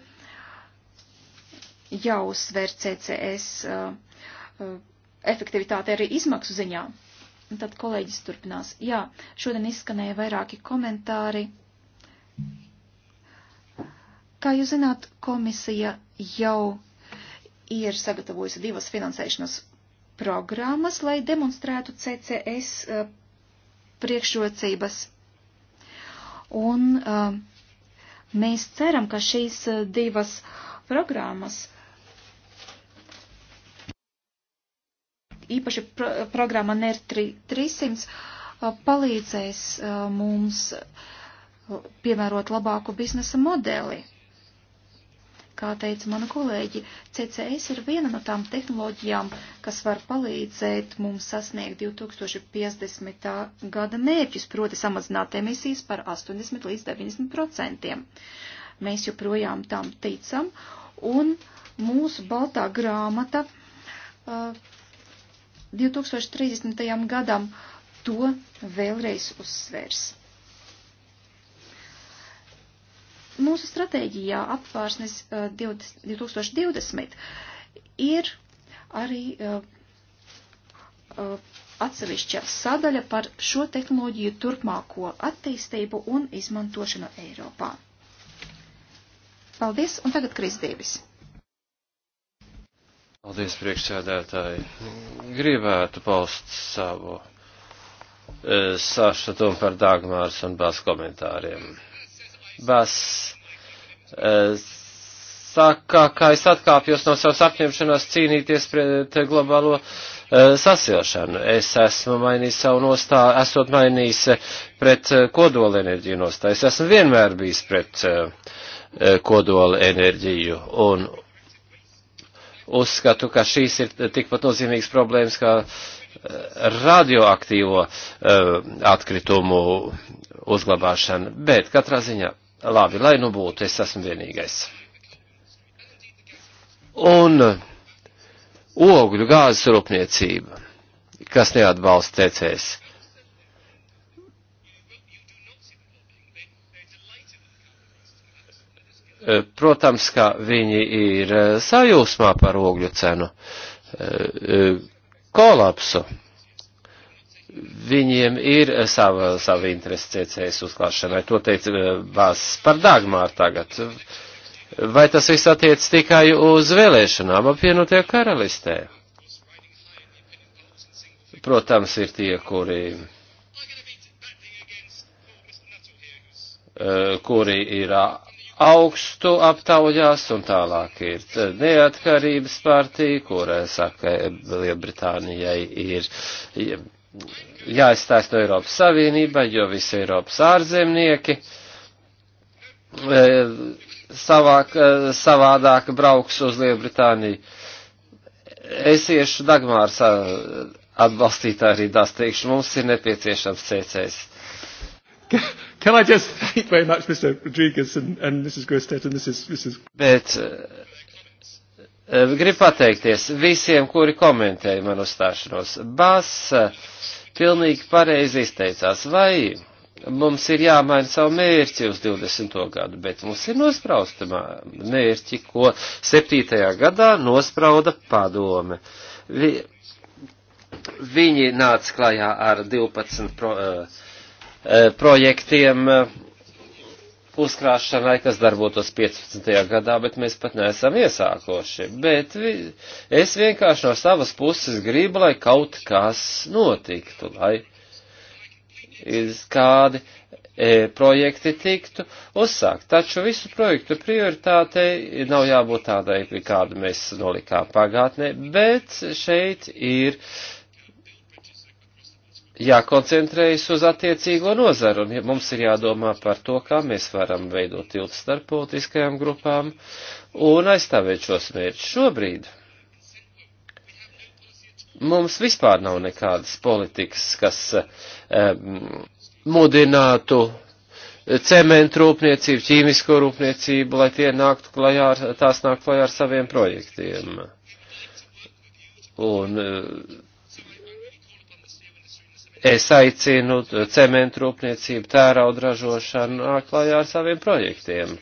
S2: jāuzsver CCS eh, efektivitāte arī izmaksu ziņā. Un tad kolēģis turpinās. Jā, šodien izskanēja vairāki komentāri. Kā jūs zināt, komisija jau ir sagatavojusi divas finansēšanas programmas, lai demonstrētu CCS uh, eh, priekšrocības. Un uh, mēs ceram, ka šīs eh, divas programmas īpaši pro, programma NER 300 uh, palīdzēs uh, mums uh, piemērot labāku biznesa modeli. Kā teica mana kolēģi, CCS ir viena no tām tehnoloģijām, kas var palīdzēt mums sasniegt 2050. gada mērķus, proti samazināt emisijas par 80 līdz 90 procentiem. Mēs joprojām tam ticam, un mūsu baltā grāmata uh, 2030. gadam to vēlreiz uzsvērs. Mūsu stratēģijā apvārsnes 2020 uh, ir arī uh, uh, atsevišķa sadaļa par šo tehnoloģiju turpmāko attīstību un izmantošanu Eiropā. Paldies, un tagad Kristīvis.
S4: Paldies, priekšsēdētāji. Gribētu paust savu e, sašatumu par Dagmāras un Bas komentāriem. Bas e, saka, ka es atkāpjos no savas apņemšanās cīnīties pret globālo e, sasilšanu. Es esmu mainījis savu nostāju, esot mainījis pret kodola enerģiju nostāju. Es esmu vienmēr bijis pret e, e, kodola enerģiju. Un uzskatu, ka šīs ir tikpat nozīmīgas problēmas kā eh, radioaktīvo eh, atkritumu uzglabāšana. Bet katrā ziņā labi, lai nu būtu, es esmu vienīgais. Un ogļu gāzes rūpniecība, kas neatbalsta TCS. Protams, ka viņi ir eh, sajūsmā par ogļu cenu eh, eh, kolapsu. Viņiem ir sava, sava interese CCS uzklāšanai. To teica Bāzes par Dagmāru tagad. Vai tas viss attiec tikai uz vēlēšanām apvienotie karalistē? Protams, ir tie, kuri, kuri ir augstu aptaujās un tālāk ir neatkarības partija, kura eh, saka, Lielbritānijai ir jāizstājas no Eiropas Savienība, jo visi Eiropas ārzemnieki eh, savāk, eh, savādāk brauks uz Lielbritāniju. Es iešu Dagmārs atbalstīt arī tās teikšu, mums ir nepieciešams CCS Can I just thank
S1: very much Mr. Rodriguez and, and Mrs. Grostet and Mrs. Mrs.
S4: Bet uh, eh, eh, gribu pateikties visiem, kuri komentēja manu stāšanos. Bas uh, pilnīgi pareizi izteicās, vai mums ir jāmaina savu mērķi uz 20. gadu, bet mums ir nospraustamā mērķi, ko 7. gadā nosprauda padome. Vi, viņi nāca klajā ar 12. Pro, uh, E, projektiem e, uzkrāšanai, kas darbotos 15. gadā, bet mēs pat neesam iesākoši. Bet vi, es vienkārši no savas puses gribu, lai kaut kas notiktu, lai kādi e, projekti tiktu uzsākt. Taču visu projektu prioritātei nav jābūt tādai, kādu mēs nolikām pagātnē, bet šeit ir jākoncentrējas uz attiecīgo nozaru, un mums ir jādomā par to, kā mēs varam veidot tiltu starp politiskajām grupām un aizstāvēt šos mērķus šobrīd. Mums vispār nav nekādas politikas, kas um, mudinātu cementu rūpniecību, ķīmisko rūpniecību, lai tie nāktu klajā, tās nāktu klajā ar saviem projektiem. Un, uh, Es aicinu cementu rūpniecību, tērauda ražošanu, nāk klājā ar saviem projektiem,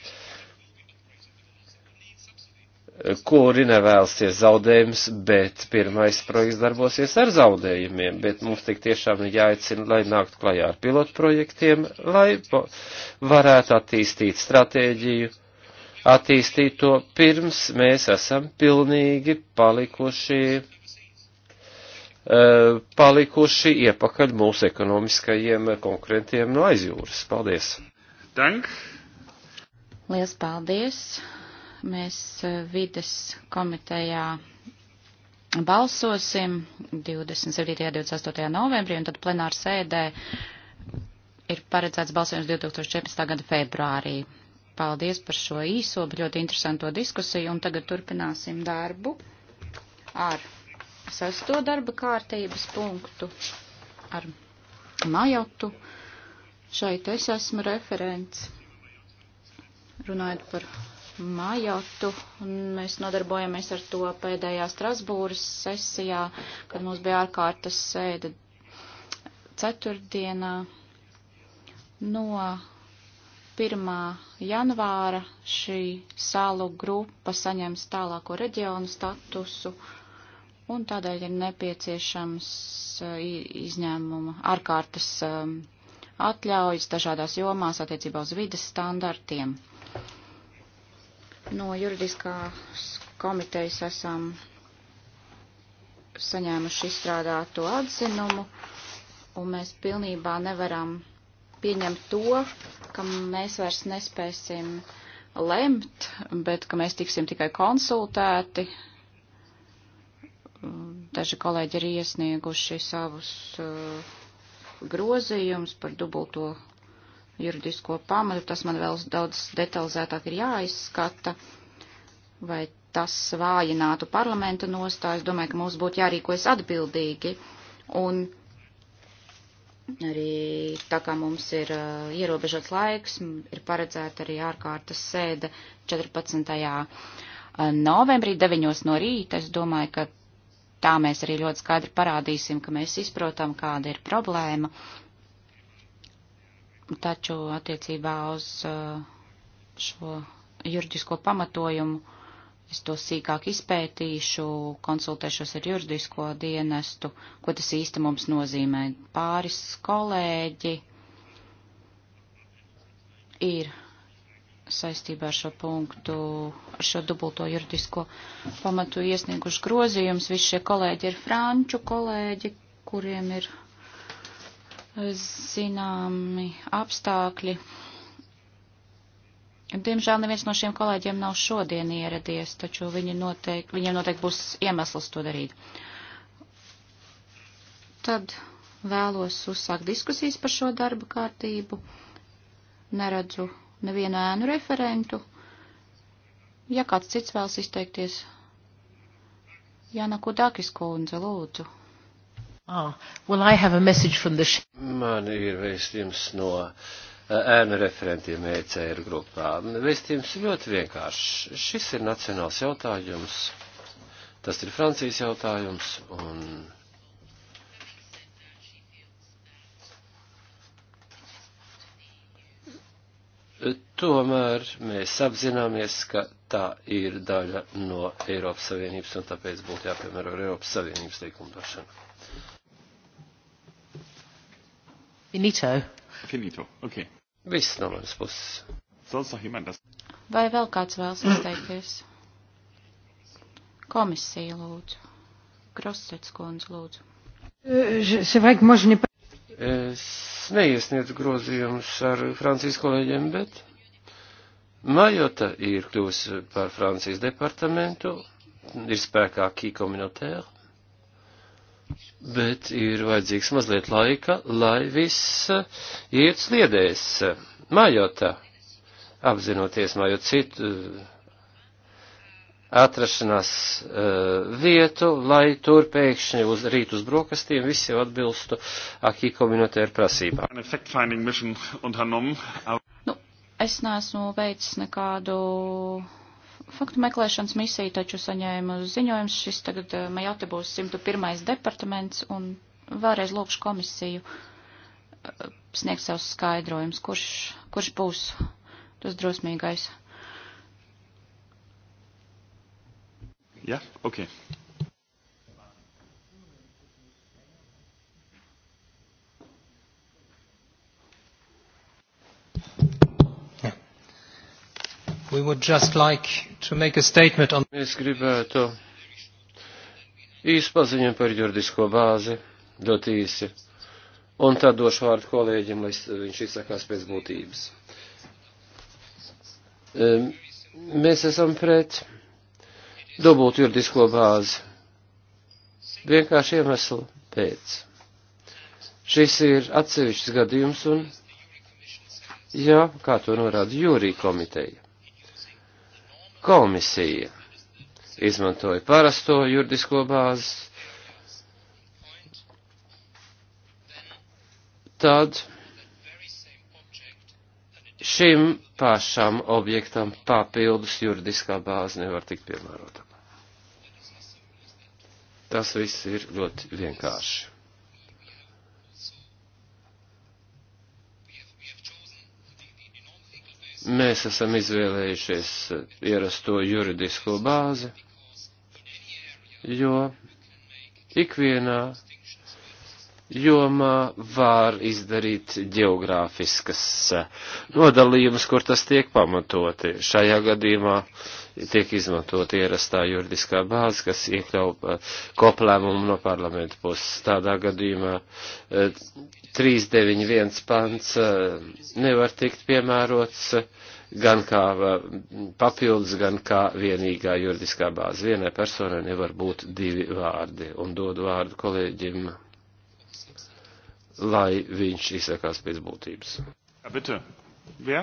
S4: kuri nevēlsies zaudējumus, bet pirmais projekts darbosies ar zaudējumiem, bet mums tik tiešām ir jāicina, lai nākt klājā ar pilotu projektiem, lai varētu attīstīt stratēģiju attīstīt to pirms mēs esam pilnīgi palikuši E, palikuši iepakaļ mūsu ekonomiskajiem konkurentiem no aizjūras. Paldies! Dank!
S3: Lielas paldies! Mēs e, vides komitejā balsosim 27. un 28. novembrī, un tad plenāra sēdē ir paredzēts balsojums 2014. gada februārī. Paldies par šo īso, bet ļoti interesanto diskusiju, un tagad turpināsim darbu ar sesto darba kārtības punktu ar majotu. Šeit es esmu referents. Runājot par majotu, mēs nodarbojamies ar to pēdējā Strasbūras sesijā, kad mums bija ārkārtas sēde ceturtdienā no 1. janvāra šī salu grupa saņems tālāko reģionu statusu. Uh, un tādēļ ir nepieciešams uh, izņēmuma ārkārtas um, atļaujas dažādās jomās attiecībā uz vidas standartiem. No juridiskās komitejas esam saņēmuši izstrādāto atzinumu, un mēs pilnībā nevaram pieņemt to, ka mēs vairs nespēsim lemt, bet ka mēs tiksim tikai konsultēti Daži kolēģi ir iesnieguši savus uh, grozījumus par dubulto juridisko pamatu. Tas man vēl daudz detalizētāk ir jāizskata, vai tas vājinātu parlamenta nostāju. Es domāju, ka mums būtu jārīkojas atbildīgi. Un arī tā kā mums ir uh, ierobežots laiks, ir paredzēta arī ārkārtas sēde 14. Uh, novembrī 9. no rīta. Es domāju, ka Tā mēs arī ļoti skaidri parādīsim, ka mēs izprotam, kāda ir problēma, taču attiecībā uz uh, šo juridisko pamatojumu es to sīkāk izpētīšu, konsultēšos ar juridisko dienestu, ko tas īsti mums nozīmē. Pāris kolēģi ir saistībā ar šo punktu, ar šo dubulto juridisko pamatu iesnieguši grozījums. Visi šie kolēģi ir franču kolēģi, kuriem ir eh, zināmi apstākļi. Diemžēl neviens no šiem kolēģiem nav šodien ieradies, taču viņi noteikti, viņiem noteikti būs iemesls to darīt. Tad vēlos uzsākt diskusijas par šo darba kārtību. Neredzu nevienu ēnu referentu. Ja kāds cits vēlas izteikties, Jāna Kudakis kundze, lūdzu. Ah, well, I have a message from the...
S4: Man ir vēstījums no eh, ēnu referentiem ECR grupā. Vēstījums ļoti vienkāršs. Šis ir nacionāls jautājums. Tas ir Francijas jautājums, un Tomēr mēs apzināmies, ka tā ir daļa no Eiropas Savienības, un tāpēc būtu jāpiemēro Eiropas Savienības likumdošana. Finito.
S1: Finito, ok. Viss no manas puses. Vai
S3: vēl kāds vēlas izteikties? Komisija lūdzu. Krosets kundze lūdzu.
S2: Euh,
S4: Es neiesniedzu grozījumus ar Francijas kolēģiem, bet Majota ir kļūsi par Francijas departamentu, ir spēkā Kīkominotēra, bet ir vajadzīgs mazliet laika, lai viss iet sliedēs. Majota, apzinoties Majota citu atrašanās uh, vietu, lai tur pēkšņi uz rīt uz brokastiem visi jau atbilstu akī komunitēru prasībām. Nu,
S3: es neesmu veicis nekādu faktu meklēšanas misiju, taču saņēmu ziņojums. Šis tagad e, Majote būs 101. departaments un vēlreiz lūkšu komisiju e, sniegt savus skaidrojumus, kurš, kurš būs tas drosmīgais.
S1: Yeah? Okay.
S4: Yeah. We would just like to make a statement on Mēs gribētu īsu paziņu par juridisko bāzi, ļoti īsi, un tad došu vārdu kolēģim, lai viņš izsakās pēc būtības. Um, mēs esam pret dubultu juridisko bāzi. Vienkārši iemeslu pēc. Šis ir atsevišķs gadījums un, jā, kā to norāda jūrija komiteja. Komisija izmantoja parasto juridisko bāzi. Tad šim pašam objektam papildus juridiskā bāze nevar tikt piemērota. Tas viss ir ļoti vienkārši. Mēs esam izvēlējušies ierasto juridisko bāzi, jo ikvienā jomā var izdarīt geogrāfiskas nodalījumus, kur tas tiek pamatoti. Šajā gadījumā uh, tiek izmantot ierastā juridiskā bāze, kas iekļauj eh, koplēmumu no parlamenta puses. Tādā gadījumā 391 eh, pants eh, nevar tikt piemērots gan kā papildus, gan kā vienīgā juridiskā bāze. Vienai personai nevar būt divi vārdi, un dodu vārdu kolēģim, lai viņš izsakās pēc būtības.
S1: Ja, bitte. Wer? Ja?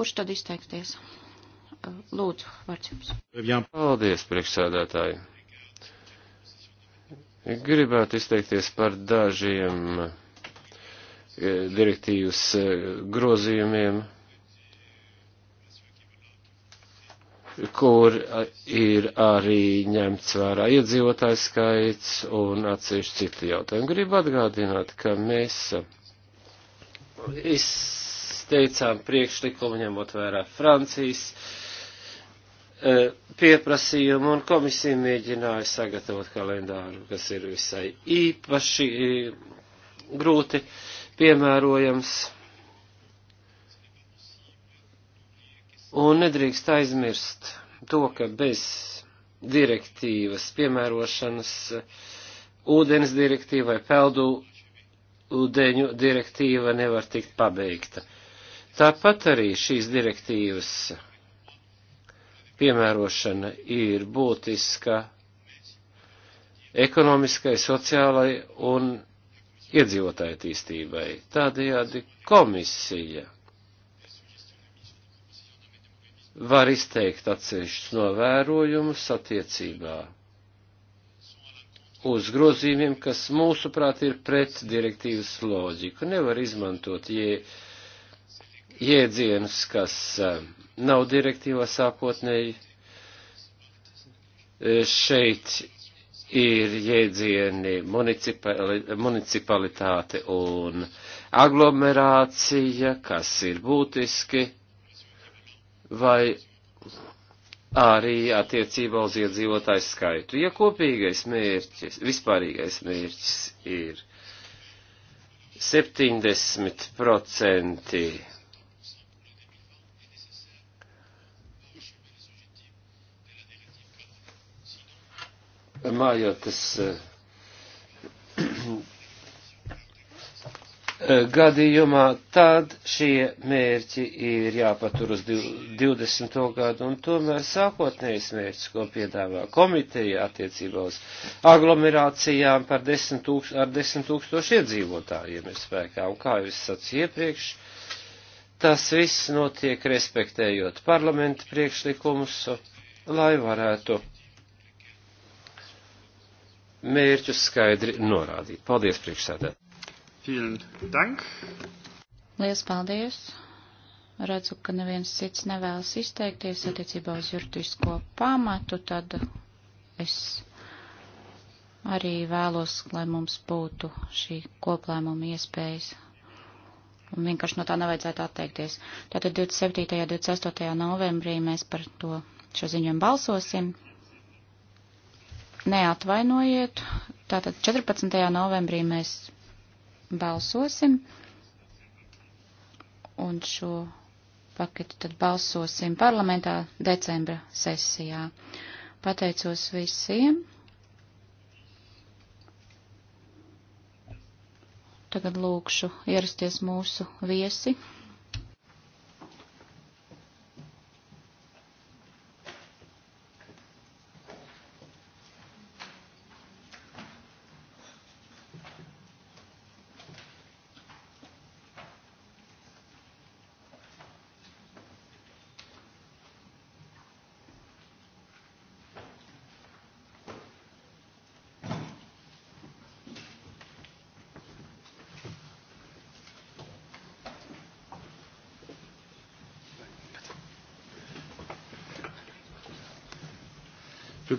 S3: Kurš tad izteiksties? Lūdzu, vārds jums.
S4: Paldies, priekšsēdētāji. Gribētu izteikties par dažiem eh, direktīvas eh, grozījumiem, kur eh, ir arī ņemts vērā iedzīvotājs skaits un atsevišķi citi jautājumi. Gribu atgādināt, ka mēs es teicām priekšlikumu ņemot vērā Francijas e, pieprasījumu, un komisija mēģināja sagatavot kalendāru, kas ir visai īpaši e, grūti piemērojams. Un nedrīkst aizmirst to, ka bez direktīvas piemērošanas ūdens direktīvai peldu ūdeņu direktīva nevar tikt pabeigta. Tāpat arī šīs direktīvas piemērošana ir būtiska ekonomiskai, sociālai un iedzīvotāju attīstībai. Tādējādi komisija var izteikt atsevišķus novērojumus attiecībā uz grozījumiem, kas mūsuprāt ir pret direktīvas loģiku. Nevar izmantot, ja jēdzienus, kas eh, nav direktīvā sākotnēji. Eh, šeit ir jēdzieni municipalitāte un aglomerācija, kas ir būtiski, vai arī attiecībā uz iedzīvotāju skaitu. Ja kopīgais mērķis, vispārīgais mērķis ir 70% mājotas eh, eh, gadījumā, tad šie mērķi ir jāpatur uz 20. gadu, un tomēr sākotnējais mērķis, ko piedāvā komiteja attiecībā uz aglomerācijām par 10 tūkst, ar 10 tūkstoši iedzīvotājiem ir spēkā, un kā jau es sacīju iepriekš, tas viss notiek respektējot parlamenta priekšlikumus, lai varētu mērķus skaidri norādīt. Paldies, priekšsēdē.
S3: Lielas paldies! Redzu, ka neviens cits nevēlas izteikties attiecībā uz juridisko pamatu, tad es arī vēlos, lai mums būtu šī koplēmuma iespējas. Un vienkārši no tā nevajadzētu atteikties. Tātad 27. un 28. novembrī mēs par to šo ziņojumu balsosim neatvainojiet. Tātad 14. novembrī mēs balsosim, un šo paketu tad balsosim parlamentā decembra sesijā. Pateicos visiem. Tagad lūkšu ierasties mūsu viesi.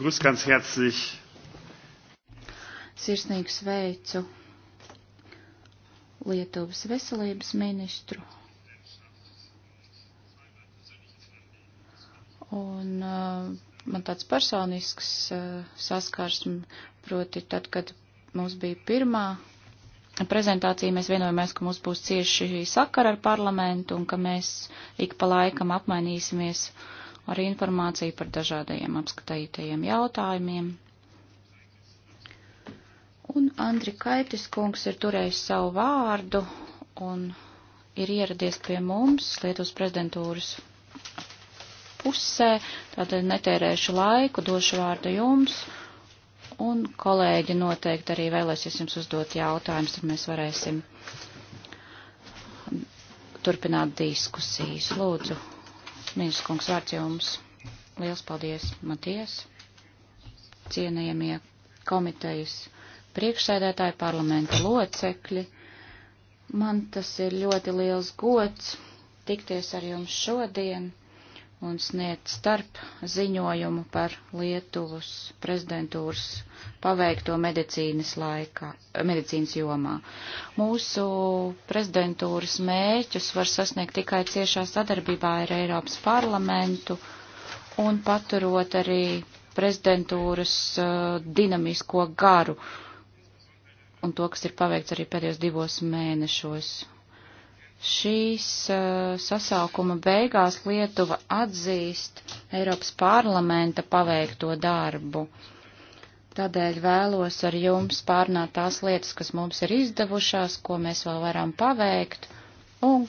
S1: begrüße ganz herzlich.
S3: Sirsnīgi sveicu Lietuvas veselības ministru. Un uh, man tāds personisks uh, saskarsme, proti tad, kad mums bija pirmā prezentācija, mēs vienojāmies, ka mums būs cieši sakara ar parlamentu un ka mēs ik pa laikam apmainīsimies uh, arī informāciju par dažādajiem apskatītajiem jautājumiem. Un Andri Kaitis kungs ir turējis savu vārdu un ir ieradies pie mums Lietuvas prezidentūras pusē, tātad netērēšu laiku, došu vārdu jums un kolēģi noteikti arī vēlēsies jums uzdot jautājumus, tad mēs varēsim turpināt diskusijas. Lūdzu, Mīļas kungs, vārds jums. Liels paldies, Maties, cienījamie komitejas priekšsēdētāji, parlamenta locekļi. Man tas ir ļoti liels gods tikties ar jums šodien un sniegt starp ziņojumu par Lietuvas prezidentūras paveikto medicīnas laikā, medicīnas jomā. Mūsu prezidentūras mēķus var sasniegt tikai ciešā sadarbībā ar Eiropas parlamentu un paturot arī prezidentūras uh, dinamisko garu un to, kas ir paveikts arī pēdējos divos mēnešos šīs uh, sasaukuma beigās Lietuva atzīst Eiropas parlamenta paveikto darbu. Tādēļ vēlos ar jums pārnāt tās lietas, kas mums ir izdevušās, ko mēs vēl varam paveikt un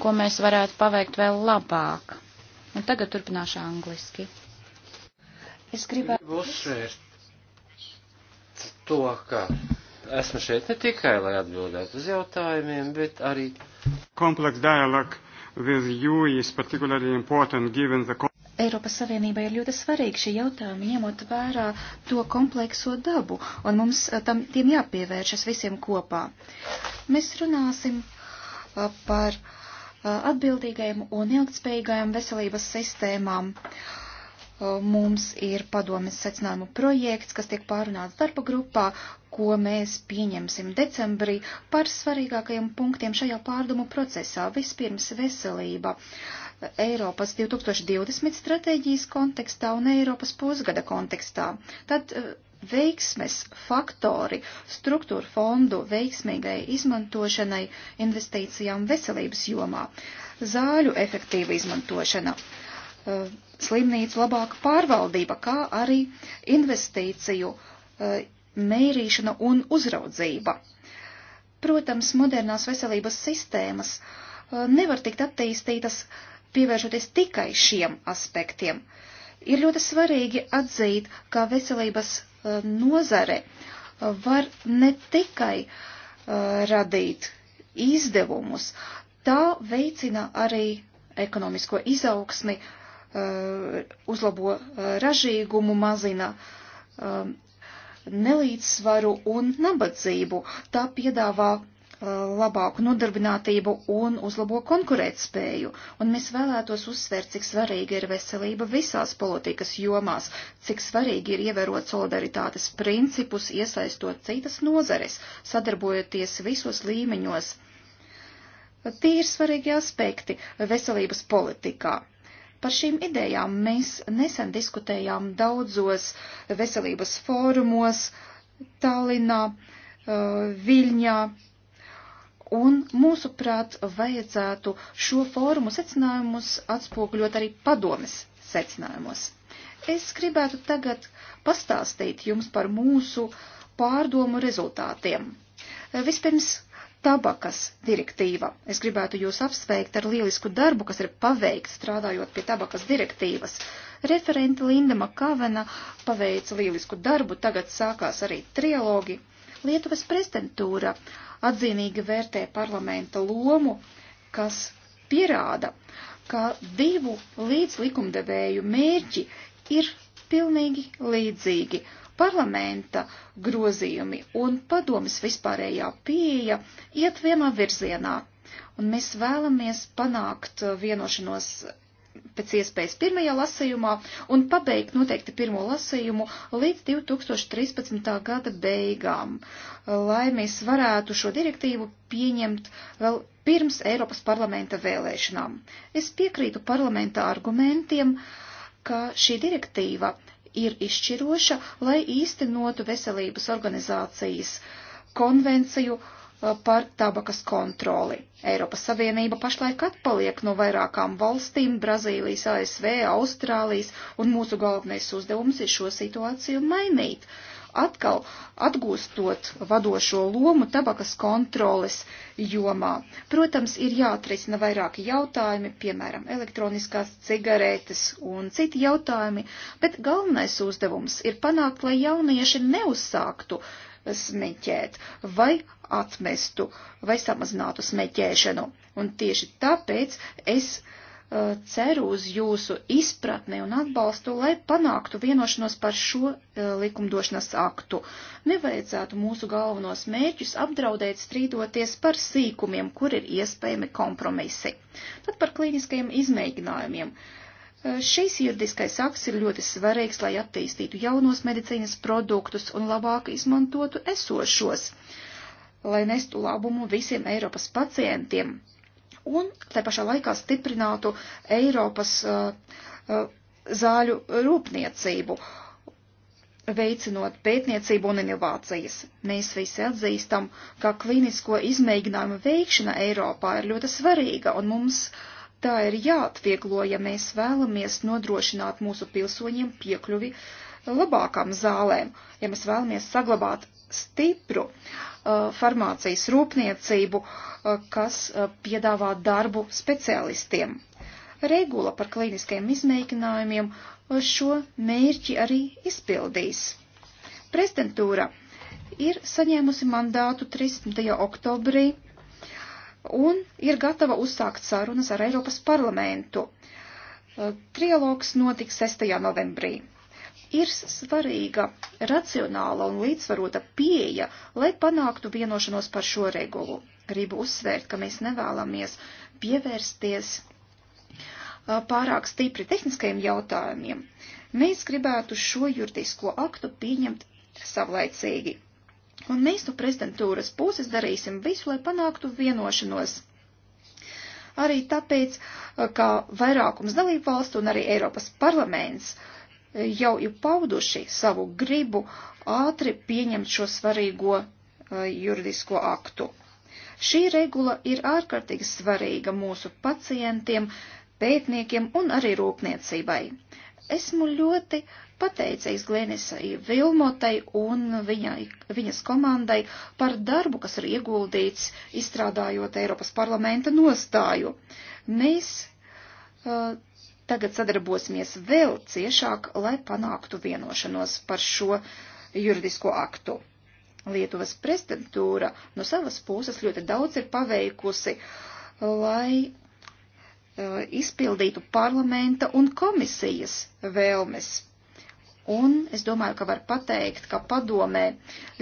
S3: ko mēs varētu paveikt vēl labāk. Un tagad turpināšu angliski. Es gribētu
S4: uzsvērt to, ka esmu šeit ne tikai, lai atbildētu uz jautājumiem, bet arī. The...
S2: Eiropas Savienībai ir ļoti svarīgi šie jautājumi, ņemot vērā to komplekso dabu, un mums eh, tam tiem jāpievēršas visiem kopā. Mēs runāsim eh, par eh, atbildīgajām un ilgtspējīgajām veselības sistēmām. Uh, Mums ir padomes secinājumu projekts, kas tiek pārunāts darba grupā, ko mēs pieņemsim decembrī par svarīgākajiem punktiem šajā pārdomu procesā. Vispirms veselība. Eiropas 2020 stratēģijas kontekstā un Eiropas pusgada kontekstā. Tad eh, veiksmes faktori struktūra fondu veiksmīgai izmantošanai investīcijām veselības jomā, zāļu efektīva izmantošana, eh, slimnīcu labāka pārvaldība, kā arī investīciju e, mērīšana un uzraudzība. Protams, modernās veselības sistēmas e, nevar tikt attīstītas pievēršoties tikai šiem aspektiem. Ir ļoti svarīgi atzīt, ka veselības e, nozare var ne tikai radīt izdevumus, tā veicina arī ekonomisko izaugsmi, uh, Uh, uzlabo uh, ražīgumu, mazina um, nelīdzsvaru un nabadzību. Tā piedāvā uh, labāku nodarbinātību un uzlabo konkurētspēju, un mēs vēlētos uzsvērt, cik svarīga ir veselība visās politikas jomās, cik svarīgi ir ievērot solidaritātes principus, iesaistot citas nozares, sadarbojoties visos līmeņos. Tie ir svarīgi aspekti veselības politikā. Par šīm idejām mēs nesen diskutējām daudzos veselības fórumos, Tallinā, uh, Viļņā, un mūsuprāt vajadzētu šo fórumu secinājumus atspogļot arī padomes secinājumos. Es gribētu tagad pastāstīt jums par mūsu pārdomu rezultātiem. Vispirms tabakas direktīva. Es gribētu jūs apsveikt ar lielisku darbu, kas ir paveikts strādājot pie tabakas direktīvas. Referente Linda Makavena paveica lielisku darbu, tagad sākās arī trilogi. Lietuvas prezidentūra atzīmīgi vērtē parlamenta lomu, kas pierāda, ka divu līdzlikumdevēju mērķi ir pilnīgi līdzīgi parlamenta grozījumi un padomis vispārējā pieeja iet vienā virzienā, un mēs vēlamies panākt uh, vienošanos pēc iespējas pirmajā lasējumā un pabeigt noteikti pirmo lasējumu līdz 2013. gada beigām, lai mēs varētu šo direktīvu pieņemt vēl pirms Eiropas parlamenta vēlēšanām. Es piekrītu parlamenta argumentiem, ka šī direktīva ir izšķiroša, lai īstenotu veselības organizācijas konvenciju uh, par tabakas kontroli. Eiropas Savienība pašlaik atpaliek no vairākām valstīm - Brazīlijas, ASV, Austrālijas, un mūsu galvenais uzdevums ir šo situāciju mainīt. Uh, atkal atgūstot vadošo lomu tabakas kontroles jomā. Protams, ir jāatrisina vairāki jautājumi, piemēram, elektroniskās cigaretes un citi jautājumi, bet galvenais uzdevums ir panākt, lai jaunieši neuzsāktu smēķēt vai atmestu vai samazinātu smēķēšanu. Un tieši tāpēc es Uh, ceru uz jūsu izpratni un atbalstu, lai panāktu vienošanos par šo uh, likumdošanas aktu. Nevajadzētu mūsu galvenos mērķus apdraudēt strīdoties par sīkumiem, kur ir iespējami kompromisi. Tad par klīniskajiem izmēģinājumiem. Uh, šīs juridiskais akts ir ļoti svarīgs, lai attīstītu jaunos medicīnas produktus un labāk izmantotu esošos, lai nestu labumu visiem Eiropas pacientiem un te pašā laikā stiprinātu Eiropas uh, uh, zāļu rūpniecību, veicinot pētniecību un inovācijas. Mēs visi atzīstam, ka klīnisko izmēģinājumu veikšana Eiropā ir ļoti svarīga, un mums tā ir jāatvieglo, ja mēs vēlamies nodrošināt mūsu pilsoņiem piekļuvi labākām zālēm, ja mēs vēlamies saglabāt stipru uh, Uh, farmācijas rūpniecību, uh, kas uh, piedāvā darbu speciālistiem. Regula par klīniskiem izmēģinājumiem šo mērķi arī izpildīs. Prezidentūra ir saņēmusi mandātu 30. oktobrī un ir gatava uzsākt sarunas ar Eiropas parlamentu. Trialogs notiks 6. novembrī. Ir svarīga racionāla un līdzsvarota pieeja, lai panāktu vienošanos par šo regulu. Gribu uzsvērt, ka mēs nevēlamies pievērsties pārāk stipri tehniskajiem jautājumiem. Mēs gribētu šo juridisko aktu pieņemt savlaicīgi. Un mēs no prezidentūras puses darīsim visu, lai panāktu vienošanos arī tāpēc, ka vairākums dalību valstu un arī Eiropas parlaments jau ir pauduši savu gribu ātri pieņemt šo svarīgo uh, juridisko aktu. Šī regula ir ārkārtīgi svarīga mūsu pacientiem, pētniekiem un arī rūpniecībai. Esmu ļoti pateicīgs Glenisai Vilmotai un viņa, viņas komandai par darbu, kas ir ieguldīts, izstrādājot Eiropas parlamenta nostāju. Mēs uh, Tagad sadarbosimies vēl ciešāk, lai panāktu vienošanos par šo juridisko aktu. Lietuvas prezidentūra no savas puses ļoti daudz ir paveikusi, lai eh, izpildītu parlamenta un komisijas vēlmes Un es domāju, ka var pateikt, ka padomē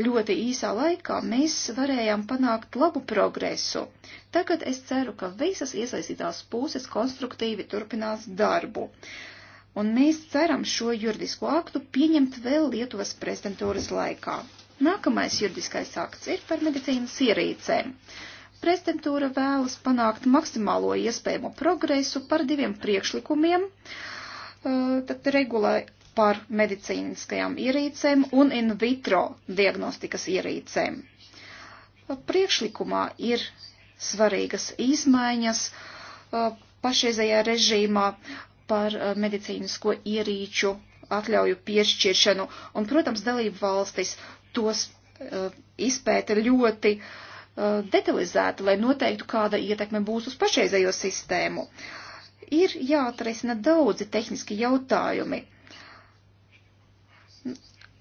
S2: ļoti īsā laikā mēs varējām panākt labu progresu. Tagad es ceru, ka visas iesaistītās puses konstruktīvi turpinās darbu. Un mēs ceram šo juridisko aktu pieņemt vēl Lietuvas prezidentūras laikā. Nākamais juridiskais akts ir par medicīnas ierīcēm. Prezidentūra vēlas panākt maksimālo iespējamo progresu par diviem priekšlikumiem. Tad regulai par medicīniskajām ierīcēm un in vitro diagnostikas ierīcēm. Priekšlikumā ir svarīgas izmaiņas uh, pašreizējā režīmā par uh, medicīnisko ierīču atļauju piešķiršanu, un, protams, dalību valstis tos uh, izpēta ļoti uh, detalizēti, lai noteiktu, kāda ietekme būs uz pašreizējo sistēmu. Ir jāatrisina daudzi tehniski jautājumi. Uh,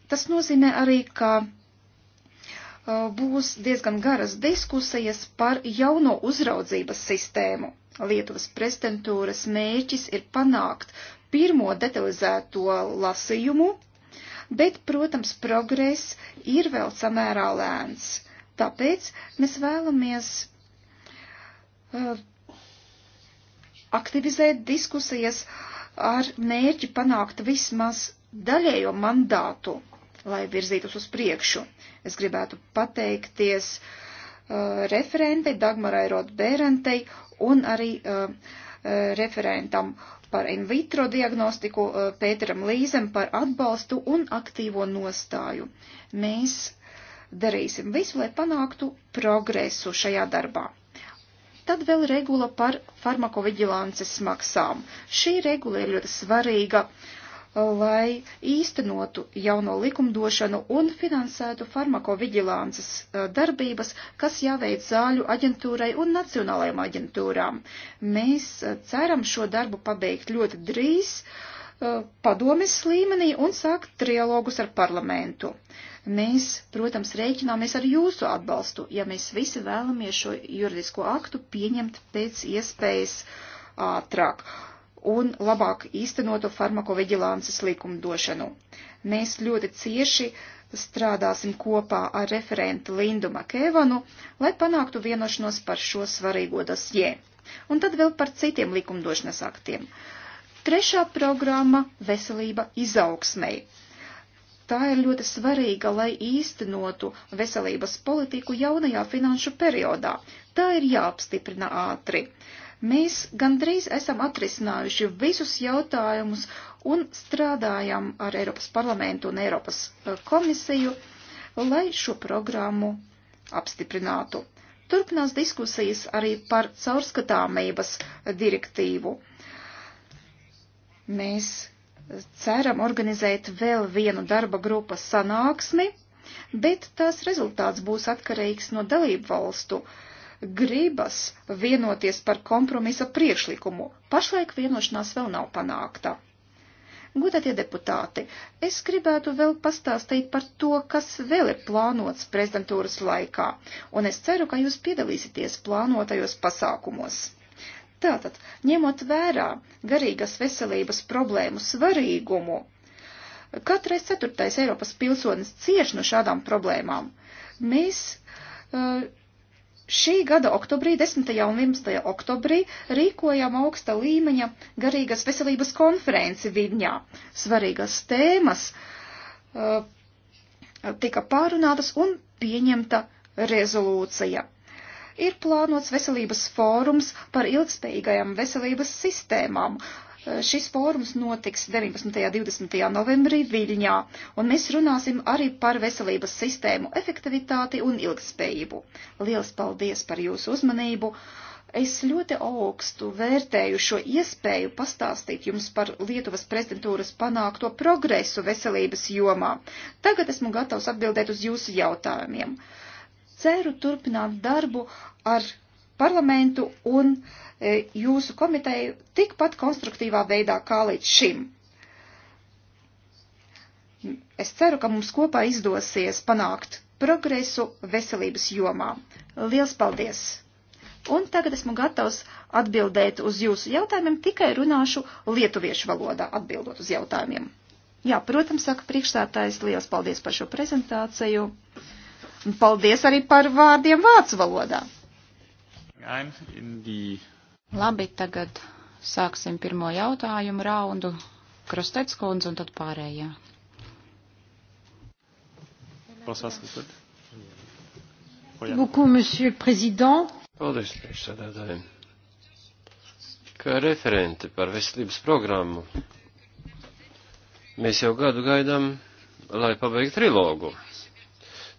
S2: Tas nozīmē arī, ka uh, būs diezgan garas diskusijas par jauno uzraudzības sistēmu. Lietuvas prezidentūras mēķis ir panākt pirmo detalizēto lasījumu, bet, protams, progress ir vēl samērā lēns. Tāpēc mēs vēlamies uh, aktivizēt diskusijas ar mērķi panākt vismaz daļējo mandātu lai virzītos uz priekšu. Es gribētu pateikties uh, referentei Dagmarai Rotbērentei un arī uh, uh, referentam par in vitro diagnostiku uh, Pēteram Līzem par atbalstu un aktīvo nostāju. Mēs darīsim visu, lai panāktu progresu šajā darbā. Tad vēl regula par farmakoviģilances maksām. Šī regula ir ļoti svarīga. Uh, lai īstenotu jauno likumdošanu un finansētu farmakovigilānces eh, darbības, kas jāveic zāļu aģentūrai un nacionālajām aģentūrām. Mēs eh, ceram šo darbu pabeigt ļoti drīz eh, padomes līmenī un sākt trialogus ar parlamentu. Mēs, protams, rēķināmies ar jūsu atbalstu, ja mēs visi vēlamies šo juridisko aktu pieņemt pēc iespējas ātrāk. Uh, un labāk īstenotu farmakoveģilānces likumdošanu. Mēs ļoti cieši strādāsim kopā ar referentu Lindu Makēvanu, lai panāktu vienošanos par šo svarīgo dosjē. Un tad vēl par citiem likumdošanas aktiem. Trešā programma - veselība izaugsmei. Tā ir ļoti svarīga, lai īstenotu veselības politiku jaunajā finanšu periodā. Tā ir jāapstiprina ātri. Uh, Mēs gandrīz esam atrisinājuši visus jautājumus un strādājam ar Eiropas parlamentu un Eiropas eh, komisiju, lai šo programmu apstiprinātu. Turpinās diskusijas arī par caurskatāmības direktīvu. Mēs ceram organizēt vēl vienu darba grupas sanāksmi, bet tās rezultāts būs atkarīgs no dalību valstu uh, gribas vienoties par kompromisa priekšlikumu. Pašlaik vienošanās vēl nav panākta. Gudatie deputāti, es gribētu vēl pastāstīt par to, kas vēl ir plānots prezidentūras laikā, un es ceru, ka jūs piedalīsieties plānotajos pasākumos. Tātad, ņemot vērā garīgas veselības problēmu svarīgumu, katrais ceturtais Eiropas pilsonis cieš no šādām problēmām. Mēs uh, Šī gada oktobrī, 10. un 11. oktobrī, rīkojam augsta līmeņa garīgas veselības konferenci Viļņā. Svarīgas tēmas uh, tika pārunātas un pieņemta rezolūcija. Ir plānots veselības fórums par ilgspējīgajām veselības sistēmām. Uh, Šis fórums notiks 19. un 20. novembrī Viļņā, un mēs runāsim arī par veselības sistēmu efektivitāti un ilgspējību. Lielas paldies par jūsu uzmanību! Es ļoti augstu vērtēju šo iespēju pastāstīt jums par Lietuvas prezidentūras panākto progresu veselības jomā. Tagad esmu gatavs atbildēt uz jūsu jautājumiem. Ceru turpināt darbu ar parlamentu un e, jūsu komiteju tikpat konstruktīvā veidā kā līdz šim. Es ceru, ka mums kopā izdosies panākt progresu veselības jomā. Liels paldies! Un tagad esmu gatavs atbildēt uz jūsu jautājumiem, tikai runāšu lietuviešu valodā atbildot uz jautājumiem. Jā, protams, saka priekšstādājs, liels paldies par šo prezentāciju. Un paldies
S3: arī par vārdiem vācu valodā.
S1: The...
S3: Labi, tagad sāksim pirmo jautājumu raundu. Krustec kundze un tad pārējā.
S1: Paldies, priekšsēdētāji.
S4: Kā referenti par veselības programmu, mēs jau gadu gaidām, lai pabeigtu trilogu.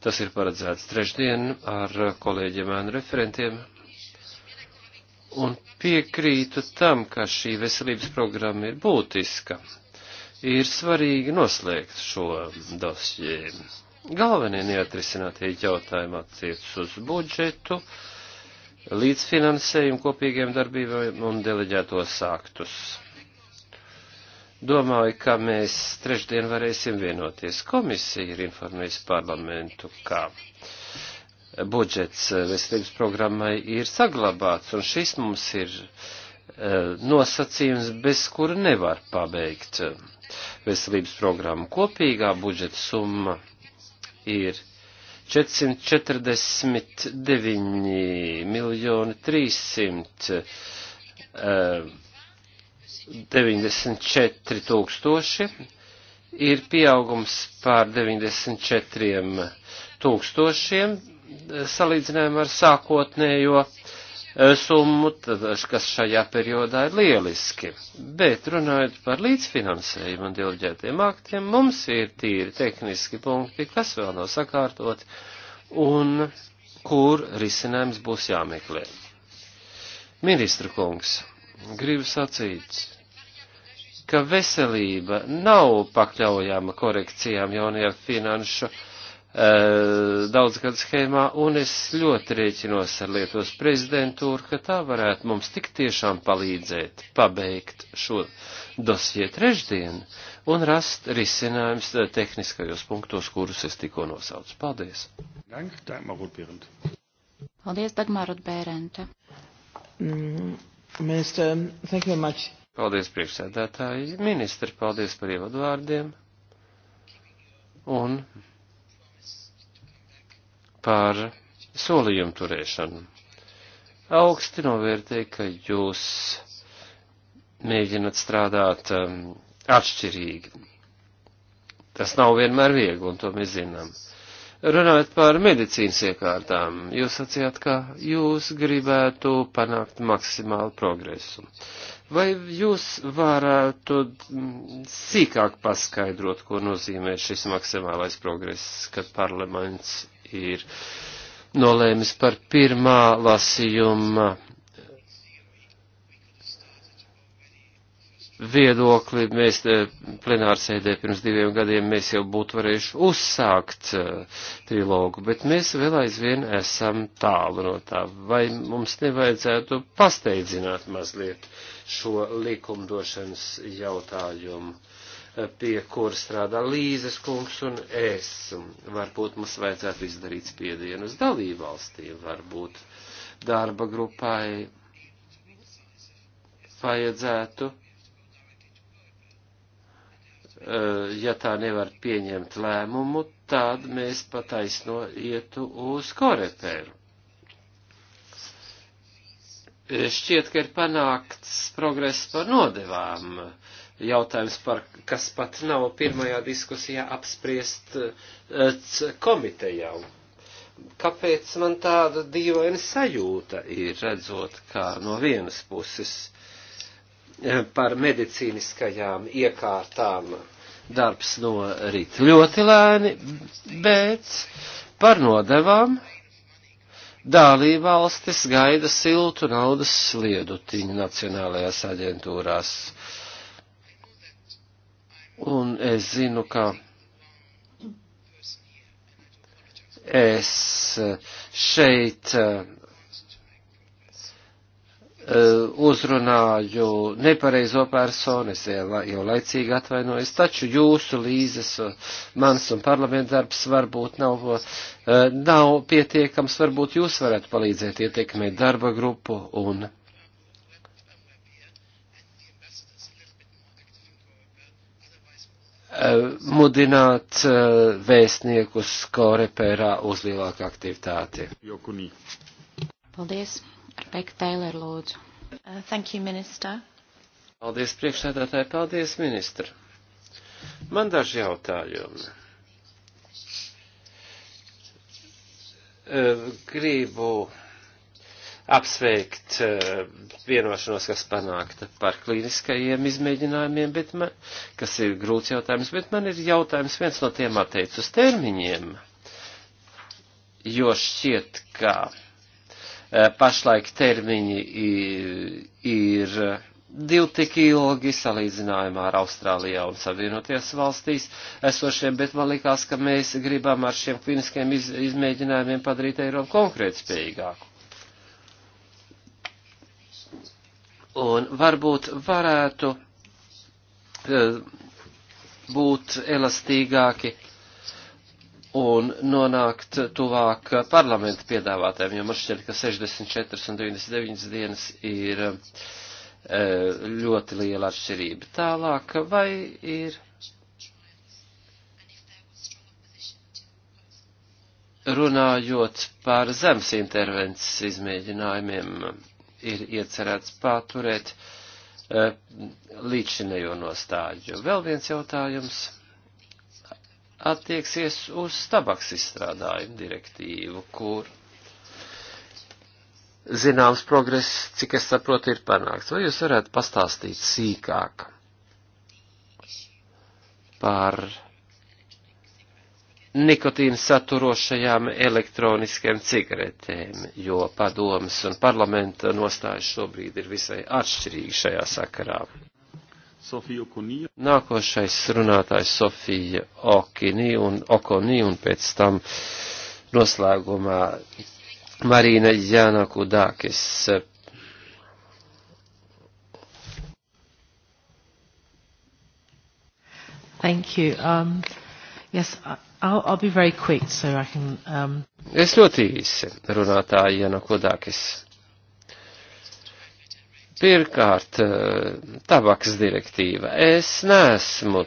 S4: Tas ir paredzēts trešdien ar kolēģiem un referentiem un piekrītu tam, ka šī veselības programma ir būtiska. Ir svarīgi noslēgt šo dosjē. Galvenie neatrisinātie jautājumi attiecas uz budžetu, līdzfinansējumu kopīgiem darbībiem un deleģētos aktus. Domāju, ka mēs trešdien varēsim vienoties. Komisija ir informējusi parlamentu, ka uh, budžets eh, veselības programmai ir saglabāts, un šis mums ir eh, nosacījums, bez kura nevar pabeigt eh, veselības programmu. Kopīgā budžeta summa ir 449 miljoni 394 tūkstoši, ir pieaugums pār 94 tūkstošiem, salīdzinājumu ar sākotnējo e, summu, kas šajā periodā ir lieliski. Bet runājot par līdzfinansējumu un dilģētiem aktiem, mums ir tīri tehniski punkti, kas vēl nav sakārtot un kur risinājums būs jāmeklē. Ministra kungs, gribu sacīt, ka veselība nav pakļaujama korekcijām jaunajā finanšu Eh, daudzgad schēmā, un es ļoti rēķinos ar Lietuvas prezidentūru, ka tā varētu mums tik tiešām palīdzēt pabeigt šo dosie trešdien un rast risinājums eh, tehniskajos punktos, kurus es tikko nosaucu. Paldies! Paldies,
S3: Dagmārot Bērente!
S5: Mm, minister, thank you very much.
S4: Paldies, priekšsēdētāji. Ministri, paldies par ievadu vārdiem. Un par solījumu turēšanu. Augsti novērtē, ka jūs mēģinat strādāt um, atšķirīgi. Tas nav vienmēr viegli, un to mēs zinām. Runājot par medicīnas iekārtām, jūs sacījāt, ka jūs gribētu panākt maksimālu progresu. Vai jūs varētu mm, sīkāk paskaidrot, ko nozīmē šis maksimālais progress, kad parlaments ir nolēmis par pirmā lasījuma viedokli. Mēs eh, plenārsēdē pirms diviem gadiem mēs jau būtu varējuši uzsākt eh, trilogu, bet mēs vēl aizvien esam tālu no tā. Vai mums nevajadzētu pasteidzināt mazliet šo likumdošanas jautājumu? pie kura strādā Līzes kungs un es. Varbūt mums vajadzētu izdarīt spiedienu uz dalību valstīm, varbūt darba grupai vajadzētu eh, ja tā nevar pieņemt lēmumu, tad mēs pataisno ietu uz koreperu. Eh, šķiet, ka ir panākts progress par nodevām jautājums, par, kas pat nav pirmajā diskusijā apspriest eh, komitejā. Kāpēc man tāda dīvaina sajūta ir redzot, kā no vienas puses eh, par medicīniskajām iekārtām darbs norit ļoti lēni, bet par nodevām dālībvalstis gaida siltu naudas sliedutiņu nacionālajās aģentūrās Un es zinu, ka es eh, šeit eh, eh, uzrunāju nepareizo personu, es jau laicīgi atvainojos, taču jūsu līzes, mans un parlamenta darbs varbūt nav, nav pietiekams, varbūt jūs varētu palīdzēt ietekmēt darba grupu un mudināt eh, vēstniekus korepērā uz lielāku aktivitāti. Jokunī.
S3: Paldies. Rebeka Teiler, lūdzu. Uh, thank you, minister.
S4: Paldies, priekšsēdētāji. Paldies, ministra. Man daži jautājumi. Eh, gribu apsveikt eh, vienošanos, kas panākta par klīniskajiem izmēģinājumiem, bet man, kas ir grūts jautājums, bet man ir jautājums viens no tiem atteic uz termiņiem, jo šķiet, ka eh, pašlaik termiņi ir, ir divi tik ilgi salīdzinājumā ar Austrālijā un Savienoties valstīs esošiem, bet man likās, ka mēs gribam ar šiem kliniskajiem iz, izmēģinājumiem padarīt Eiropu konkrētspējīgāku. Un varbūt varētu e, būt elastīgāki un nonākt tuvāk parlamenta piedāvātēm, jo man šķiet, ka 64 un 99 dienas ir e, ļoti liela atšķirība. Tālāk, vai ir runājot par zemes intervences izmēģinājumiem? ir iecerēts paturēt eh, līdzinējo nostāļu. Vēl viens jautājums attieksies uz tabaks izstrādājumu direktīvu, kur zināms progress, cik es saprotu, ir panākts. Vai jūs varētu pastāstīt sīkāk par nikotīnu saturošajām elektroniskajām cigaretēm, jo padomas un parlamenta nostājas šobrīd ir visai atšķirīgi
S1: šajā sakarā.
S4: Nākošais runātājs Sofija Okini un Okoni un pēc tam noslēgumā Marīna Jānaku Dākis.
S5: Thank you. Um, yes, I I'll, I'll be very quick, so I can, um... Es ļoti
S4: īsi runātāji, Jana nu Kodākis. Pirmkārt, eh, tabaks direktīva. Es neesmu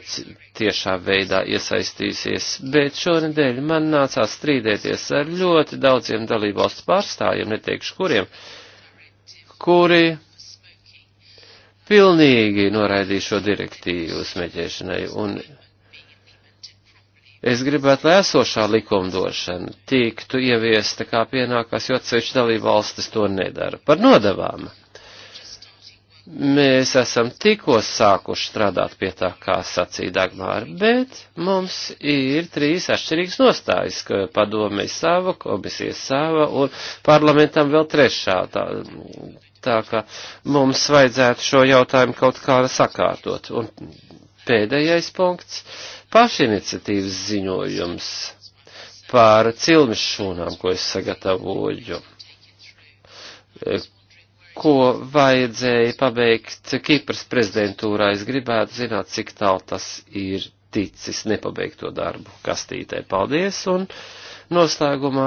S4: tiešā veidā iesaistījusies, bet šonedēļ man nācās strīdēties ar ļoti daudziem dalībvalstu pārstāvjiem, neteikšu kuriem, kuri pilnīgi noraidīja šo direktīvu smēķēšanai. Un Es gribētu, lai esošā likumdošana tiktu ieviesta kā pienākās, jo atsevišķi dalība valstis to nedara. Par nodevām. Mēs esam tikko sākuši strādāt pie tā, kā sacīja Dagmāra, bet mums ir trīs atšķirīgas nostājas, ka padome ir sava, komisija ir sava un parlamentam vēl trešā. Tā, tā kā mums vajadzētu šo jautājumu kaut kā sakārtot. Un pēdējais punkts pašiniciatīvas ziņojums par cilmes šūnām, ko es sagatavoju, ko vajadzēja pabeigt Kipras prezidentūrā. Es gribētu zināt, cik tālu tas ir ticis nepabeigto darbu kastītē. Paldies! Un noslēgumā.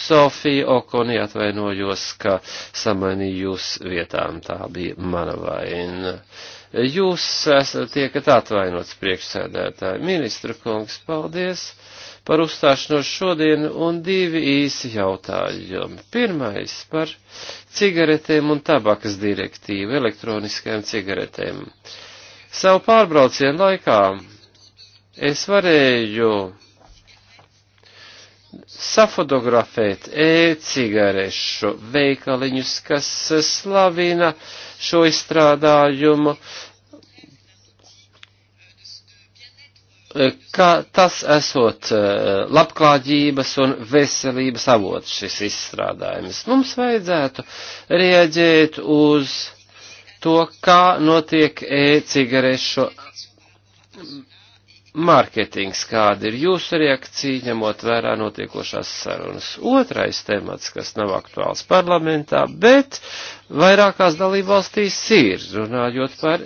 S4: Sofija Okoni atvainojos, ka samanīju jūs vietām, tā bija mana vaina. Jūs esat tiekat atvainots priekšsēdētāji. Ministra kungs, paldies par uzstāšanos šodien un divi īsi jautājumi. Pirmais par cigaretēm un tabakas direktīvu elektroniskajām cigaretēm. Savu pārbraucienu laikā es varēju safotografēt e-cigarešu veikaliņus, kas slavina šo izstrādājumu, ka tas esot e, labklāģības un veselības avots šis izstrādājums. Mums vajadzētu rieģēt uz to, kā notiek e-cigarešu mārketings, kāda ir jūsu reakcija, ņemot vērā notiekošās sarunas. Otrais temats, kas nav aktuāls parlamentā, bet vairākās dalībvalstīs ir, runājot par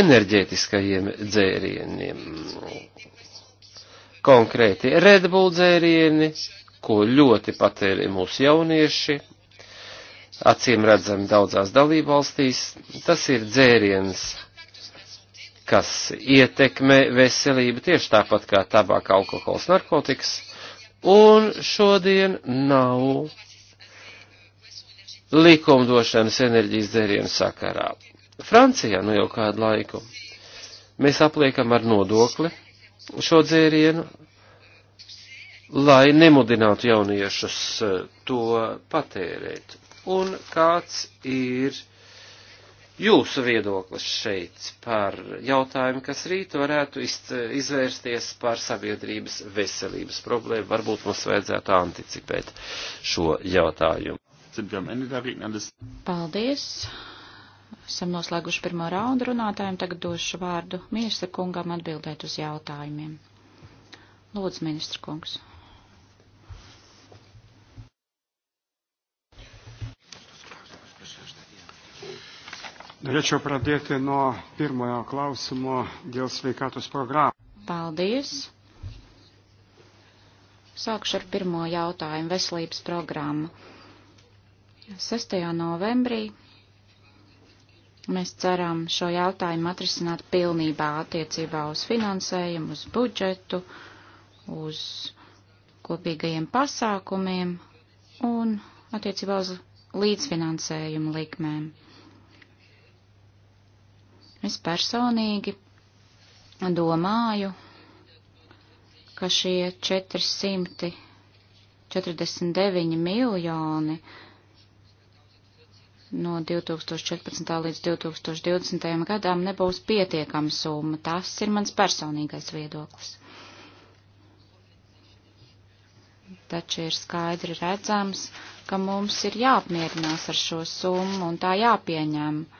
S4: enerģētiskajiem dzērieniem. Konkrēti Red Bull dzērieni, ko ļoti patēri mūsu jaunieši, acīm redzami daudzās dalībvalstīs, tas ir dzēriens kas ietekmē veselību tieši tāpat kā tabaka, alkohols, narkotikas. Un šodien nav likumdošanas enerģijas dzērienu sakarā. Francijā nu jau kādu laiku mēs apliekam ar nodokli šo dzērienu, lai nemudinātu jauniešus eh, to patērēt. Un kāds ir jūsu viedoklis šeit par jautājumu, kas rīt varētu izvērsties par sabiedrības veselības problēmu. Varbūt mums vajadzētu
S1: anticipēt šo jautājumu.
S3: Paldies! Esam noslēguši pirmo raundu runātājiem. Tagad došu vārdu ministra kungam atbildēt uz jautājumiem. Lūdzu, ministra kungs.
S1: Norėčiau pradėti nuo pirmojo klausimo dėl sveikatos programų.
S3: Paldies. Sākšu ar pirmo jautājumu veselības programmu. 6. novembrī mēs ceram šo jautājumu atrisināt pilnībā attiecībā uz finansējumu, uz budžetu, uz kopīgajiem pasākumiem un attiecībā uz līdzfinansējumu likmēm. Es personīgi domāju, ka šie 449 miljoni no 2014. līdz 2020. gadām nebūs pietiekama summa. Tas ir mans personīgais viedoklis. Taču ir skaidri redzams, ka mums ir jāapmierinās ar šo summu un tā jāpieņem. Uh,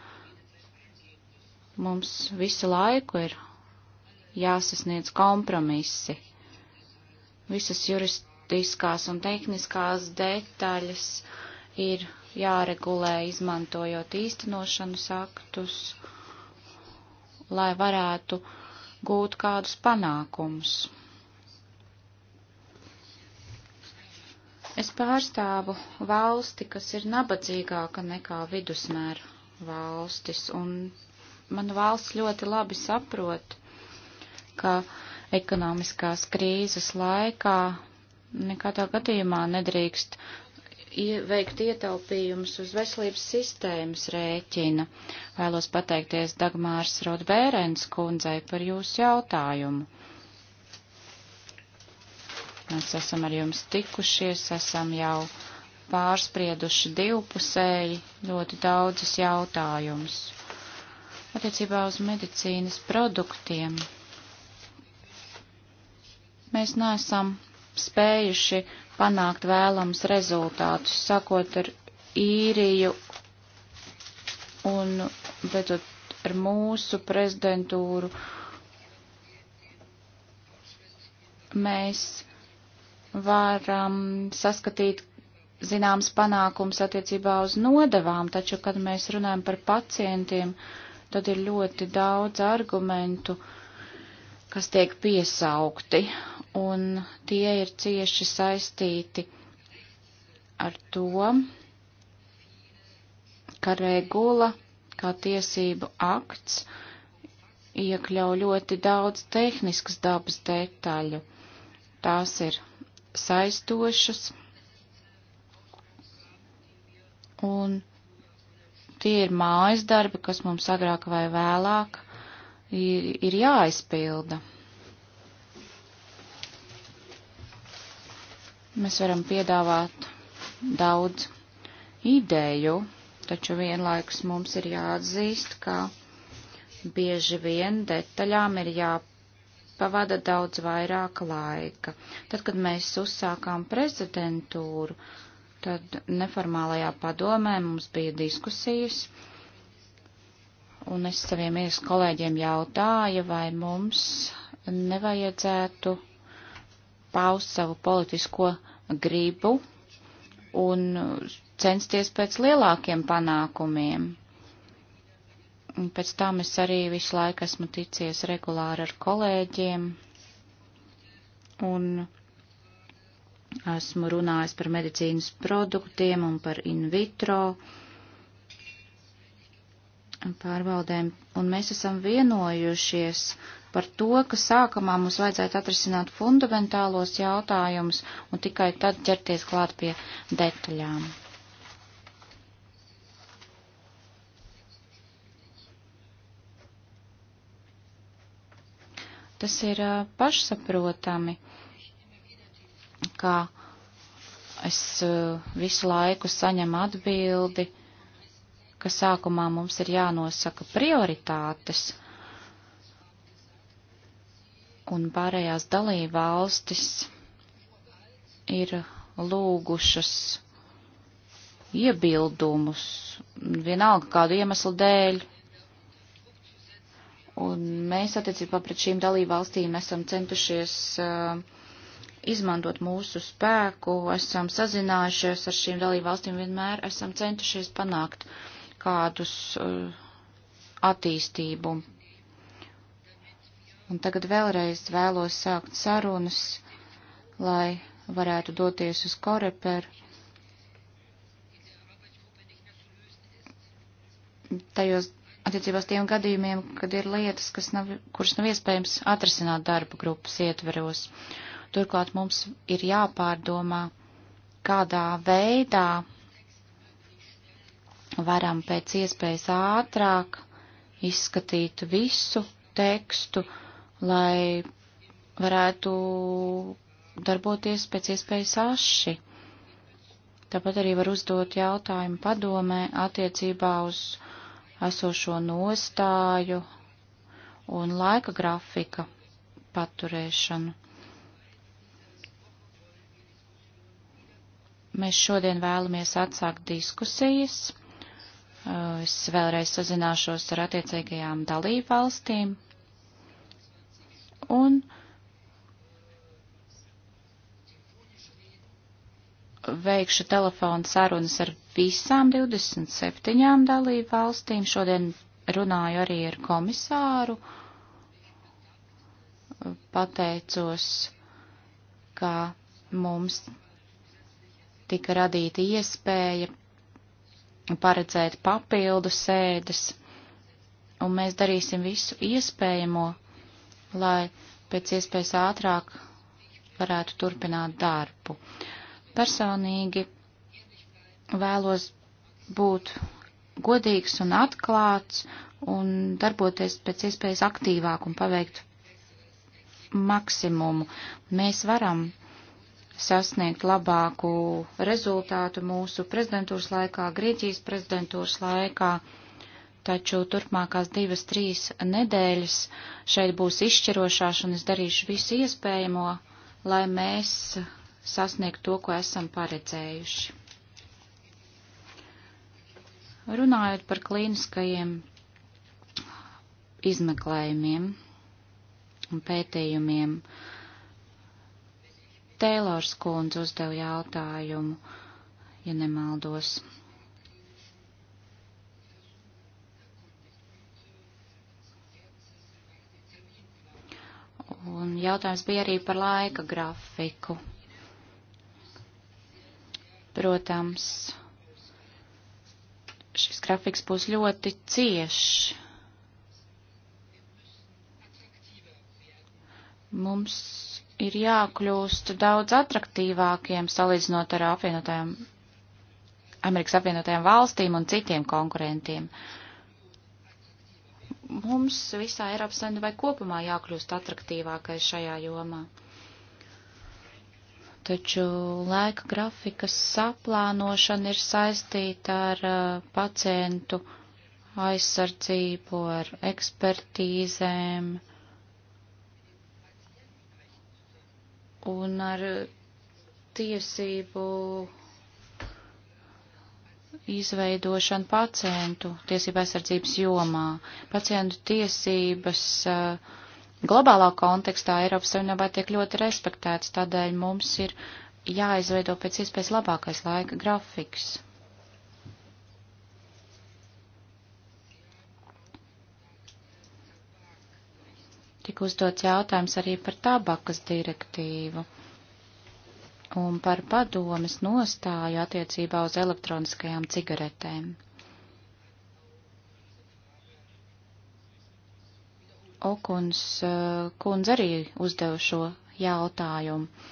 S3: mums visu laiku ir jāsasniedz kompromisi. Visas juristiskās un tehniskās detaļas ir jāregulē izmantojot īstenošanas aktus, lai varētu gūt kādus panākumus. Es pārstāvu valsti, kas ir nabadzīgāka nekā vidusmēra valstis, un man valsts ļoti labi saprot, ka ekonomiskās krīzes laikā nekādā gadījumā nedrīkst veikt ietaupījumus uz veselības sistēmas rēķina. Vēlos pateikties Dagmārs Rodbērens kundzei par jūsu jautājumu. Mēs esam ar jums tikušies, esam jau pārsprieduši divpusēji ļoti daudzus jautājumus attiecībā uz medicīnas produktiem. Mēs neesam spējuši panākt vēlams rezultātus, sākot ar īriju un beidzot ar mūsu prezidentūru. Mēs varam saskatīt zināms panākums attiecībā uz nodevām, taču, kad mēs runājam par pacientiem, uh, tad ir ļoti daudz argumentu, kas tiek piesaukti, un tie ir cieši saistīti ar to, ka regula kā tiesību akts iekļauj ļoti daudz tehniskas dabas detaļu. Tās ir saistošas un tie ir mājas darbi, kas mums agrāk vai vēlāk ir, ir jāizpilda. Mēs varam piedāvāt daudz ideju, taču vienlaikus mums ir jāatzīst, ka bieži vien detaļām ir jāpavada daudz vairāk laika. Tad, kad mēs uzsākām prezidentūru, uh, Tad neformālajā padomē mums bija diskusijas, un es saviem ielas kolēģiem jautāju, vai mums nevajadzētu paust savu politisko gribu un censties pēc lielākiem panākumiem. Un pēc tam es arī visu laiku esmu ticies regulāri ar kolēģiem, un Esmu runājis par medicīnas produktiem un par in vitro pārvaldēm, un mēs esam vienojušies par to, ka sākumā mums vajadzētu atrisināt fundamentālos jautājumus un tikai tad ķerties klāt pie detaļām. Tas ir pašsaprotami. Uh, ka es eh, visu laiku saņemu atbildi, ka sākumā mums ir jānosaka prioritātes, un pārējās dalībvalstis ir lūgušas iebildumus, vienalga kādu iemeslu dēļ. Un mēs attiecībā pret šīm dalībvalstīm esam centušies uh, izmantot mūsu spēku, esam sazinājušies ar šīm dalībvalstīm, vienmēr esam centušies panākt kādus uh, attīstību. Un tagad vēlreiz vēlos sākt sarunas, lai varētu doties uz Koreperu. Tajos attiecībās tiem gadījumiem, kad ir lietas, kas nav, kuras nav iespējams atrasināt darba grupas ietveros. Uh, Turklāt mums ir jāpārdomā, kādā veidā varam pēc iespējas ātrāk izskatīt visu tekstu, lai varētu darboties pēc iespējas aši. Tāpat arī var uzdot jautājumu padomē attiecībā uz esošo nostāju un laika grafika paturēšanu. Mēs šodien vēlamies atsākt diskusijas. Uh, es vēlreiz sazināšos ar attiecīgajām dalību valstīm. Un veikšu telefonu sarunas ar visām 27 dalību valstīm. Šodien runāju arī ar komisāru. Pateicos, ka mums tika radīta iespēja paredzēt papildu sēdes, un mēs darīsim visu iespējamo, lai pēc iespējas ātrāk varētu turpināt darbu. Personīgi vēlos būt godīgs un atklāts un darboties pēc iespējas aktīvāk un paveikt maksimumu. Mēs varam sasniegt labāku rezultātu mūsu prezidentūras laikā, Grieķijas prezidentūras laikā, taču turpmākās divas, trīs nedēļas šeit būs izšķirošās un es darīšu visu iespējamo, lai mēs sasniegtu to, ko esam paredzējuši. Runājot par klīniskajiem izmeklējumiem un pētījumiem, uh, Teilors kundze uzdev jautājumu, ja nemaldos. Un jautājums bija arī par laika grafiku. Protams, šis grafiks būs ļoti ciešs. Mums ir jākļūst daudz atraktīvākiem salīdzinot ar apvienotajām, Amerikas apvienotajām valstīm un citiem konkurentiem. Mums visā Eiropas Savienībā kopumā jākļūst atraktīvākai šajā jomā. Taču laika grafikas saplānošana ir saistīta ar uh, pacientu aizsardzību, ar ekspertīzēm, uh, un ar tiesību izveidošanu pacientu tiesību aizsardzības jomā. Pacientu tiesības eh, globālā kontekstā Eiropas Savienībā tiek ļoti respektēts, tādēļ mums ir jāizveido pēc iespējas labākais laika grafiks. Tik uzdots jautājums arī par tabakas direktīvu un par padomes nostāju attiecībā uz elektroniskajām cigaretēm. Okuns eh, kundze arī uzdeva šo jautājumu.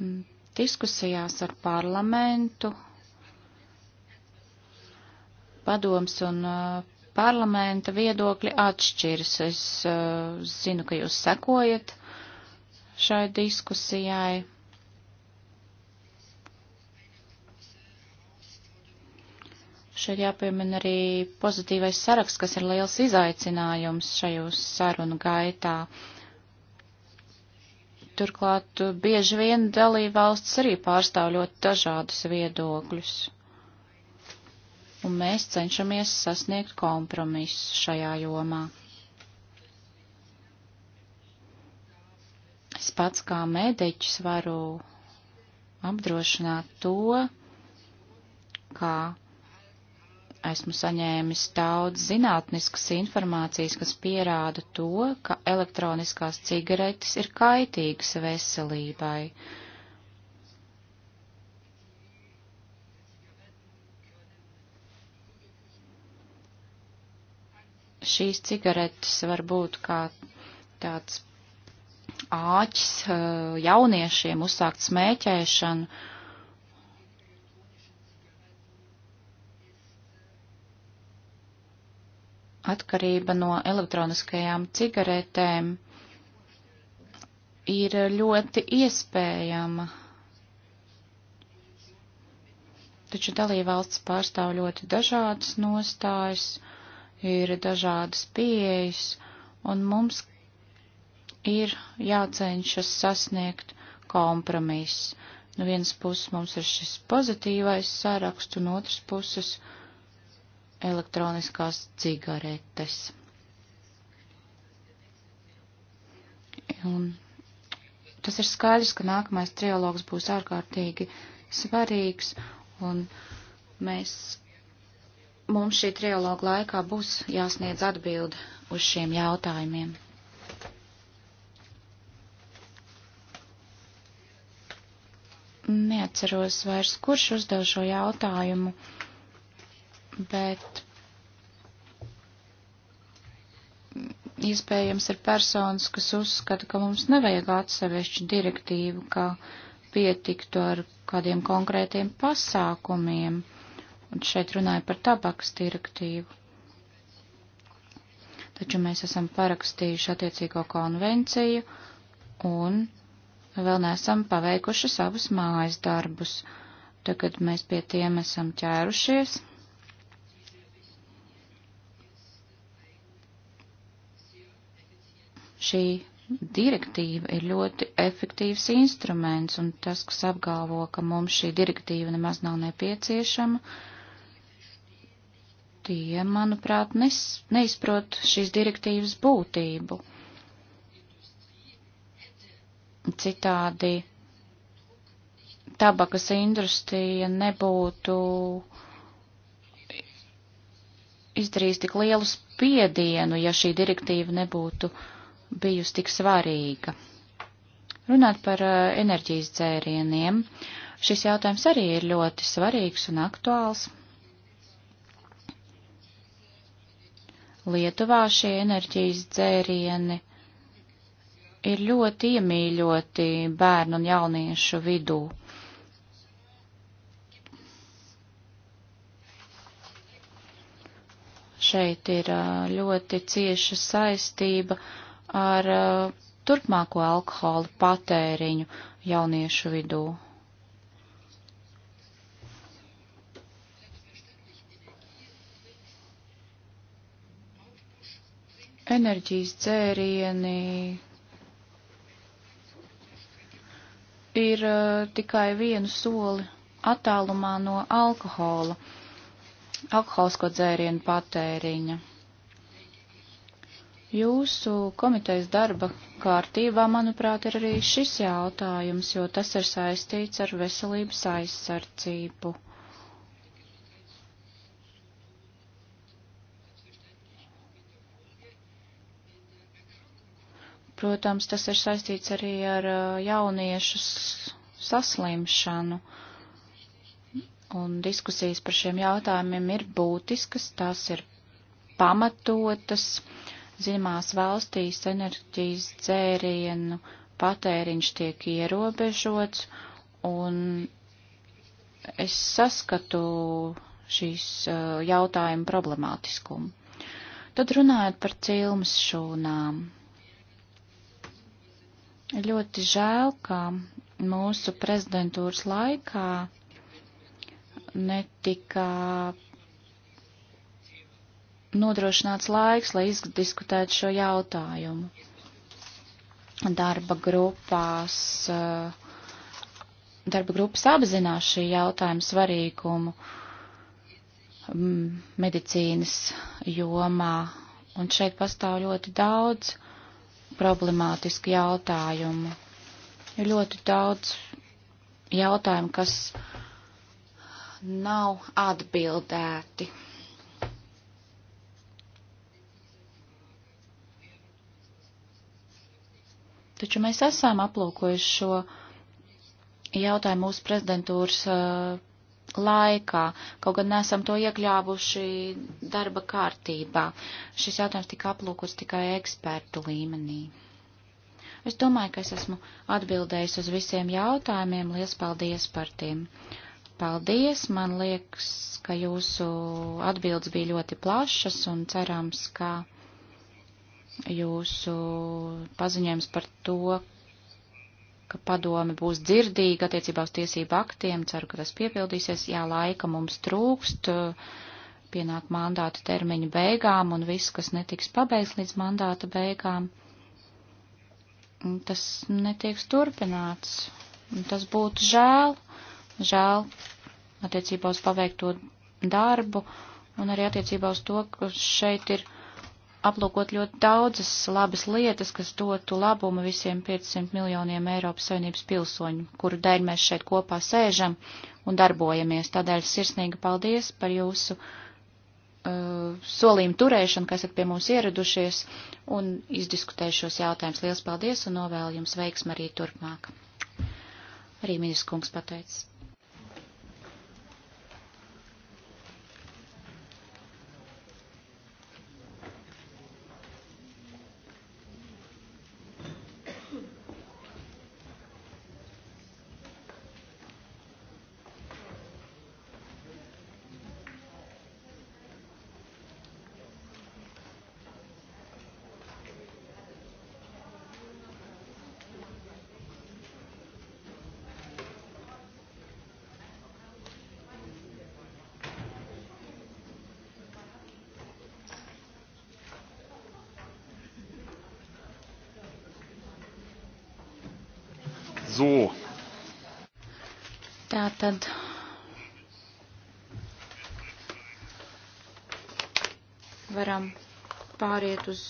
S3: Mm, diskusijās ar parlamentu padoms un uh, parlamenta viedokļi atšķiras. Es uh, zinu, ka jūs sekojat šai diskusijai. Šeit jāpiemina arī pozitīvais saraksts, kas ir liels izaicinājums šajos sarunu gaitā. Turklāt bieži vien dalībvalsts arī pārstāv ļoti dažādus viedokļus un mēs cenšamies sasniegt kompromisu šajā jomā. Es pats kā mediķis varu apdrošināt to, kā esmu saņēmis daudz zinātniskas informācijas, kas pierāda to, ka elektroniskās cigaretes ir kaitīgas veselībai. Uh, šīs cigaretes var būt kā tāds āķis eh, jauniešiem uzsākt smēķēšanu. Atkarība no elektroniskajām cigaretēm ir ļoti iespējama. Taču dalībvalsts pārstāv ļoti dažādas nostājas ir dažādas pieejas, un mums ir jācenšas sasniegt kompromiss. No nu, vienas puses mums ir šis pozitīvais saraksts, un otras puses elektroniskās cigaretes. Un tas ir skaidrs, ka nākamais trialogs būs ārkārtīgi svarīgs, un mēs Mums šī trialoga laikā būs jāsniedz atbild uz šiem jautājumiem. Neatceros vairs, kurš uzdev šo jautājumu, bet iespējams ir personas, kas uzskata, ka mums nevajag atsevišķu direktīvu, ka pietiktu ar kādiem konkrētiem pasākumiem un šeit runāja par tabakas direktīvu. Taču mēs esam parakstījuši attiecīgo konvenciju un vēl neesam paveikuši savus mājas darbus. Tagad mēs pie tiem esam ķērušies. Šī direktīva ir ļoti efektīvs instruments, un tas, kas apgalvo, ka mums šī direktīva nemaz nav nepieciešama, uh, Tie, manuprāt, nes, neizprot šīs direktīvas būtību. Citādi tabakas industrija nebūtu izdarījis tik lielu spiedienu, ja šī direktīva nebūtu bijusi tik svarīga. Runāt par enerģijas dzērieniem. Šis jautājums arī ir ļoti svarīgs un aktuāls. Lietuvā šie enerģijas dzērieni ir ļoti iemīļoti bērnu un jauniešu vidū. Šeit ir ļoti cieša saistība ar turpmāko alkohola patēriņu jauniešu vidū. enerģijas dzērieni ir eh, tikai vienu soli attālumā no alkohola, alkoholisko dzērienu patēriņa. Jūsu komitejas darba kārtībā, manuprāt, ir arī šis jautājums, jo tas ir saistīts ar veselības aizsardzību. Protams, tas ir saistīts arī ar uh, jauniešu saslimšanu. Un diskusijas par šiem jautājumiem ir būtiskas, tās ir pamatotas. Zināmās valstīs enerģijas dzērienu patēriņš tiek ierobežots, un es saskatu šīs uh, jautājuma problemātiskumu. Tad runājot par cilmas šūnām. Ļoti žēl, ka mūsu prezidentūras laikā netika nodrošināts laiks, lai izdiskutētu šo jautājumu. Darba grupās, eh, darba grupas apzinās šī jautājuma svarīgumu mm, medicīnas jomā, un šeit pastāv ļoti daudz problemātisku jautājumu. Ir ļoti daudz jautājumu, kas nav atbildēti. Taču mēs esam aplūkojuši šo jautājumu mūsu prezidentūras uh, laikā, kaut gan nesam to iekļāvuši darba kārtībā. Šis jautājums tika aplūkots tikai ekspertu līmenī. Es domāju, ka es esmu atbildējis uz visiem jautājumiem. Lies paldies par tiem. Paldies, man liekas, ka jūsu atbildes bija ļoti plašas un cerams, ka jūsu paziņojums par to, ka padomi būs dzirdīgi attiecībā uz tiesību aktiem, ceru, ka tas piepildīsies. Jā, laika mums trūkst, pienāk mandāta termiņa beigām un viss, kas netiks pabeigts līdz mandāta beigām, tas netiks turpināts. Tas būtu žēl, žēl attiecībā uz paveikto darbu un arī attiecībā uz to, ka šeit ir aplūkot ļoti daudzas labas lietas, kas dotu labumu visiem 500 miljoniem Eiropas Savienības pilsoņu, kuru dēļ mēs šeit kopā sēžam un darbojamies. Tādēļ sirsnīgi paldies par jūsu uh, solījumu turēšanu, kas esat pie mums ieradušies un izdiskutējušos jautājumus. Lielas paldies un novēlu jums veiksmu arī turpmāk. Arī ministrs kungs pateicis. Tad varam pāriet uz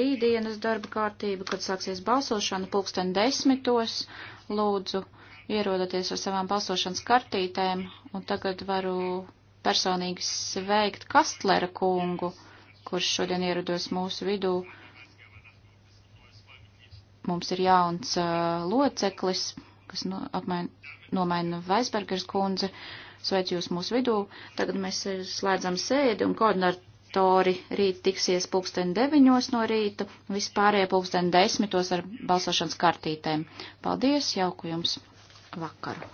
S3: rītdienas darba kārtību, kad sāksies balsošana pulksten desmitos. Lūdzu, ierodaties ar savām balsošanas kartītēm, un tagad varu personīgi sveikt Kastlera kungu, kurš šodien ierados mūsu vidū. Mums ir jauns uh, loceklis, kas nu, apmain, nomaina Vaisbergers kundze. Sveicu jūs mūsu vidū. Tagad mēs slēdzam sēdi un koordinatori rīt tiksies pulksten deviņos no rīta, vispārējie pulksten desmitos ar balsošanas kartītēm. Paldies, jauku jums vakaru!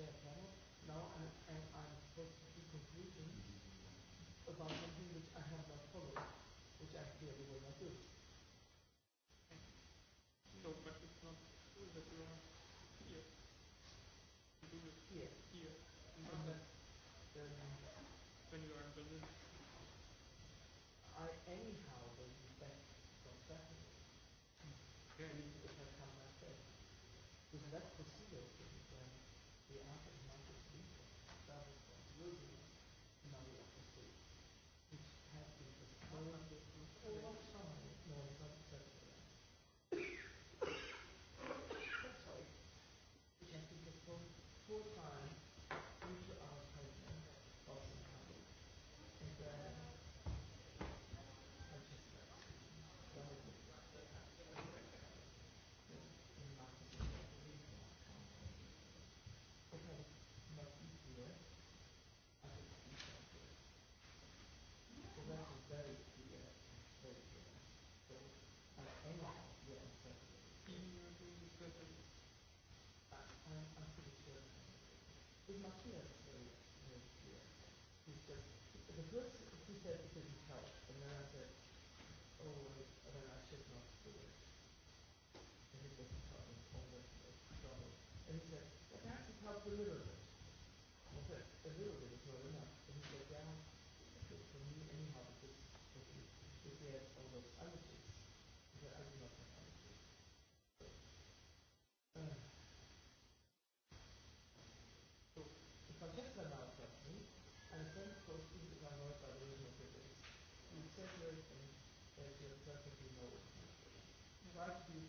S5: their planet. Now I'm, and I'm supposed to be concluding about something which I have not followed, which I clearly will not do. No, but it's not true that you are here. You do it here. Here. And not that then, when you are in Berlin. I anyhow Matthias raised here. He said, the first, he said it didn't help. And then I said, oh, wait, and then I should not do it. And it was coming, all that trouble. And he said, apparently it helped a little bit. I said, a little bit. separation that there is nothing to know. What do you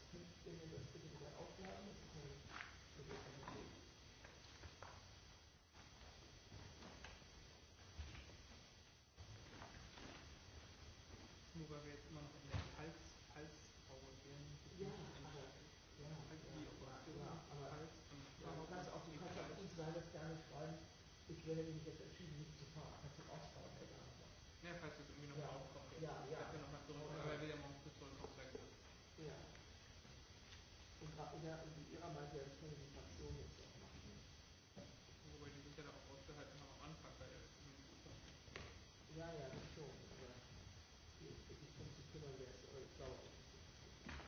S5: nur weil wir jetzt immer noch in der Hals, Halsfrau wären. Ja, aber, ja, halt ja, die Operation ja, aber Hals und ja, aber ganz offen, ich kann uns leider gar nicht freuen. Ich werde mich jetzt entschieden, nicht zu fahren. Ich habe Ausfall. Ja, falls Yeah.